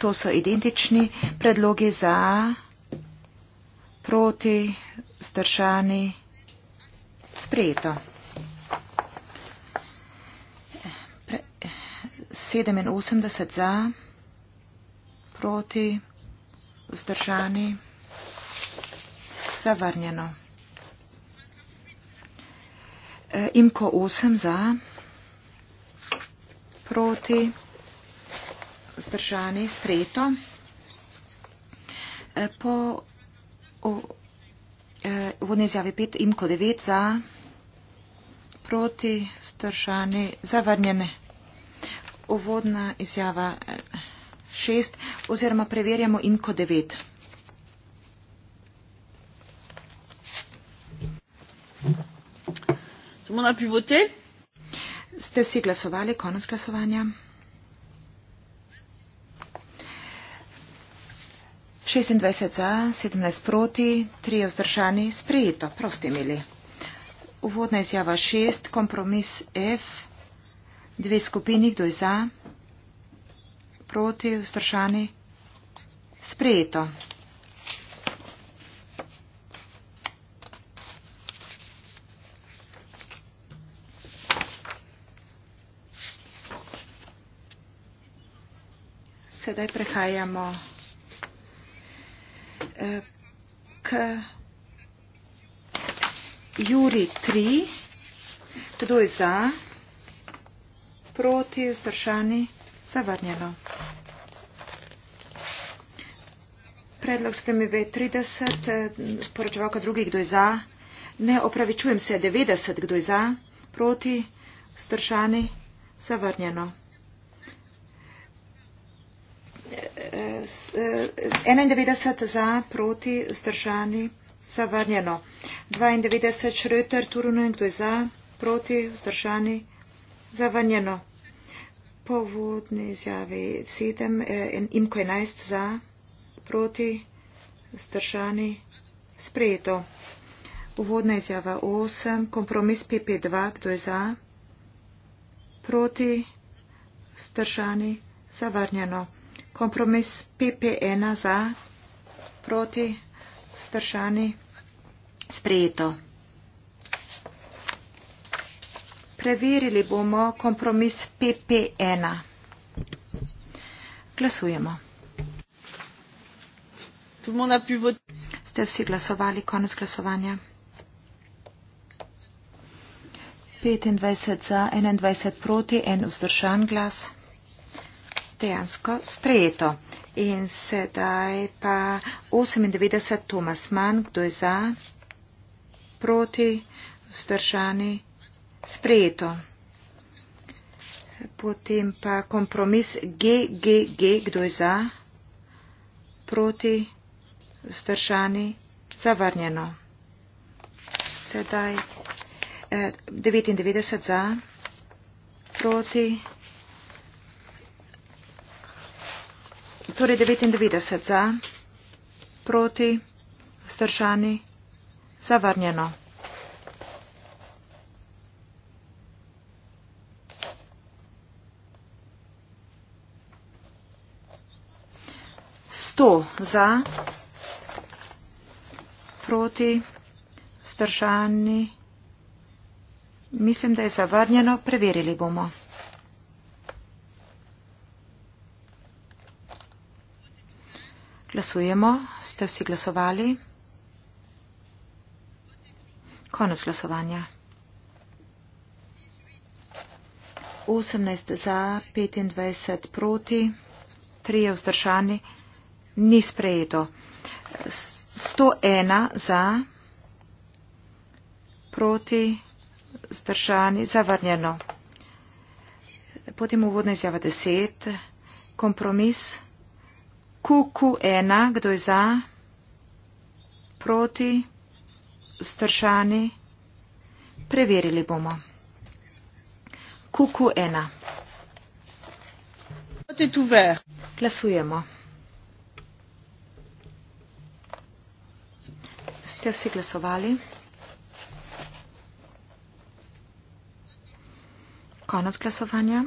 to so identični predlogi za, proti, zdržani, sprejeto. 87 za, proti, vzdržani, zavrnjeno. Eh, imko 8 za, proti, zdržani, sprejeto. Eh, po eh, vodne izjave 5, Imko 9 za, proti, zdržani, zavrnjene. Uvodna izjava 6 oziroma preverjamo Imko 9. Smo na pivote? Ste si glasovali konec glasovanja? 26 za, 17 proti, 3 vzdržani, sprejeto, prosti imeli. Uvodna izjava 6, kompromis F, dve skupini, kdo je za, proti, vzdržani, sprejeto. sedaj prehajamo eh, k Juri 3. Kdo je za, proti, vzdržani, zavrnjeno. Predlog spremembe 30, eh, poročevalka drugi, kdo je za. Ne opravičujem se, 90, kdo je za, proti, vzdržani, zavrnjeno. 91 eh, za, proti, vzdržani, zavrnjeno. 92 Šreter, Turunen, kdo je za, proti, vzdržani, zavrnjeno. Povodni izjavi eh, 7, Imko 11 za, proti, vzdržani, sprejeto. Uvodna izjava 8, kompromis PP2, kdo je za, proti, vzdržani, zavrnjeno kompromis PP1 za proti stršani sprejeto. Preverili bomo kompromis PP1. Glasujemo. Ste vsi glasovali, konec glasovanja. 25 za, 21 proti, en vzdržan glas dejansko sprejeto. In sedaj pa 98 Tomas Mann, kdo je za, proti, vzdržani, sprejeto. Potem pa kompromis GGG, kdo je za, proti, vzdržani, zavrnjeno. Sedaj 99 eh, za, proti, vzdržani. torej 99 za, proti, stršani, zavrnjeno. Sto za, proti, stršani, mislim, da je zavrnjeno, preverili bomo. Glasujemo. Ste vsi glasovali? Konec glasovanja. 18 za, 25 proti, 3 je vzdržani, ni sprejeto. 101 za, proti, vzdržani, zavrnjeno. Potem uvodna izjava 10, kompromis. QQ1, kdo je za? Proti? Stršani? Preverili bomo. QQ1. Glasujemo. Ste vsi glasovali? Konec glasovanja.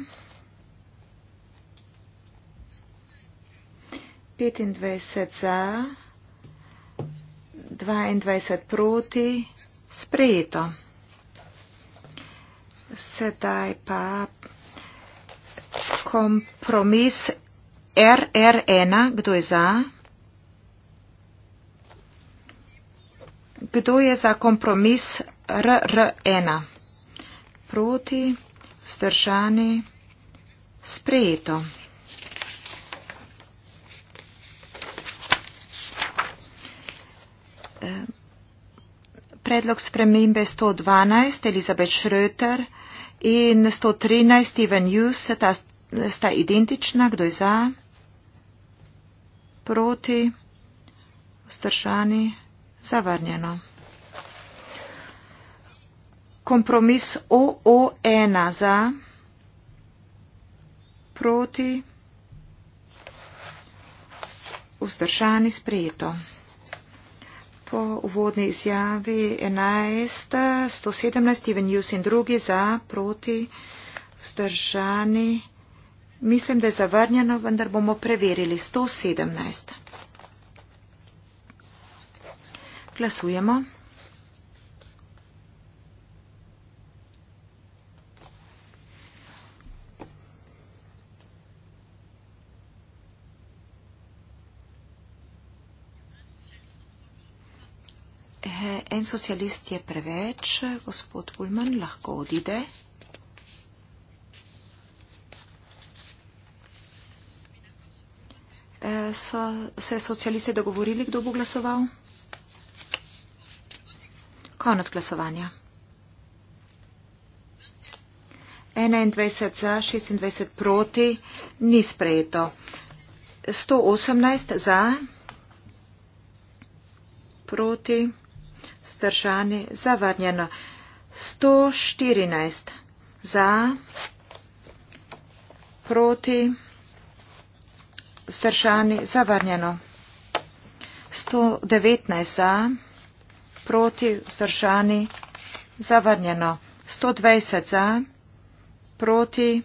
25 za, 22 proti, sprejeto. Sedaj pa kompromis RR1, kdo je za? Kdo je za kompromis RR1? Proti, vzdržani, sprejeto. predlog spremembe 112 Elizabeth Schröter in 113 Steven Hughes sta, sta identična. Kdo je za? Proti? Vstržani? Zavrnjeno. Kompromis OO1 za, proti, vzdržani sprejeto po uvodni izjavi 11, 117, Steven Hughes in drugi za, proti, vzdržani. Mislim, da je zavrnjeno, vendar bomo preverili 117. Glasujemo. en socialist je preveč, gospod Ulman lahko odide. E, so se socialiste dogovorili, kdo bo glasoval? Konec glasovanja. 21 za, 26 proti, ni sprejeto. 118 za, proti, vzdržani, zavrnjeno. 114 za, proti, vzdržani, zavrnjeno. 119 za, proti, vzdržani, zavrnjeno. 120 za, proti,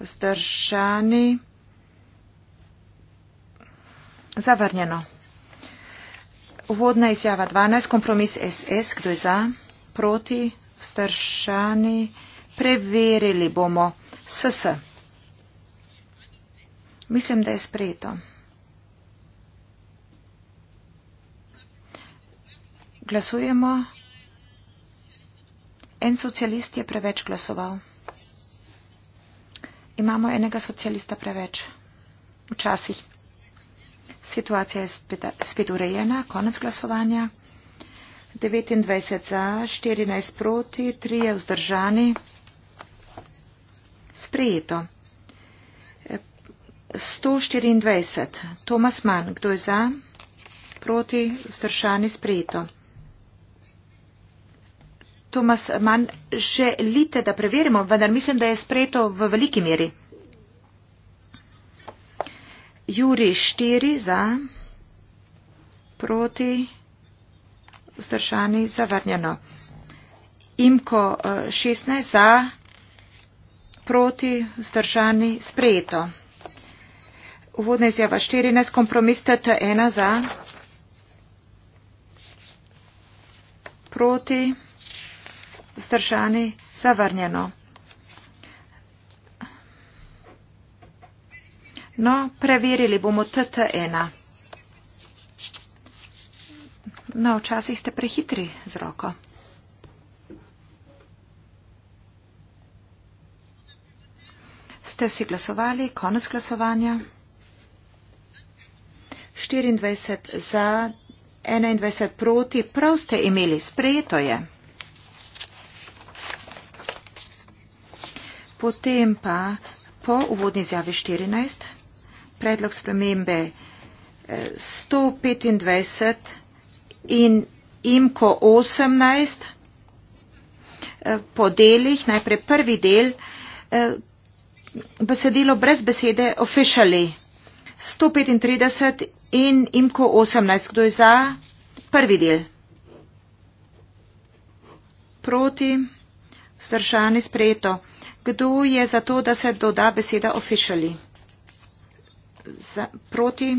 vzdržani, zavrnjeno. Uvodna izjava 12, kompromis SS, kdo je za, proti, vzdržani, preverili bomo SS. Mislim, da je sprejeto. Glasujemo. En socialist je preveč glasoval. Imamo enega socialista preveč. Včasih Situacija je spet urejena, konec glasovanja. 29 za, 14 proti, 3 je vzdržani. Sprejeto. 124. Tomas Mann, kdo je za? Proti, vzdržani, sprejeto. Tomas Mann, želite, da preverimo, vendar mislim, da je sprejeto v veliki meri. Juri štiri za, proti, vzdržani zavrnjeno. Imko eh, šestnaest za, proti, vzdržani sprejeto. Uvodna izjava štirinaest, kompromis TT ena za, proti, vzdržani zavrnjeno. No, preverili bomo TT1. No, včasih ste prehitri z roko. Ste vsi glasovali? Konec glasovanja. 24 za, 21 proti. Prav ste imeli, sprejeto je. Potem pa po uvodni izjavi 14 predlog spremembe 125 eh, in imko 18 eh, po delih, najprej prvi del, eh, besedilo brez besede officially. 135 in imko 18, kdo je za prvi del? Proti, vzdržani, sprejeto. Kdo je za to, da se doda beseda officially? za, proti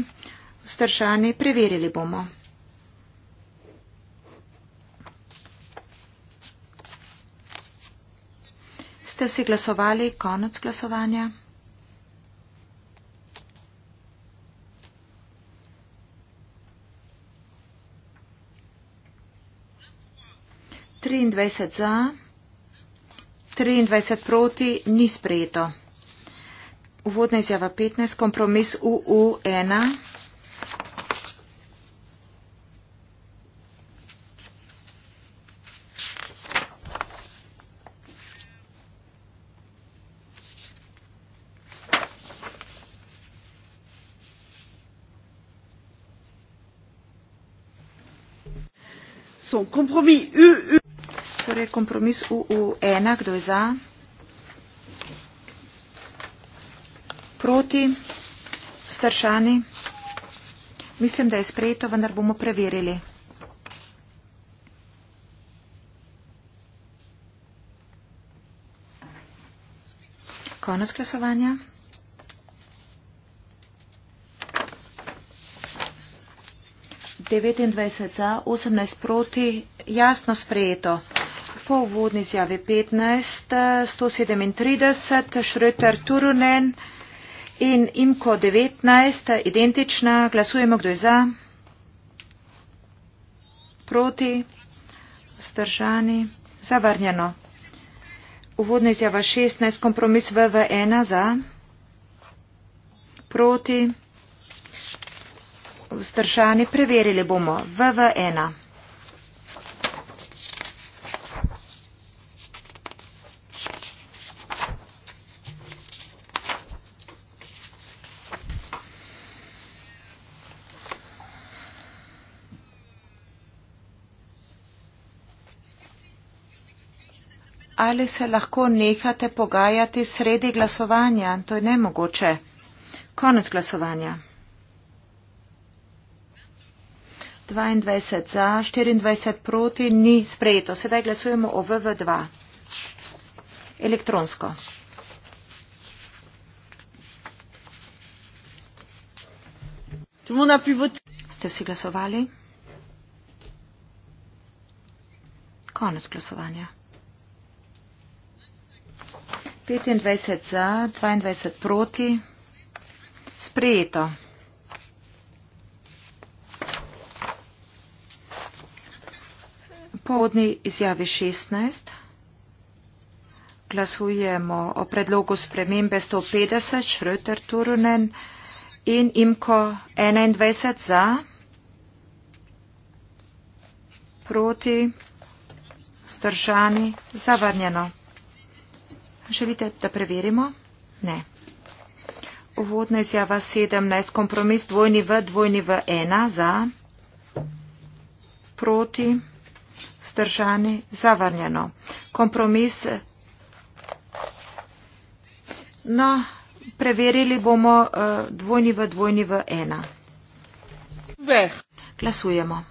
vstršani, preverili bomo. Ste vsi glasovali, konec glasovanja? Triindvajset za, triindvajset proti, ni sprejeto. Uvodna izjava 15, kompromis UU1. Torej, kompromis UU1, kdo je za? Kolegi, staršani, mislim, da je sprejeto, vendar bomo preverili. Konec glasovanja. devetindvajset za osemnajst proti jasno sprejeto po uvodni izjavi petnajst sto sedemintrideset šröter turunen in imko devetnajst identična glasujemo kdo je za proti vzdržani zavrnjeno uvodna izjava šestnajst kompromis vv ena za proti vzdržani preverili bomo vv ena ali se lahko nehate pogajati sredi glasovanja. To je nemogoče. Konec glasovanja. 22 za, 24 proti, ni sprejeto. Sedaj glasujemo o VV2. Elektronsko. Ste vsi glasovali? Konec glasovanja. 25 za, 22 proti. Sprejeto. Povodni izjavi 16. Glasujemo o predlogu spremembe 150, Schröter Turunen in Imko 21 za, proti, stržani, zavrnjeno. Želite, da preverimo? Ne. Uvodna izjava 17. Kompromis dvojni v dvojni v ena za proti vzdržani zavrnjeno. Kompromis. No, preverili bomo uh, dvojni v dvojni v ena. Veh. Glasujemo.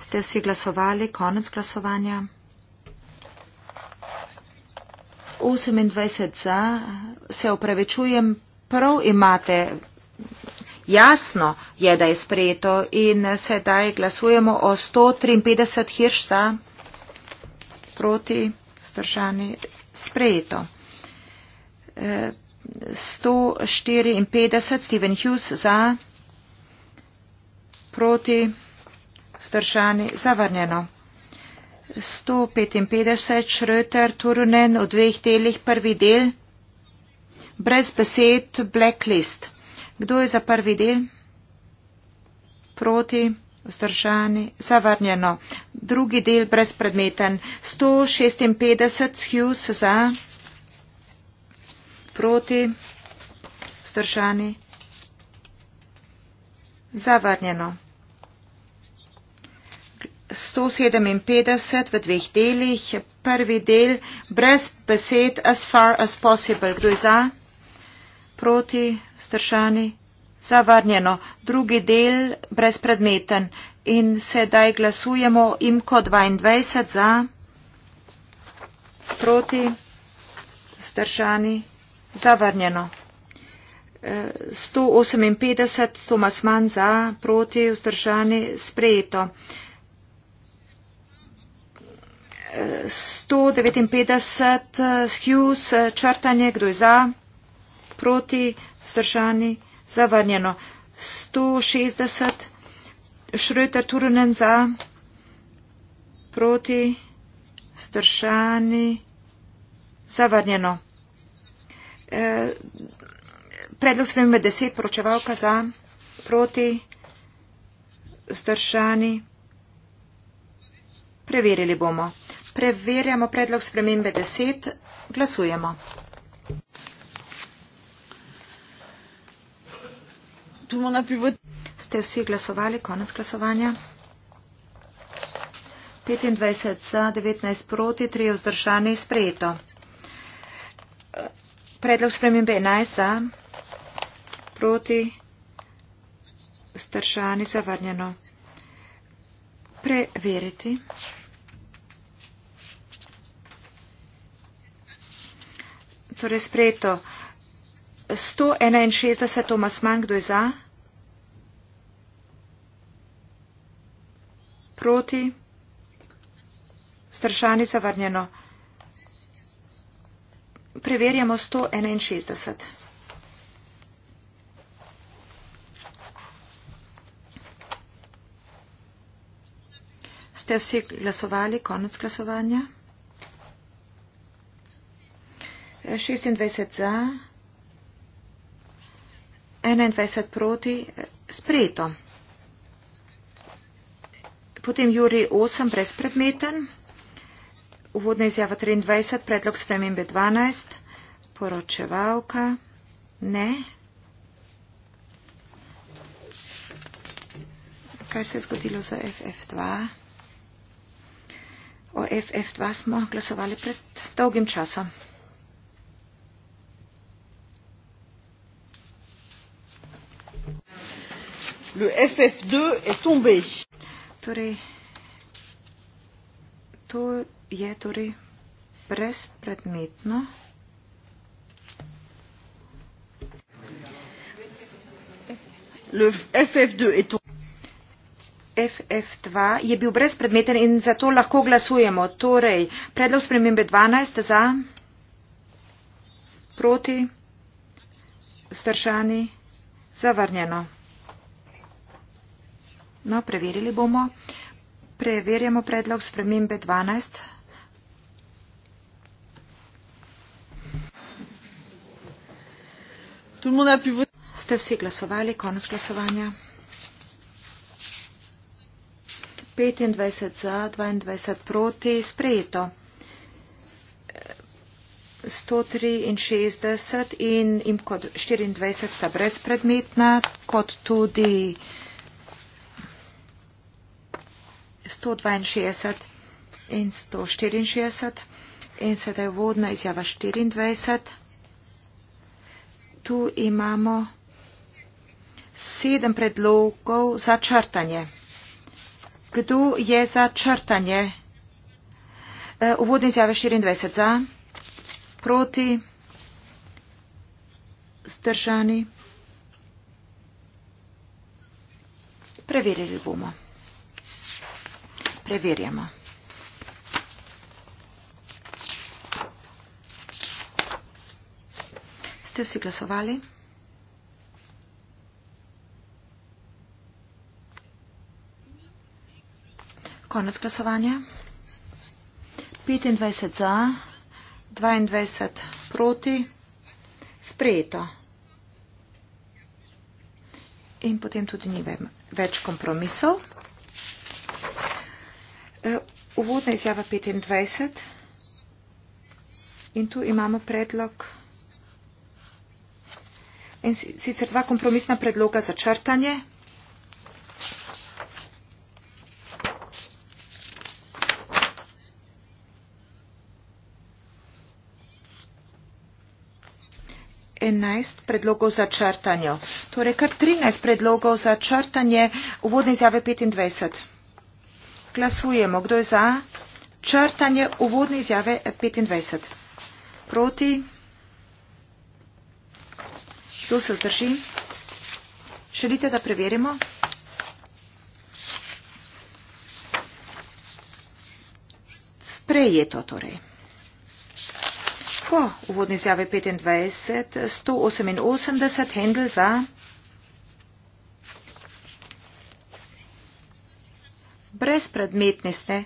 Ste vsi glasovali? Konec glasovanja. 28 za, se opravičujem, prav imate. Jasno je, da je sprejeto in sedaj glasujemo o 153 hirš za proti stržani sprejeto. 154 Steven Hughes za proti stržani zavrnjeno. 155 Schröter Turnen v dveh delih prvi del. Brez besed Blacklist. Kdo je za prvi del? Proti, vzdržani, zavrnjeno. Drugi del brezpredmeten. 156 Hughes za. Proti, vzdržani, zavrnjeno. 157 v dveh delih. Prvi del brez besed as far as possible. Kdo je za? Proti? Stršani? Zavarnjeno. Drugi del brezpredmeten. In sedaj glasujemo imko 22 za. Proti? Stršani? Zavarnjeno. 158 Tomas Mann za, proti, vzdržani, sprejeto. 159, eh, Hughes, eh, črtanje, kdo je za, proti, vzdržani, zavrnjeno. 160, Schröter, Turunen za, proti, vzdržani, zavrnjeno. Eh, predlog spremembe 10, poročevalka za, proti, vzdržani, preverili bomo. Preverjamo predlog spremembe 10. Glasujemo. Ste vsi glasovali? Konec glasovanja. 25 za, 19 proti, 3 vzdržani, sprejeto. Predlog spremembe 11 za, proti, vzdržani, zavrnjeno. Preveriti. Torej sprejeto 161, Tomas Mank, kdo je za? Proti? Stršani zavrnjeno. Preverjamo 161. Ste vsi glasovali, konec glasovanja? 26 za, 21 proti, sprejeto. Potem Juri 8 brezpredmeten, uvodna izjava 23, predlog spremembe 12, poročevalka, ne. Kaj se je zgodilo za FF2? O FF2 smo glasovali pred dolgim časom. le FF2 est tombé. Torej, to je torej brezpredmetno. Le FF2 est tombé. FF2 je bil brezpredmeten in zato lahko glasujemo. Torej, predlog spremembe 12 za, proti, stršani, zavrnjeno. No, preverili bomo. Preverjamo predlog spremembe 12. Ste vsi glasovali, konec glasovanja. 25 za, 22 proti, sprejeto. 163 in, in kot 24 sta brezpredmetna, kot tudi. 162 in 164 in sedaj vodna izjava 24. Tu imamo sedem predlogov za črtanje. Kdo je za črtanje? Uvodne izjave 24 za, proti, zdržani. Preverili bomo. Preverjamo. Ste vsi glasovali? Konec glasovanja. 25 za, 22 proti, sprejeto. In potem tudi ni več kompromisov. Eh, uvodna izjava 25 in tu imamo predlog in sicer dva kompromisna predloga za črtanje. enajst predlogov za črtanje. Torej, kar trinajst predlogov za črtanje uvodne izjave petindvajset. Glasujemo. Kdo je za črtanje uvodne izjave 25? Proti? Kdo se vzdrži? Želite, da preverimo? Sprejeto torej. Po uvodni izjave 25, 188, Hendel za. brezpredmetni ste,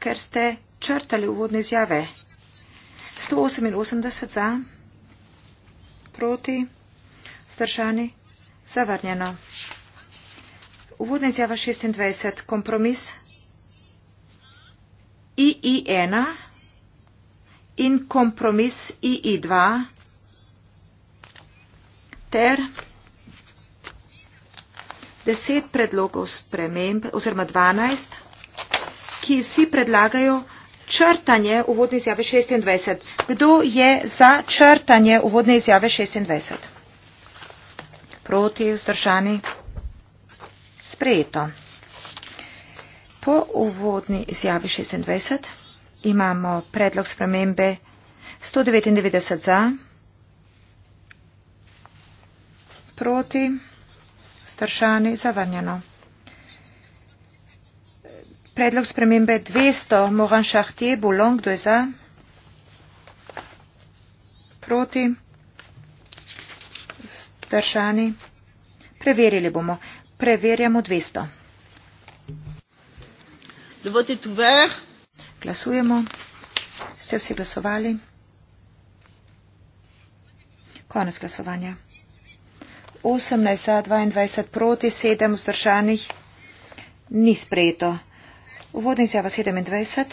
ker ste črtali uvodne izjave. 188 za, proti, stršani, zavrnjeno. Uvodna izjava 26, kompromis II1 in kompromis II2 ter deset predlogov sprememb oziroma dvanajst, ki vsi predlagajo črtanje uvodne izjave 26. Kdo je za črtanje uvodne izjave 26? Proti, vzdržani? Sprejeto. Po uvodni izjavi 26 imamo predlog spremembe 199 za, proti staršani zavrnjeno. Predlog spremembe 200, Mohan Šahtje, Bulong, kdo je za? Proti? Staršani? Preverili bomo. Preverjamo 200. Dovolite tuve. Glasujemo. Ste vsi glasovali? Konec glasovanja. 18 za, 22 proti, 7 vzdržanih ni sprejeto. Uvodni izjava 27,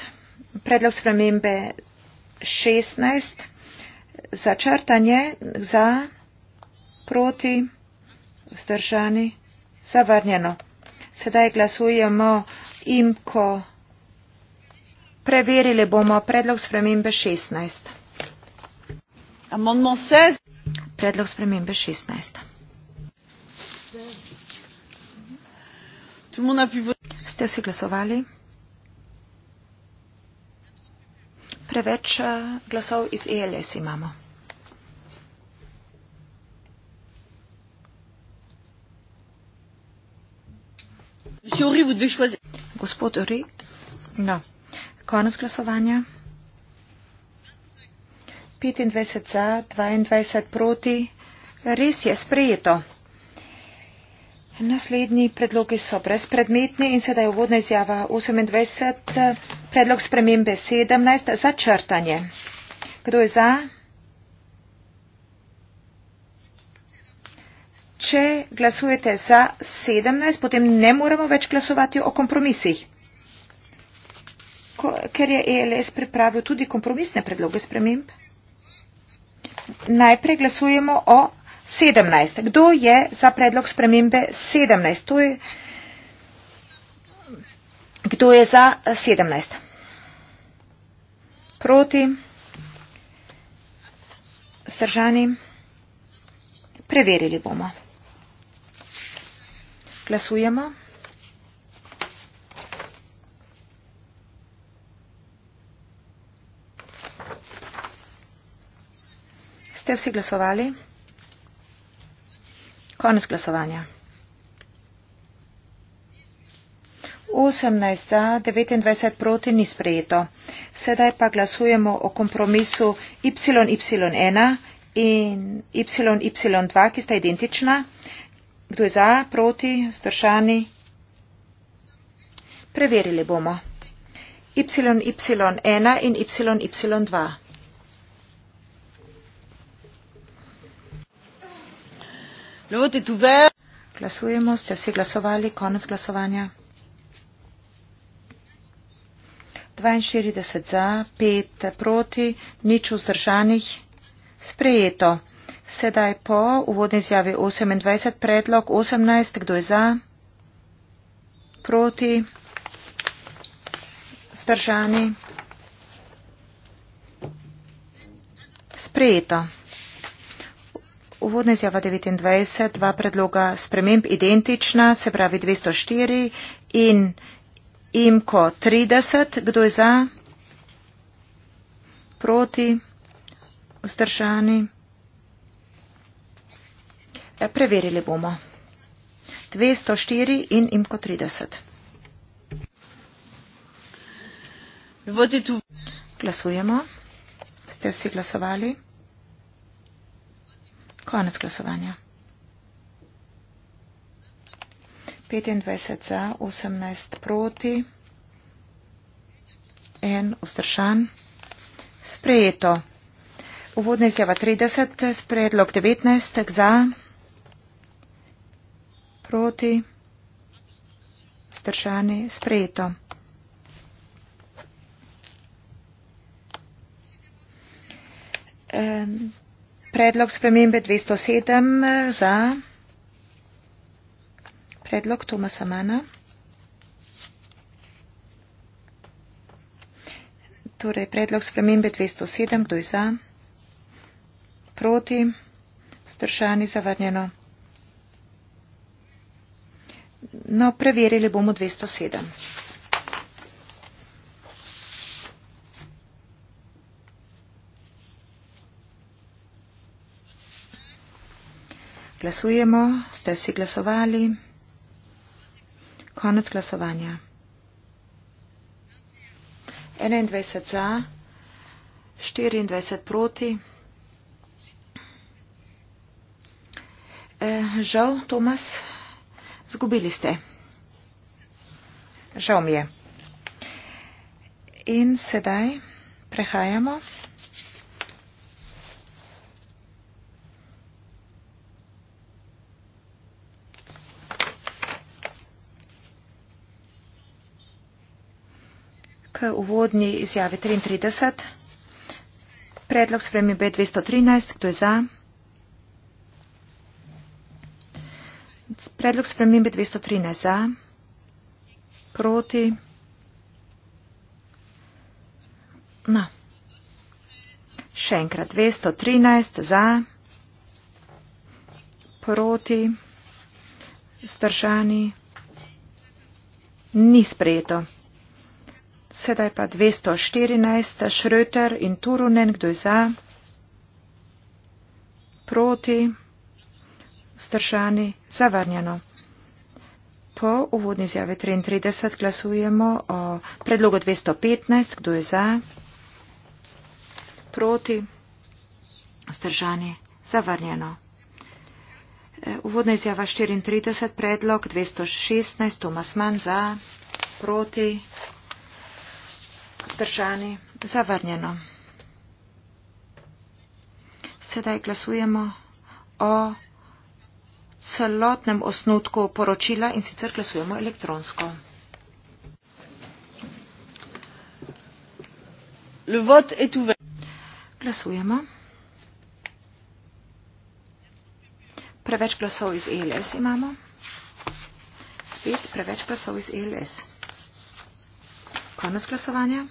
predlog spremembe 16, začrtanje za, proti, vzdržani, zavrnjeno. Sedaj glasujemo in ko preverili bomo predlog spremembe 16. Predlog spremembe 16. Tout le monde a pu voter. Ste vsi glasovali? Preveč eh, glasov iz ELS imamo. Gospod Uri, no. konec glasovanja. 25 za, 22 proti. Res je sprejeto. Naslednji predlogi so brezpredmetni in sedaj uvodna izjava 28, predlog spremembe 17 za črtanje. Kdo je za? Če glasujete za 17, potem ne moremo več glasovati o kompromisih. Ko, ker je ELS pripravil tudi kompromisne predloge sprememb, najprej glasujemo o 17. Kdo je za predlog spremembe 17? To je, kdo je za 17? Eh, Proti? Stržani? Preverili bomo. Glasujemo. Ste vsi glasovali? Konec glasovanja. 18 za, 29 proti ni sprejeto. Sedaj pa glasujemo o kompromisu YY1 in YY2, ki sta identična. Kdo je za, proti, zdržani? Preverili bomo. YY1 in YY2. Glasujemo, ste vsi glasovali, konec glasovanja. 42 za, 5 proti, nič vzdržanih. Sprejeto. Sedaj po uvodni izjavi 28 predlog, 18, kdo je za, proti, vzdržani. Sprejeto. Uvodna izjava 29, dva predloga sprememb identična, se pravi 204 in imko 30. Kdo je za? Proti? Vzdržani? Ja, preverili bomo. 204 in imko 30. Glasujemo. Ste vsi glasovali? Konec glasovanja. 25 za, 18 proti, en ustršan. Sprejeto. Uvodna izjava 30, predlog 19 za, proti, ustršani. Sprejeto. Um, Predlog spremembe 207 eh, za. Predlog Tomasa Mana. Torej, predlog spremembe 207, kdo je za? Proti? Stršani zavrnjeno? No, preverili bomo 207. Glasujemo, ste vsi glasovali. Konec glasovanja. 21 za, 24 proti. E, žal, Tomas, zgubili ste. Žal mi je. In sedaj prehajamo. k uvodni izjavi 33. Predlog spremi B213, kdo je za? Predlog spremi B213 za, proti, no, še enkrat, 213 za, proti, zdržani, ni sprejeto. Sedaj pa 214. Šröter in Turunen, kdo je za? Proti? Stršani? Zavarnjeno. Po uvodni izjavi 33 glasujemo o predlogu 215. Kdo je za? Proti? Stržani, zavrnjeno. E, uvodna izjava 34, predlog 216, Tomas Mann za, proti, vzdržani zavrnjeno. Sedaj glasujemo o celotnem osnutku poročila in sicer glasujemo elektronsko. Le vote est ouvert. Glasujemo. Preveč glasov iz ELS imamo. Spet preveč glasov iz ELS. Konec glasovanja.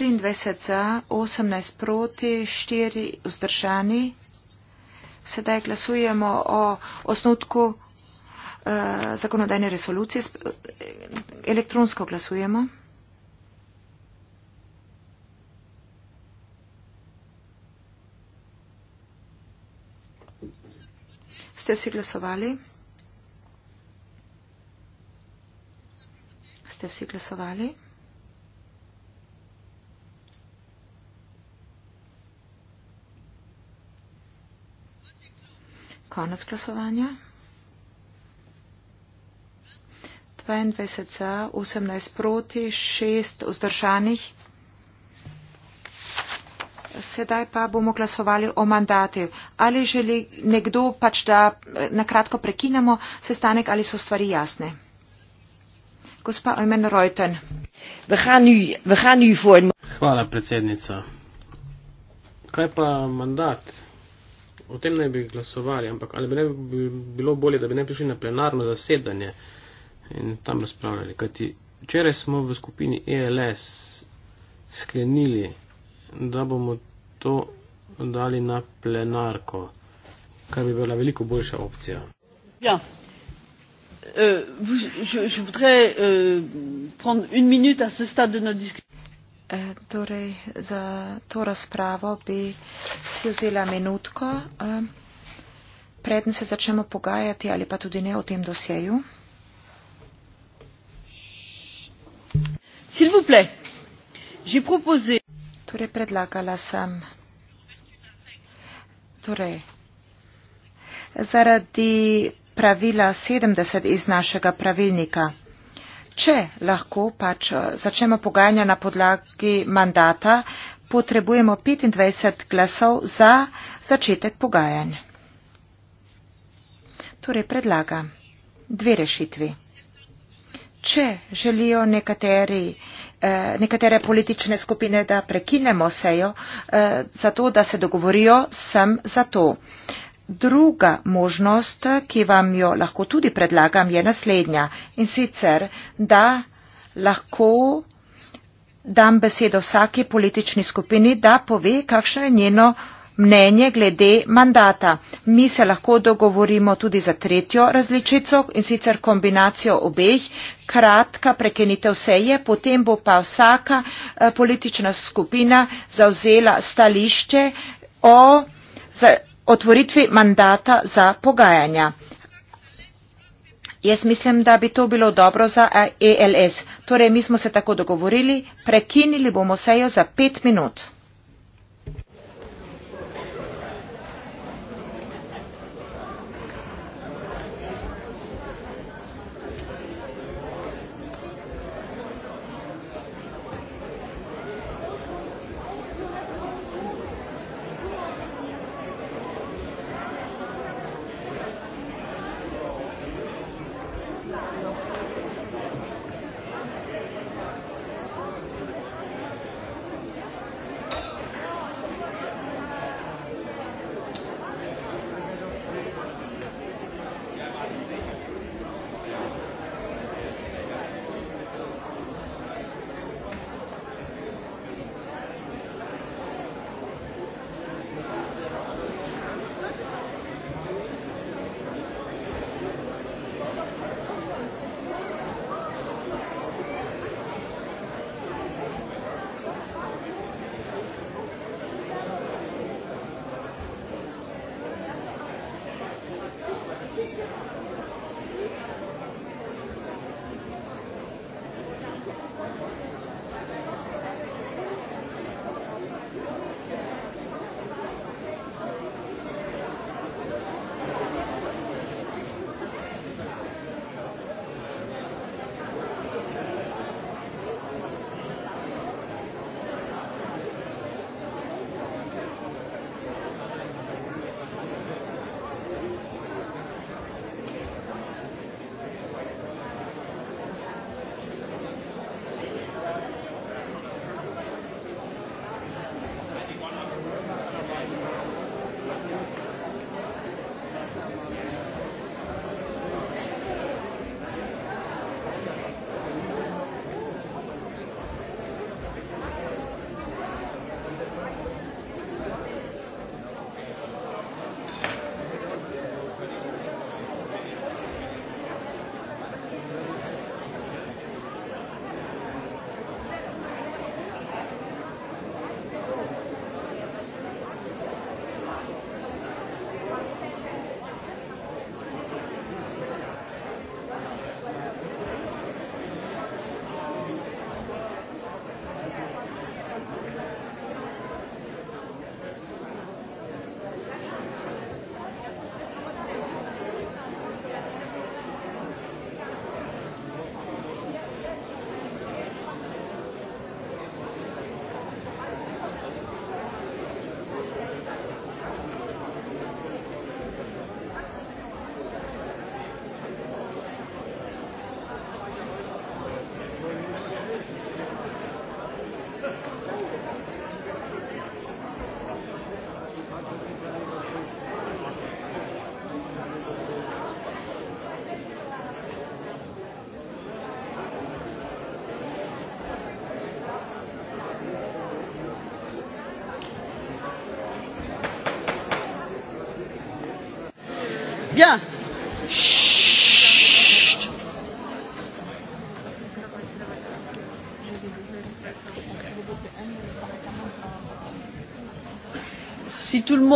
23 za, 18 proti, 4 vzdržani. Sedaj glasujemo o osnutku eh, zakonodajne resolucije. Eh, elektronsko glasujemo. Ste vsi glasovali? Ste vsi glasovali? Konec glasovanja. 22 za, 18 proti, 6 vzdržanih. Sedaj pa bomo glasovali o mandatu. Ali želi nekdo pač, da nakratko prekinemo sestanek, ali so stvari jasne? Gospa Ojmen Reuten. Hvala, predsednica. Kaj pa mandat? o tem ne bi glasovali, ampak ali bi ne bi bilo bolje, da bi ne prišli na plenarno zasedanje in tam razpravljali. Kajti včeraj smo v skupini ELS sklenili, da bomo to dali na plenarko, kar bi bila veliko boljša opcija. Ja. Uh, je, je voudrais uh, prendre une minute à ce stade de notre discussion. Eh, torej, za to razpravo bi si vzela minutko, eh, preden se začnemo pogajati ali pa tudi ne o tem dosjeju. Torej, predlagala sem. Torej, zaradi pravila 70 iz našega pravilnika. Če lahko pač eh, začnemo pogajanja na podlagi mandata, potrebujemo 25 glasov za začetek pogajanj. Torej predlagam dve rešitvi. Če želijo nekateri, eh, nekatere politične skupine, da prekinemo sejo, eh, zato da se dogovorijo, sem za to. Eh, Druga možnost, ki vam jo lahko tudi predlagam, je naslednja in sicer, da lahko dam besedo vsaki politični skupini, da pove, kakšno je njeno mnenje glede mandata. Mi se lahko dogovorimo tudi za tretjo različico in sicer kombinacijo obeh, kratka prekenitev seje, potem bo pa vsaka eh, politična skupina zauzela stališče o otvoritvi mandata za pogajanja. Jaz mislim, da bi to bilo dobro za ELS. Torej, mi smo se tako dogovorili, prekinili bomo sejo za pet minut.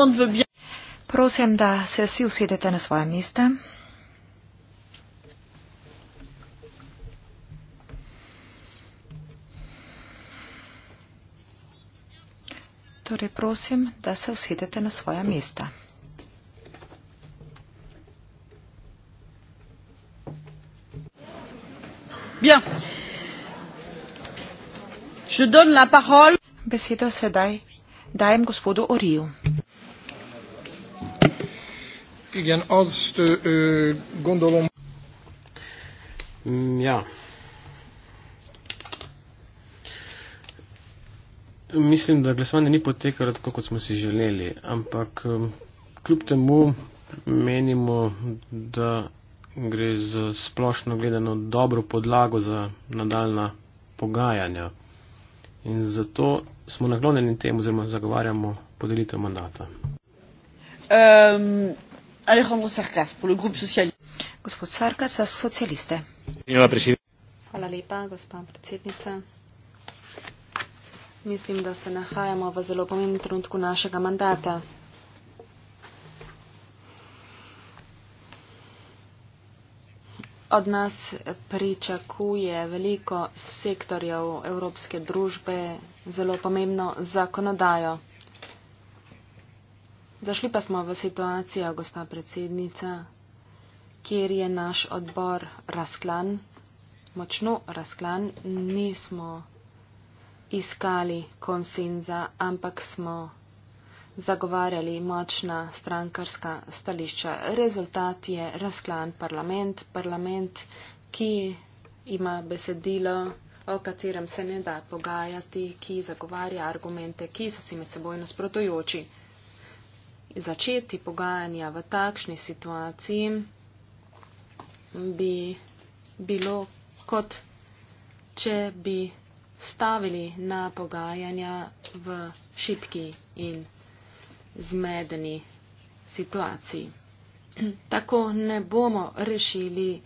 monde veut bien. Prosim, da se vsi usedete na svoje miste. Torej, prosim, da se usedete na svoje miste. Bien. Je donne la parole. Besedo sedaj dajem gospodu Oriju. Igen, azt ö, gondolom. Mm, ja. Mislim, da glasovanje ni potekalo tako, kot smo si želeli, ampak kljub temu menimo, da gre za splošno gledano dobro podlago za nadaljna pogajanja. In zato smo naklonjeni temu, oziroma zagovarjamo podelitev mandata. Um, Alejandro Sarkas, pour le groupe socialiste. Gospod Sarkas, socialiste. Hvala lepa, gospa predsednica. Mislim, da se nahajamo v zelo pomembnem trenutku našega mandata. Od nas pričakuje veliko sektorjev evropske družbe zelo pomembno zakonodajo. Zašli pa smo v situacijo, gospa predsednica, kjer je naš odbor razklan, močno razklan, nismo iskali konsenza, ampak smo zagovarjali močna strankarska stališča. Rezultat je razklan parlament, parlament, ki ima besedilo, o katerem se ne da pogajati, ki zagovarja argumente, ki so si med seboj nasprotujoči začeti pogajanja v takšni situaciji, bi bilo kot, če bi stavili na pogajanja v šipki in zmedeni situaciji. Tako ne bomo rešili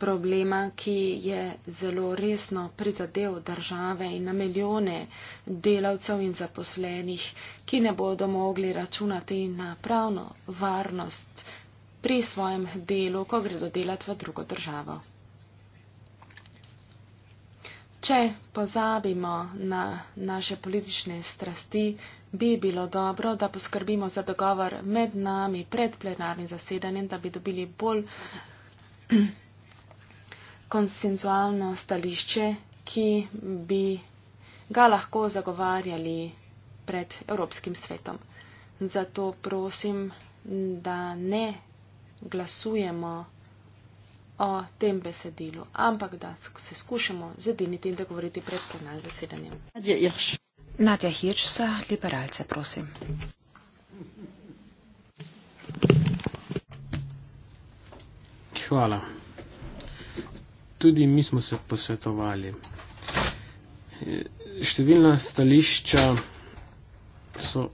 problema, ki je zelo resno prizadel države in na milijone delavcev in zaposlenih, ki ne bodo mogli računati na pravno varnost pri svojem delu, ko gredo delati v drugo državo. Če pozabimo na naše politične strasti, bi bilo dobro, da poskrbimo za dogovor med nami pred plenarnim zasedanjem, da bi dobili bolj konsenzualno stališče, ki bi ga lahko zagovarjali pred Evropskim svetom. Zato prosim, da ne glasujemo o tem besedilu, ampak da se skušamo zediniti in dogovoriti pred plenarnim zasedanjem. Nadja Hirša, liberalce, prosim. Hvala tudi mi smo se posvetovali. Številna stališča so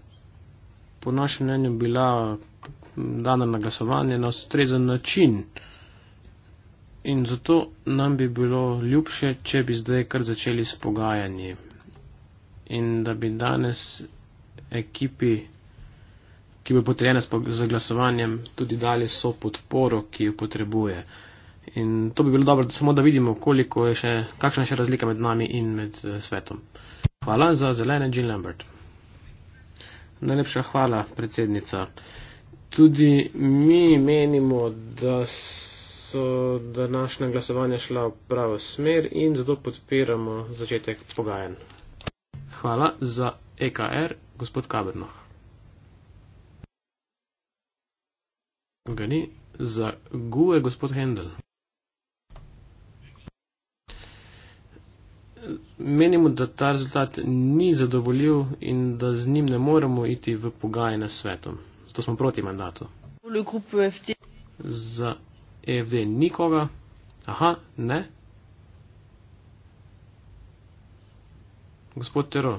po našem mnenju bila dana na glasovanje na ustrezen način. In zato nam bi bilo ljubše, če bi zdaj kar začeli s pogajanji. In da bi danes ekipi, ki bo potrebna za glasovanjem, tudi dali so podporo, ki jo potrebuje in to bi bilo dobro, samo da vidimo, koliko je še, kakšna je še razlika med nami in med eh, svetom. Hvala za zelene, Jill Lambert. Najlepša hvala, predsednica. Tudi mi menimo, da so današnja glasovanja šla v pravo smer in zato podpiramo začetek pogajen. Hvala za EKR, gospod Kabrno. Gani za GUE, gospod Hendel. menimo, da ta rezultat ni zadovoljiv in da z njim ne moremo iti v pogajanje s svetom. Zato smo proti mandatu. E Za EFD nikoga. Aha, ne. Gospod Tero.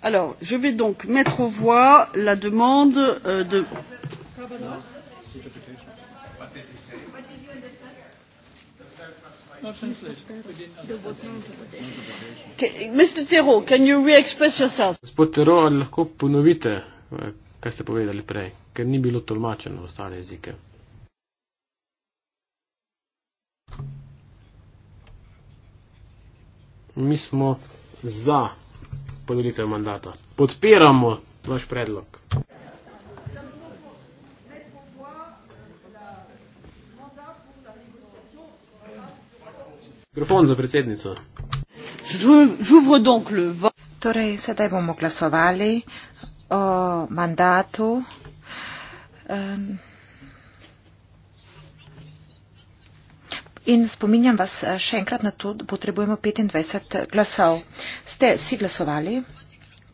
Alors, je vais donc mettre au voix la demande euh, de. Non. Gospod Tero, ali lahko ponovite, eh, kaj ste povedali prej, ker ni bilo tolmačeno v ostale jezike. Mi smo za podelitev mandata. Podpiramo vaš predlog. Mikrofon za predsednico. Torej, sedaj bomo glasovali o mandatu. Um, In spominjam vas eh, še enkrat na to, da potrebujemo 25 glasov. Ste vsi glasovali?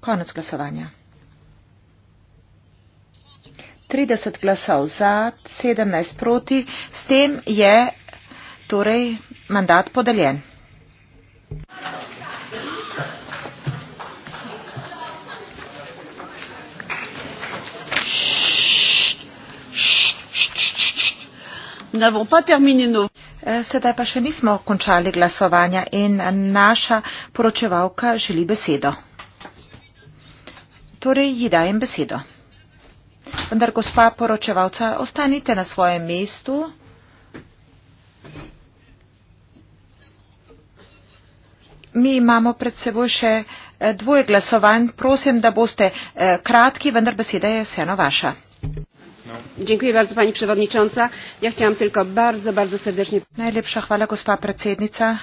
Konec glasovanja. 30 glasov za, 17 proti. S tem je torej mandat podeljen. Eh, sedaj pa še nismo končali glasovanja in naša poročevalka želi besedo. Torej, ji dajem besedo. Vendar, gospa poročevalca, ostanite na svojem mestu. mi imamo pred seboj še eh, dvoje glasovanj. Prosim, da boste eh, kratki, vendar beseda je vseeno vaša. No. Dziękuję bardzo Pani Przewodnicząca. Ja chciałam tylko bardzo, bardzo serdecznie... Najlepsza chwała, gospa Przewodnicząca.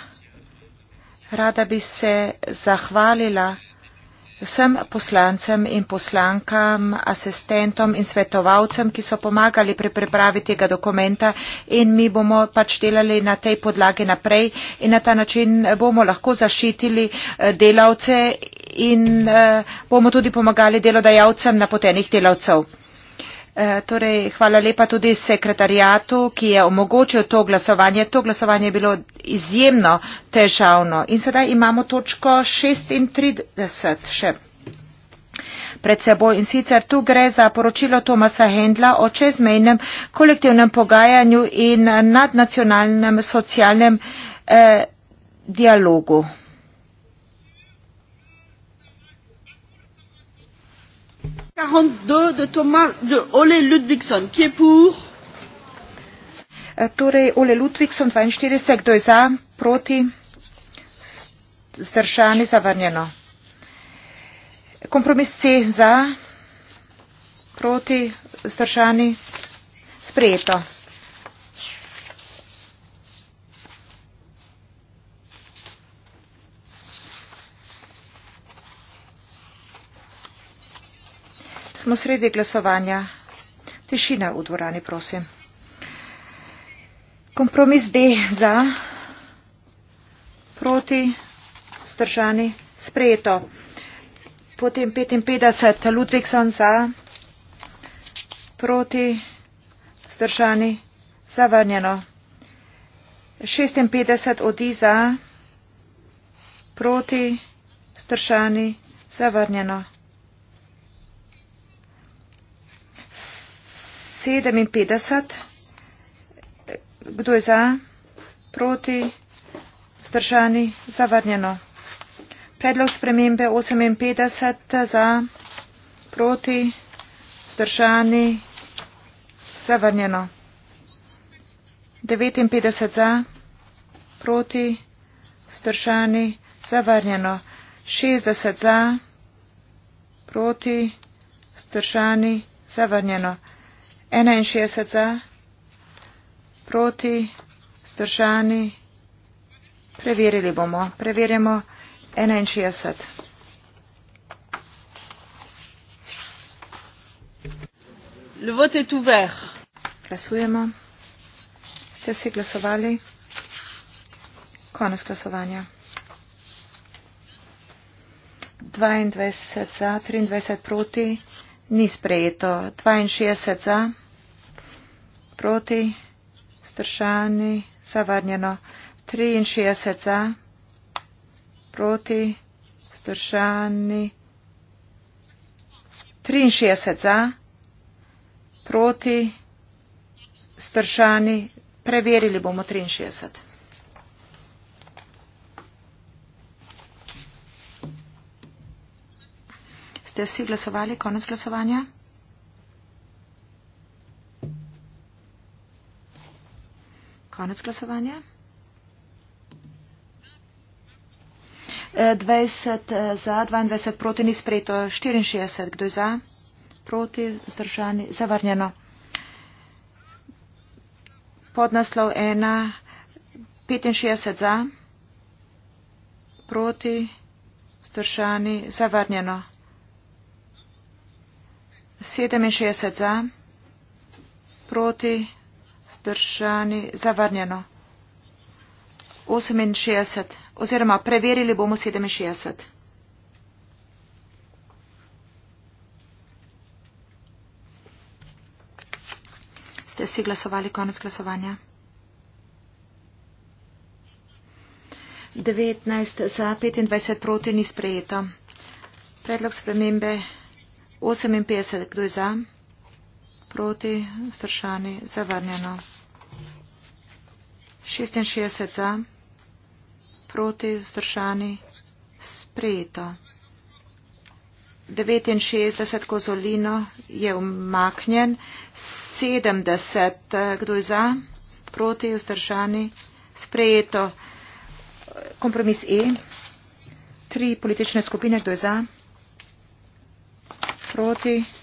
Rada by się zachwalila vsem poslancem in poslankam, asistentom in svetovalcem, ki so pomagali pri pripravi tega dokumenta in mi bomo pač delali na tej podlagi naprej in na ta način bomo lahko zaščitili eh, delavce in eh, bomo tudi pomagali delodajalcem napotenih delavcev. Eh, torej, hvala lepa tudi sekretarijatu, ki je omogočil to glasovanje. To glasovanje je bilo izjemno težavno. In sedaj imamo točko 36 še pred seboj. In sicer tu gre za poročilo Tomasa Hendla o čezmejnem kolektivnem pogajanju in nadnacionalnem socialnem eh, dialogu. quarante deux de thomas de ole ludvigsson qui est pour eh, torej ole ludvigsson dvainštirideset kdo je za proti zdržani zavrnjeno kompromis c za proti zdržani sprejeto Smo sredi glasovanja. Tišina v dvorani, prosim. Kompromis D za, proti, stržani, sprejeto. Potem 55, Ludvigson za, proti, stržani, zavrnjeno. 56 odi za, proti, stržani, zavrnjeno. 57. Kdo je za? Proti? Zdržani? Zavrnjeno. Predlog spremembe 58 za, proti, zdržani, zavrnjeno. 59 za, proti, zdržani, zavrnjeno. 60 za, proti, zdržani, zavrnjeno. 61 za, proti, stršani, preverili bomo. Preverimo 61. Le vote est ouvert. Glasujemo. Ste si glasovali? Konec glasovanja. 22 za, 23 proti. Ni sprejeto. 62 za proti, stršani, zavarnjeno. 63 za, proti, stršani. 63 za, proti, stršani. Preverili bomo 63. Ste vsi glasovali, konec glasovanja? konec glasovanja. 20 e, e, za, 22 proti ni sprejeto, 64 kdo je za, proti, zdržani, zavrnjeno. Podnaslov 1, 65 za, proti, zdržani, zavrnjeno. 67 za, proti, Zdržani zavrnjeno. 68 oziroma preverili bomo 67. Ste vsi glasovali konec glasovanja? 19 za 25 proti ni sprejeto. Predlog spremembe 58. Kdo je za? proti vzdržani zavrnjeno. 66 za, proti vzdržani sprejeto. 69 kozolino je umaknjen, 70 eh, kdo je za, proti vzdržani sprejeto. Kompromis E, tri politične skupine, kdo je za, proti vzdržani sprejeto.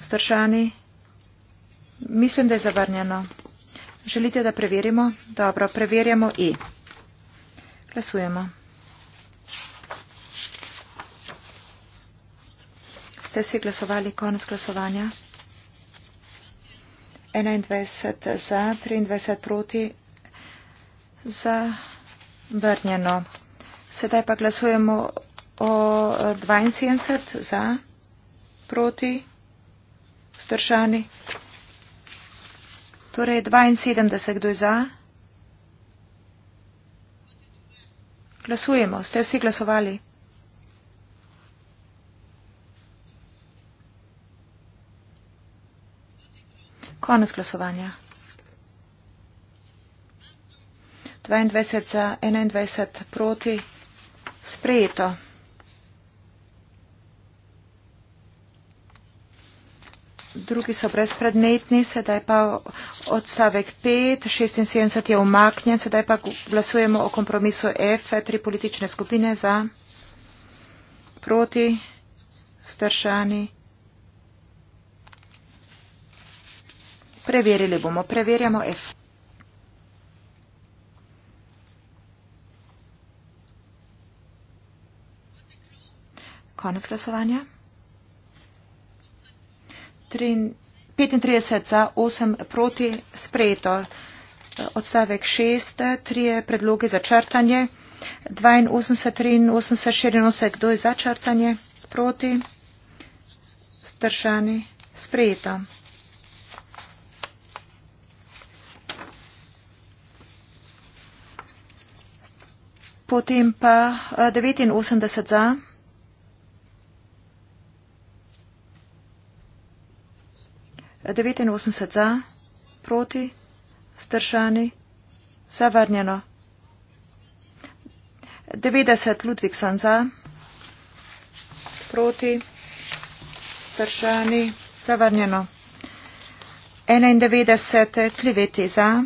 Vstršani? Mislim, da je zavrnjeno. Želite, da preverimo? Dobro, preverjamo i. E. Glasujemo. Ste si glasovali konec glasovanja? 21 za, 23 proti za vrnjeno. Sedaj pa glasujemo o 72 za proti vzdržani. Torej 72, kdo je za? Glasujemo, ste vsi glasovali. Konec glasovanja. 22 za 21 proti. Sprejeto. drugi so brezpredmetni, sedaj pa odstavek 5, 76 je omaknjen, sedaj pa glasujemo o kompromisu F, tri politične skupine za, proti, stršani. Preverili bomo, preverjamo F. Konec glasovanja. 35 za, 8 proti sprejeto. Odstavek 6, 3 predloge za črtanje. 82, 83, 84, kdo je za črtanje? Proti. Stršani. Sprejeto. Potem pa 89 eh, za. 89 za, proti, stršani, zavrnjeno. 90 Ludvigsson za, proti, stršani, zavrnjeno. 91 kliveti za,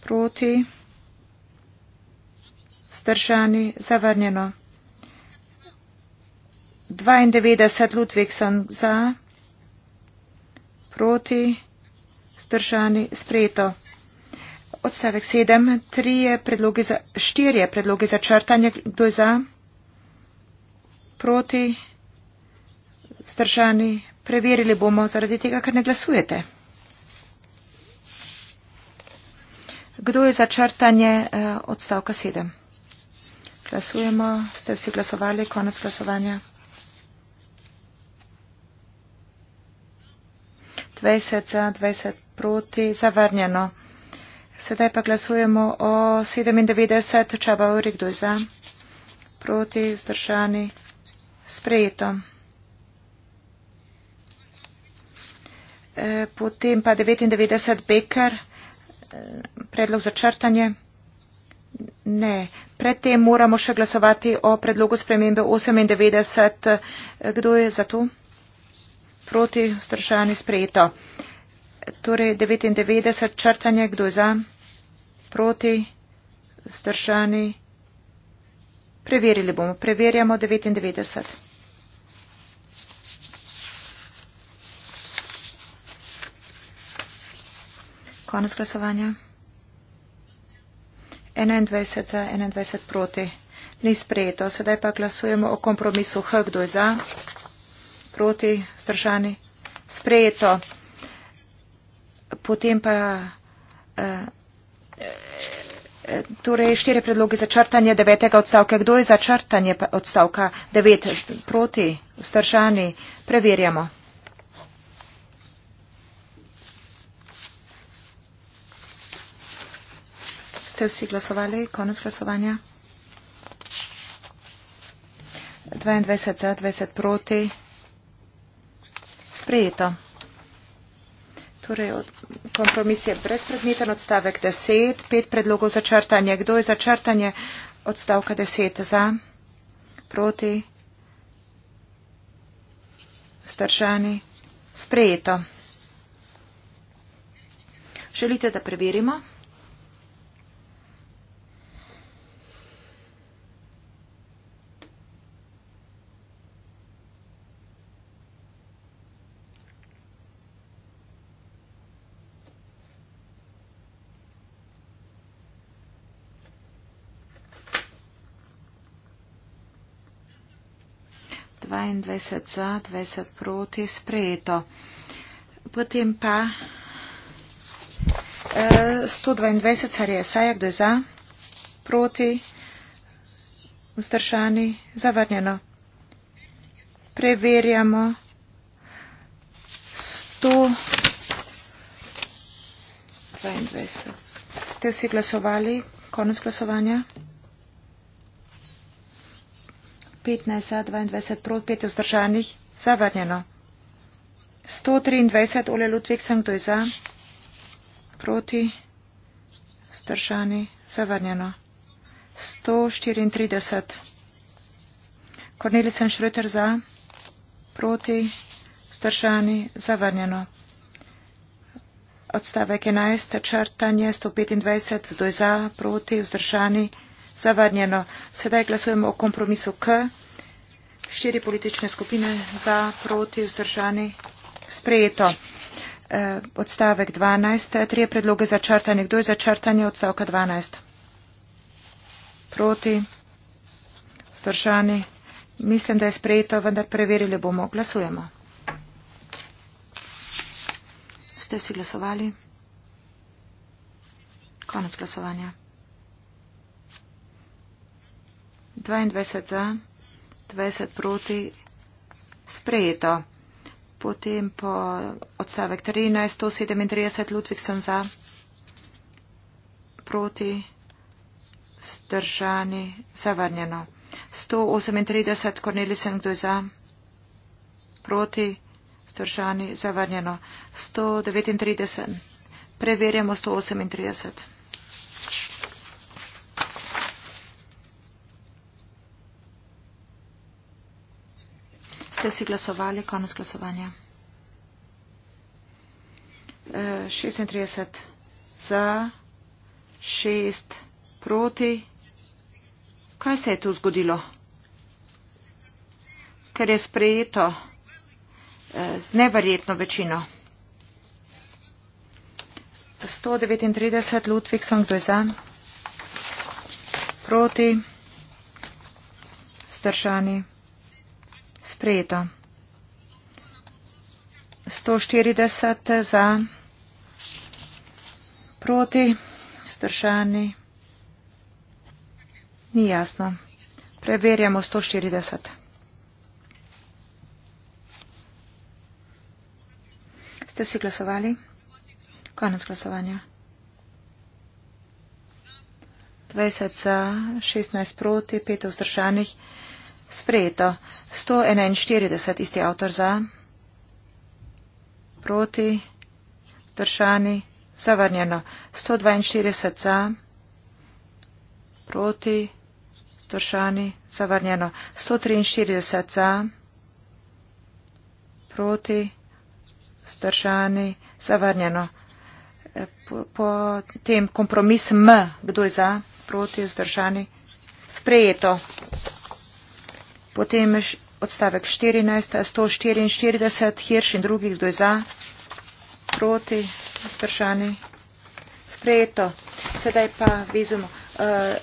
proti, stršani, zavrnjeno. 92 Ludvigsson za, proti, stršani, zavrnjeno proti, stržani, sprejeto. Odstavek 7, za, štirje predloge za črtanje, kdo je za, proti, stržani, preverili bomo zaradi tega, ker ne glasujete. Kdo je za črtanje eh, odstavka 7? Glasujemo, ste vsi glasovali, konec glasovanja. 20 za, 20 proti, zavrnjeno. Sedaj pa glasujemo o 97, čaba uri, kdo je za, proti, vzdržani, sprejeto. E, potem pa 99 Beker, e, predlog za črtanje. Ne, predtem moramo še glasovati o predlogu spremembe 98. E, kdo je za to? proti vzdržani sprejeto. Torej 99 črtanje, kdo za, proti vzdržani. Preverili bomo, preverjamo 99. Konec glasovanja. 21 za, 21 proti. Ni sprejeto. Sedaj pa glasujemo o kompromisu H, kdo je za proti stržani sprejeto. Potem pa eh, eh, torej štiri predloge za črtanje devetega odstavka. Kdo je za črtanje odstavka devet proti stržani? Preverjamo. Ste vsi glasovali? Konec glasovanja. 22 za, 20 proti. Sprejeto. Torej, kompromis je brezpredmeten odstavek 10, pet predlogov za črtanje. Kdo je za črtanje odstavka 10? Za, proti, stržani. Sprejeto. Želite, da preverimo? 22 za, 20 proti, sprejeto. Potem pa e, 122, kar je saj, kdo je za, proti, vzdržani, zavrnjeno. Preverjamo 122. Ste vsi glasovali? Konec glasovanja. 15 za, 22 proti, 5 vzdržanih, zavrnjeno. 123 Ole Ludvik sem doj za, proti, vzdržani, zavrnjeno. 134 Kornelisen Šreter za, proti, vzdržani, zavrnjeno. Odstavek 11, črtanje 125, zdoj za, proti, vzdržani, zavrnjeno zavrnjeno. Sedaj glasujemo o kompromisu K. Štiri politične skupine za proti vzdržani sprejeto. E, odstavek 12. Tri predloge za črtanje. Kdo je za črtanje odstavka 12? Proti vzdržani. Mislim, da je sprejeto, vendar preverili bomo. Glasujemo. Ste si glasovali? Konec glasovanja. 22 za, 20 proti, sprejeto. Potem po odstavek 13, 137 Ludvigsen za, proti, zdržani, zavrnjeno. 138 Kornelisen, kdo je za, proti, zdržani, zavrnjeno. 139, preverjamo 138. ste vsi glasovali, konec glasovanja. 36 e, za, 6 proti. Kaj se je tu zgodilo? Ker je sprejeto e, z neverjetno večino. 139 Ludvigson, kdo je za? Proti. Stršani. Sprejeto. 140 za, proti, stršani. Ni jasno. Preverjamo 140. 140. Ste vsi glasovali? Konec glasovanja. 20 za, 16 proti, 5 vzdržanih. Sprejeto. 141 isti avtor za. Proti. Zdržani. Zavrnjeno. 142 za. Proti. Zdržani. Zavrnjeno. 143 za. Proti. Zdržani. Zavrnjeno. Potem po kompromis M. Kdo je za? Proti. Zdržani. Sprejeto. Potem odstavek 14, 144, Hirš in drugih, kdo je za, proti, vzdržani, sprejeto. Sedaj pa vizum uh, eh,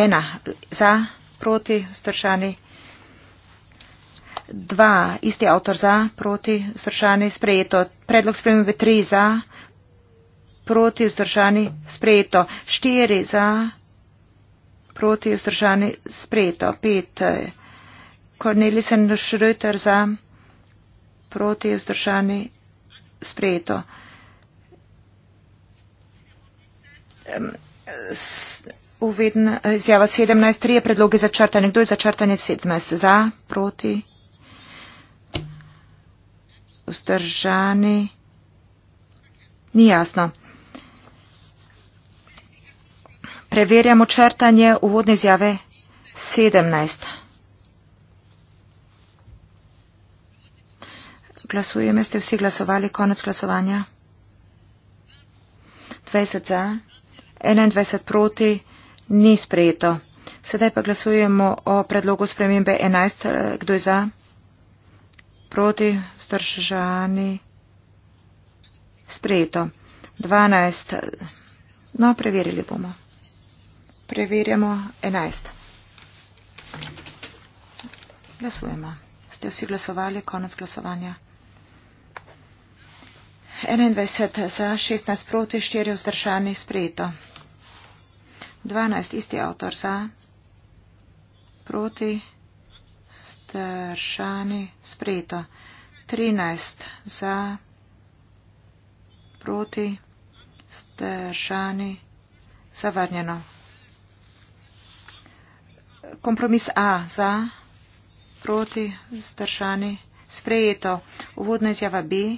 ena, za, proti, vzdržani, dva, isti avtor za, proti, vzdržani, sprejeto. Predlog spremembe tri, za, proti, vzdržani, sprejeto. Štiri, za, proti, vzdržani, sprejeto. Pet, uh, Cornelisen Schröter za proti vzdržani sprejeto. Uvedna izjava 17. 3 je predloge za črtanje. Kdo je za črtanje 17? Za, proti, vzdržani. Ni jasno. Preverjamo črtanje uvodne izjave 17. glasujeme, ste vsi glasovali, konec glasovanja. 20 za, 21 proti, ni sprejeto. Sedaj pa glasujemo o predlogu spremembe 11. Kdo je za? Proti, stržani. Sprejeto. 12. No, preverili bomo. Preverjamo 11. Glasujemo. Ste vsi glasovali, konec glasovanja. 21 za, 16 proti, 4 vzdržani sprejeto. 12 isti avtor za, proti, vzdržani sprejeto. 13 za, proti, vzdržani zavrnjeno. Kompromis A za, proti, vzdržani sprejeto. Uvodna izjava B.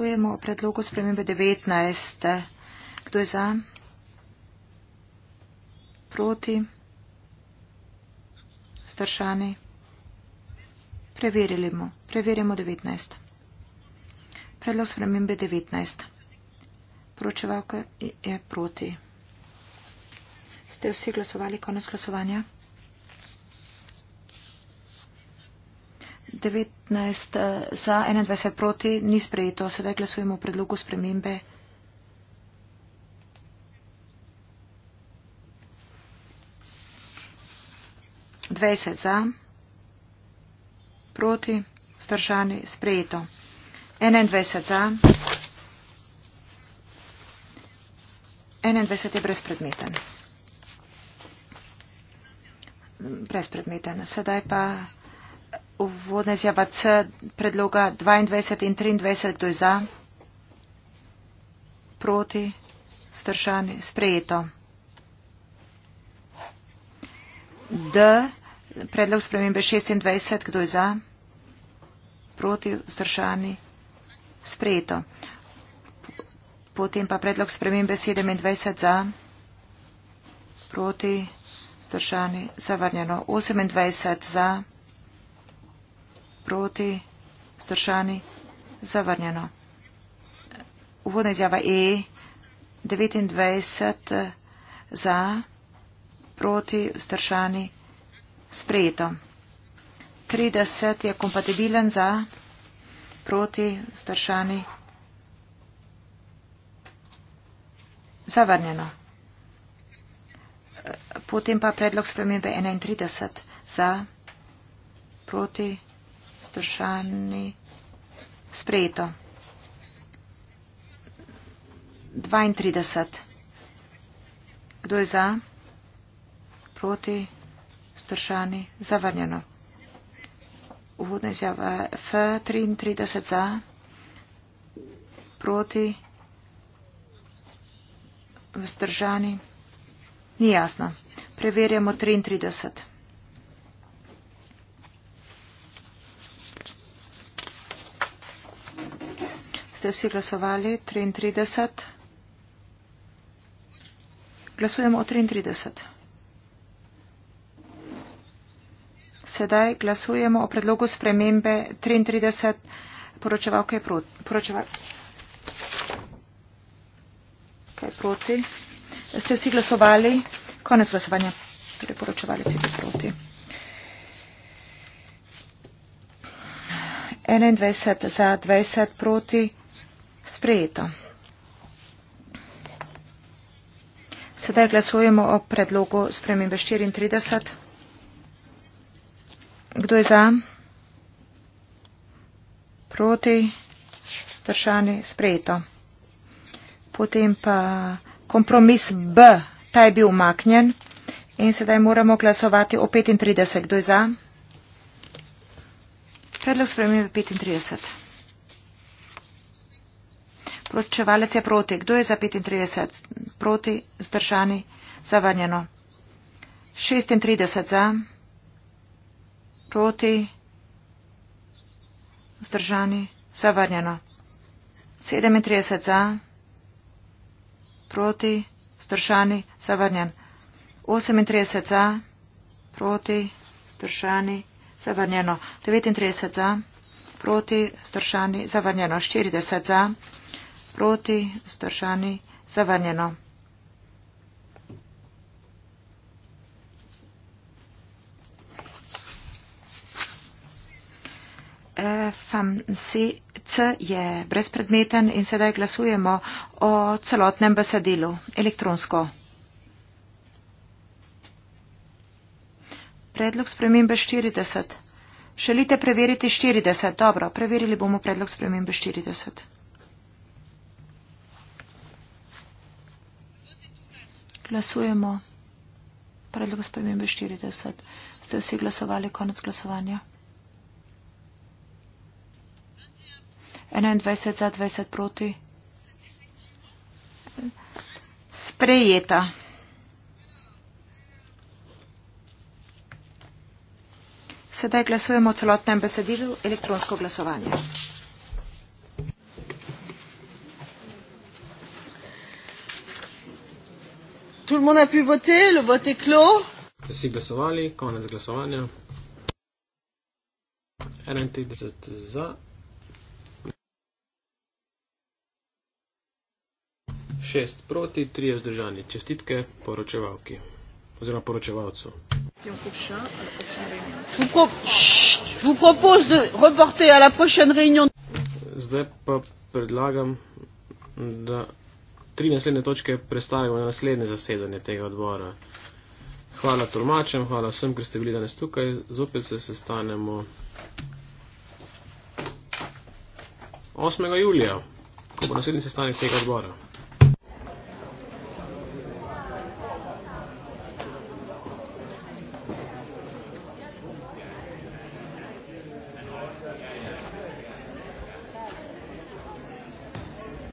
glasujemo o predlogu spremembe 19. Kdo je za? Proti? Stršani? Preverimo. Preverimo 19. Predlog spremembe 19. Poročevalka je proti. Ste vsi glasovali konec glasovanja? 19 eh, za, 21 proti, ni sprejeto. Sedaj glasujemo o predlogu spremembe. Dvajset za, proti, vzdržani, sprejeto. 21 za, 21 je brezpredmeten. Brezpredmeten. Sedaj pa uvodna izjava C predloga 22 in 23, kdo je za, proti, stršani, sprejeto. D predlog spremembe 26, kdo je za, proti, stršani, sprejeto. Potem pa predlog spremembe 27 za, proti, stršani, zavrnjeno. 28 za proti, vzdržani, zavrnjeno. Uvodna izjava E, 29 za, proti, vzdržani, sprejeto. 30 je kompatibilen za, proti, vzdržani, zavrnjeno. Potem pa predlog spremembe 31 za, proti, vzdržani. Stršani. Sprejeto. 32. Kdo je za? Proti? Stršani. Zavrnjeno. Uvodna izjava F33 za. Proti? Vzdržani. Ni jasno. Preverjamo 33. Ste vsi glasovali? 33. Glasujemo o 33. Sedaj glasujemo o predlogu spremembe 33 poročevalke poročeval. Kaj proti? Ste vsi glasovali? Konec glasovanja. Torej poročevalec je proti. 21 za 20 proti sprejeto. Sedaj glasujemo o predlogu spremembe 34. Kdo je za? Proti? Zdržani? Sprejeto. Potem pa kompromis B. Ta je bil umaknjen. In sedaj moramo glasovati o 35. Kdo je za? Predlog spremembe 35. Odločevalec je proti. Kdo je za 35? Proti, zdržani, zavrnjeno. 36 za, proti, zdržani, zavrnjeno. 37 za, proti, zdržani, zavrnjen. 38 za, proti, zdržani, zavrnjeno. 39 za, proti, zdržani, zavrnjeno. 40 za proti, vzdržani, zavrnjeno. C je brezpredmeten in sedaj glasujemo o celotnem besedilu elektronsko. Predlog spremembe 40. Želite preveriti 40? Dobro, preverili bomo predlog spremembe 40. Glasujemo. Predlog spremembe 40. Ste vsi glasovali konec glasovanja? 21 za 20 proti. Sprejeta. Sedaj glasujemo o celotnem besedilu elektronsko glasovanje. Tout le monde a pu voter, le vote est clos. Vsi glasovali, konec glasovanja. 31 za, 6 proti, 3 vzdržani. Čestitke poročevalki oziroma poročevalcu. Zdaj pa predlagam, da tri naslednje točke predstavimo na naslednje zasedanje tega odbora. Hvala tolmačem, hvala vsem, ker ste bili danes tukaj. Zopet se sestanemo 8. julija, ko bo naslednji sestanek tega odbora.